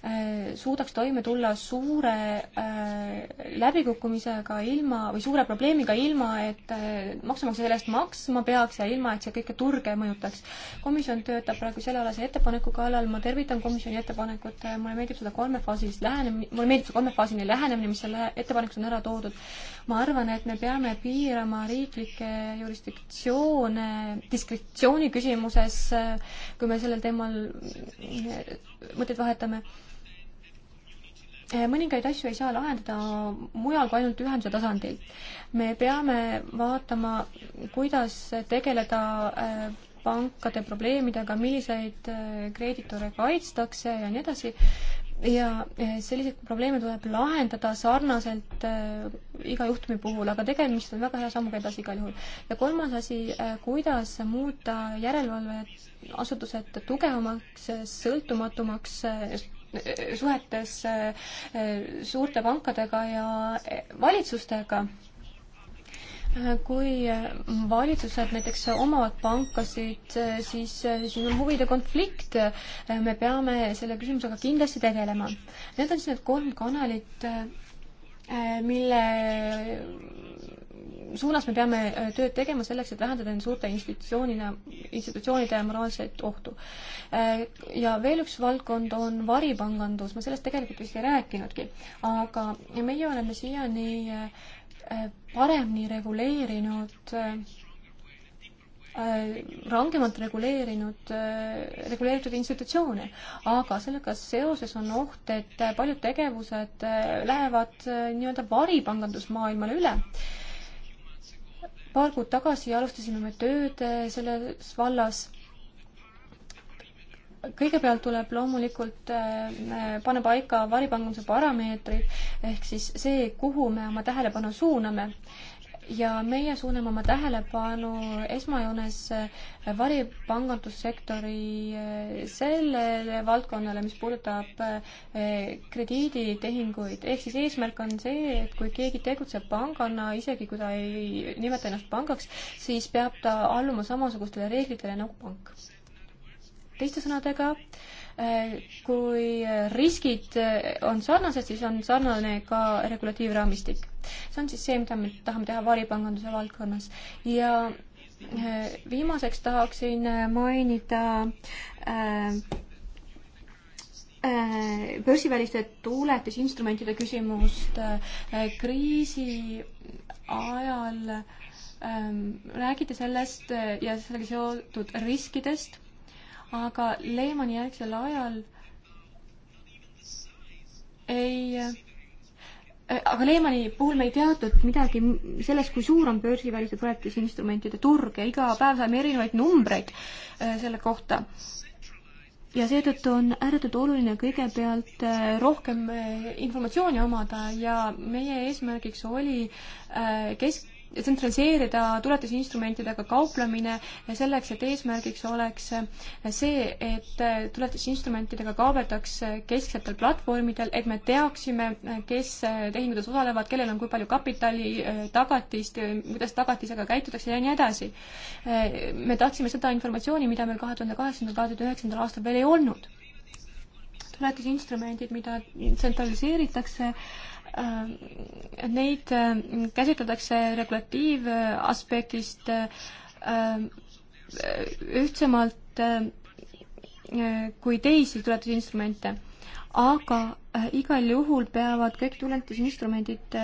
Äh, suudaks toime tulla suure äh, läbikukkumisega ilma või suure probleemiga ilma, et äh, maksumaksja selle eest maksma peaks ja ilma, et see kõike turge mõjutaks. komisjon töötab praegu sellealase ettepaneku kallal, ma tervitan komisjoni ettepanekut, mulle meeldib seda kolmefaasilist lähenemist, mulle meeldib see kolmefaasiline lähenemine, mis selle ettepanekus on ära toodud. ma arvan, et me peame piirama riiklikke jurisdiktsioone diskretsiooni küsimuses, kui me sellel teemal mõtteid vahetame Eh, mõningaid asju ei saa lahendada mujal kui ainult ühenduse tasandil. me peame vaatama, kuidas tegeleda eh, pankade probleemidega, milliseid eh, kreeditore kaitstakse ja nii edasi, ja selliseid probleeme tuleb lahendada sarnaselt äh, iga juhtumi puhul, aga tegemist on väga hea sammuga edasi igal juhul. ja kolmas asi äh,, kuidas muuta järelevalveasutused tugevamaks, sõltumatumaks äh, suhetes eh, suurte pankadega ja eh, valitsustega kui valitsused näiteks omavad pankasid, eh, siis siin on huvide konflikt. me peame selle küsimusega kindlasti tegelema. Need on siis need kolm kanalit, mille suunas me peame äh, tööd tegema selleks, et vähendada nende suurte institutsioonina, institutsioonide moraalset ohtu. Äh, ja veel üks valdkond on varipangandus, ma sellest tegelikult vist ei rääkinudki, aga meie oleme siiani äh, paremini reguleerinud rangemalt reguleerinud, reguleeritud institutsioone. aga sellega seoses on oht, et paljud tegevused lähevad nii-öelda varipangandusmaailmale üle paar kuud tagasi alustasime me tööd eh, selles vallas. kõigepealt tuleb loomulikult eh, panna paika varipangunduse parameetrid ehk siis see, kuhu me oma tähelepanu suuname ja meie suuname oma tähelepanu esmajoones äh, varipangandussektori äh, sellele valdkonnale, mis puudutab äh, krediiditehinguid, ehk siis eesmärk on see, et kui keegi tegutseb pangana, isegi kui ta ei nimeta ennast pangaks, siis peab ta alluma samasugustele reeglitele nagu pank. teiste sõnadega äh, Eh, kui riskid eh, on sarnased, siis on sarnane ka regulatiivraamistik. see on siis see, mida me tahame teha varipanganduse valdkonnas ja eh, viimaseks tahaksin mainida äh, börsiväliste tuuletusinstrumentide küsimust kriisi ajal ähm, räägite sellest ja sellega seotud riskidest aga Lehmani järgsel ajal ei eh, aga Lehmani puhul me ei teadnud midagi sellest, kui suur on börsiväliste tuletisinstrumentide turg ja iga päev saime erinevaid numbreid eh, selle kohta. ja seetõttu on ääretult oluline kõigepealt eh, rohkem informatsiooni omada ja meie eesmärgiks oli kesk-, tsentraliseerida tuletisinstrumentidega kauplemine selleks, et eesmärgiks oleks see, et tuletisinstrumentidega kaubeldaks kesksetel platvormidel, et me teaksime, kes tehingutes osalevad, kellel on kui palju kapitali, tagatist, kuidas tagatisega käitutakse ja nii edasi. me tahtsime seda informatsiooni, mida meil kahe tuhande kaheksandal, kahe tuhande üheksandal aastal veel ei olnud tuletisinstrumendid, mida tsentraliseeritakse äh,, Äh, neid äh, käsitletakse regulatiivaspektist äh, ühtsemalt kui teisi tuletusinstrumente, aga igal juhul peavad kõik tuletusinstrumendid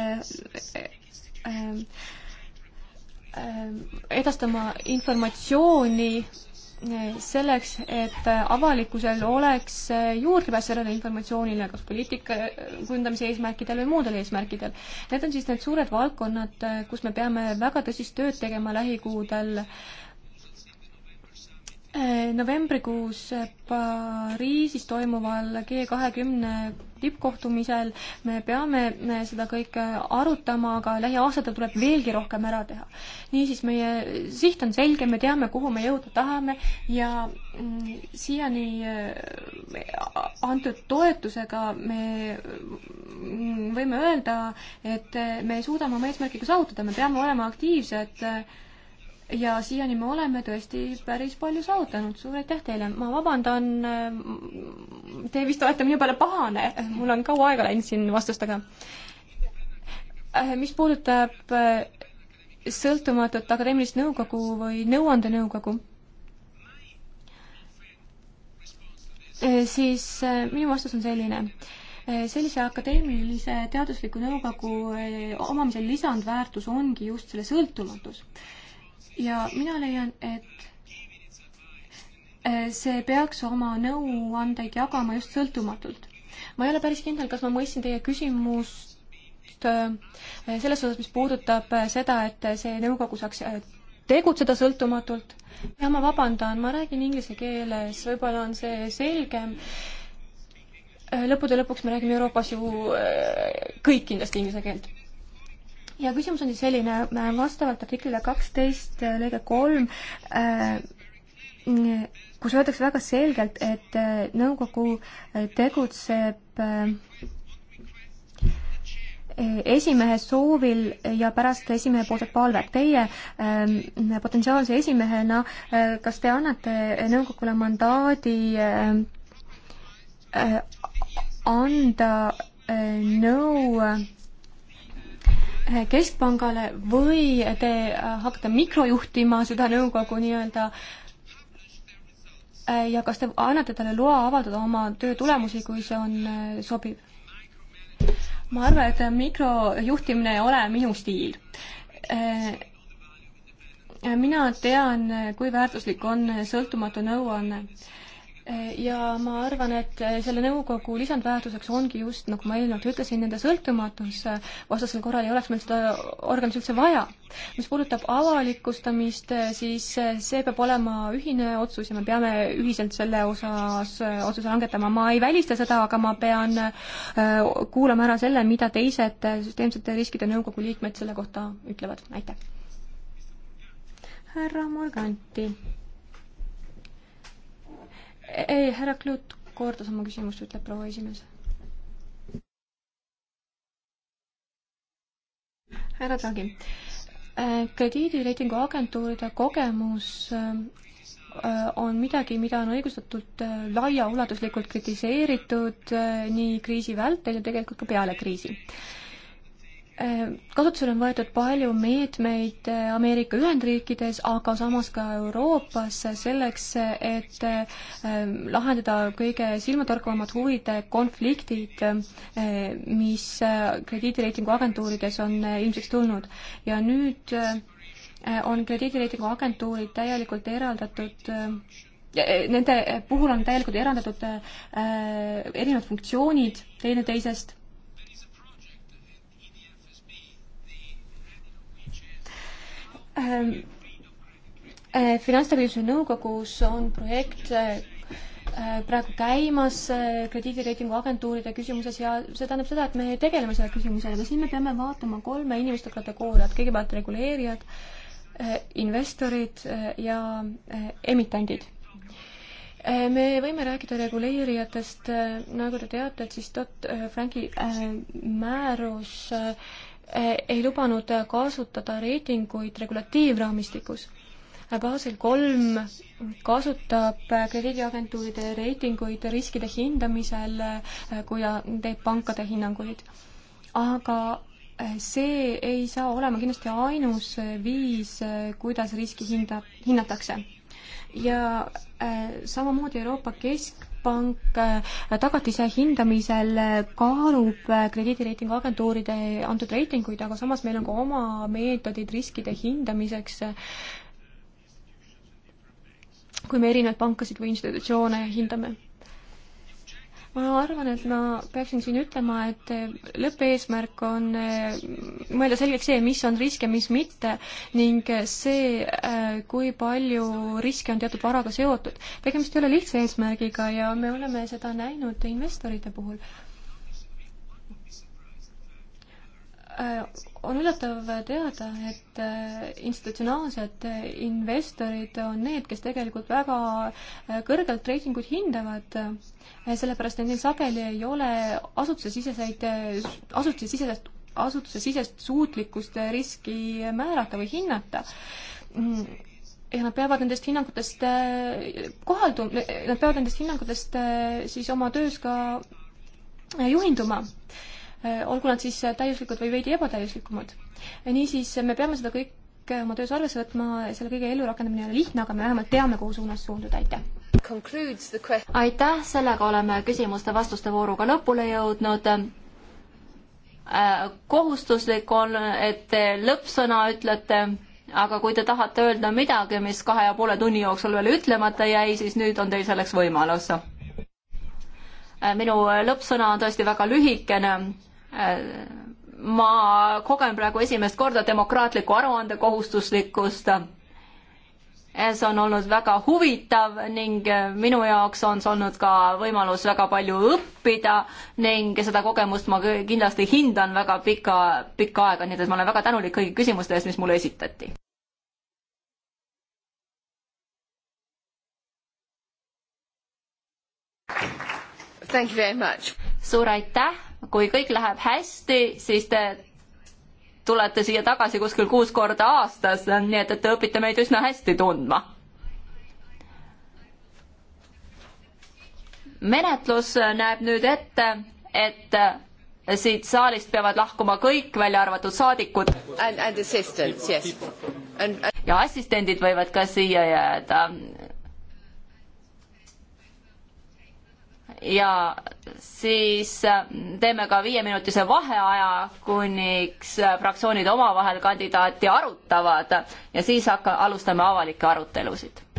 edastama informatsiooni selleks, et avalikkusel oleks juurdepääs sellele informatsioonile, kas poliitika kujundamise eesmärkidel või muudel eesmärkidel. Need on siis need suured valdkonnad, kus me peame väga tõsist tööd tegema lähikuudel Eh, novembrikuus eh, Pariisis toimuval G kahekümne tippkohtumisel me peame me eh, seda kõike arutama, aga lähiaastatel tuleb veelgi rohkem ära teha. niisiis, meie siht on selge, me teame, kuhu me jõuda tahame ja mm, siiani antud toetusega me mm, võime öelda, et me suudame oma eesmärgiga saavutada, me peame olema aktiivsed ja siiani me oleme tõesti päris palju saavutanud, suur aitäh teile, ma vabandan, äh, te vist olete minu peale pahane, mul on kaua aega läinud siin vastustega. Äh, mis puudutab äh, sõltumatut akadeemilist nõukogu või nõuandenõukogu, siis minu vastus on selline sellise akadeemilise teadusliku nõukogu omamise lisandväärtus ongi just selle sõltumatus ja mina leian, et äh, see peaks oma nõuandeid jagama just sõltumatult. ma ei ole päris kindel, kas ma mõistsin teie küsimust äh, selles osas, mis puudutab äh, seda, et see nõukogu saaks tegutseda sõltumatult. ja ma vabandan, ma räägin inglise keeles, võib-olla on see selgem. lõppude lõpuks me räägime Euroopas ju kõik kindlasti inglise keelt ja küsimus on siis selline, äh, vastavalt artiklile kaksteist äh, lõige kolm, äh, kus öeldakse väga selgelt, et nõukogu tegutseb esimehe soovil ja pärast esimehe poolset palvet. Teie ähm, potentsiaalse esimehena äh,, kas te annate nõukogule mandaadi äh, äh, anda nõu Eh, keskpangale või te eh, hakkate mikrojuhtima seda nõukogu nii-öelda eh, ja kas te annate talle loa avaldada oma töö tulemusi, kui see on sobiv? ma arvan, et mikrojuhtimine ei ole minu stiil. mina tean, kui väärtuslik on sõltumatu nõuanne ja ma arvan, et selle nõukogu lisandväärtuseks ongi just, nagu ma eelnevalt ütlesin, nende sõltumatus, vastasel korral ei oleks meil seda organit üldse vaja. mis puudutab avalikustamist, siis see peab olema ühine otsus ja me peame ühiselt selle osas otsuse langetama. ma ei välista seda, aga ma pean äh, kuulama ära selle, mida teised süsteemsete riskide nõukogu liikmed selle kohta ütlevad. aitäh! härra Morganti ei, härra Klut kordas oma küsimust, ütleb proua esimees. härra Draghi, äh, krediidireitingu agentuuride kogemus äh, on midagi, mida on õigustatult äh, laiaulatuslikult kritiseeritud nii kriisi vältel ja tegelikult ka peale kriisi Äh, kasutusele on võetud palju meetmeid äh, Ameerika Ühendriikides, aga samas ka Euroopas äh, selleks, et lahendada kõige silmatorkavamad huvide konfliktid, mis krediidireitingu agentuurides on ilmsiks tulnud. ja nüüd on krediidireitingu agentuurid täielikult eraldatud Nende puhul on täielikult eraldatud erinevad funktsioonid teineteisest Ähm, äh, finantsstabiilsuse nõukogus on projekt äh, äh, praegu käimas krediidireitingu agentuuride küsimuses ja see tähendab seda, et me tegeleme selle küsimusega ja siin me peame vaatama kolme inimeste kategooriat, kõigepealt reguleerijad, investorid ja emitendid. me võime rääkida reguleerijatest, nagu te teate, et siis Dodd-Franki määrus Eh, ei lubanud kasutada reitinguid regulatiivraamistikus. Basel kolm kasutab krediidiagentuuride reitinguid riskide hindamisel, eh, kui teeb pankade hinnanguid. aga eh, see ei saa olema kindlasti ainus viis, kuidas riski hinda, hinnatakse ja äh, samamoodi Euroopa Kesk Keskpank äh, tagatise hindamisel kaalub äh, krediidireitingu agentuuride antud reitinguid, aga samas meil on ka oma meetodid riskide hindamiseks. kui me erinevaid pankasid või institutsioone hindame ma arvan, et ma peaksin siin ütlema, et lõppeesmärk on eh, mõelda selgeks see, mis on risk ja mis mitte ning see, eh, kui palju riske on teatud varaga seotud. tegemist ei ole lihtsa eesmärgiga ja me oleme seda näinud investorite puhul Äh, on üllatav teada, et äh, institutsionaalsed investorid on need, kes tegelikult väga äh, kõrgelt reitinguid hindavad, sellepärast et neil sageli ei ole asutusesiseseid, asutusesisest, asutusesisest suutlikkust riski määrata või hinnata ja nad peavad nendest hinnangutest kohaldu-, nad peavad nendest hinnangutest siis oma töös ka juhinduma Äh, olgu nad siis täiuslikud või veidi ebatäiuslikumad. Äh, niisiis, me peame seda kõike äh, oma töös arvesse võtma, selle kõige ellurakendamine ei ole lihtne, aga me vähemalt teame, kuhu suunas suunduda, aitäh! aitäh, sellega oleme küsimuste-vastuste vooruga lõpule jõudnud kohustuslik on, et te lõppsõna ütlete, aga kui te tahate öelda midagi, mis kahe ja poole tunni jooksul veel ütlemata jäi, siis nüüd on teil selleks võimalus. minu lõppsõna on tõesti väga lühikene ma kogen praegu esimest korda demokraatlikku aruande kohustuslikkust. see on olnud väga huvitav ning minu jaoks on see olnud ka võimalus väga palju õppida ning seda kogemust ma kindlasti hindan väga pika, pikka aega, nii et ma olen väga tänulik kõigi küsimuste eest, mis mulle esitati. suur aitäh kui kõik läheb hästi, siis te tulete siia tagasi kuskil kuus korda aastas, nii et, et te õpite meid üsna hästi tundma. menetlus näeb nüüd ette, et siit saalist peavad lahkuma kõik, välja arvatud saadikud. Yes. And... ja assistendid võivad ka siia jääda ja siis äh, teeme ka viieminutise vaheaja, kuniks äh, fraktsioonid omavahel kandidaati arutavad ja siis hakka-, alustame avalikke arutelusid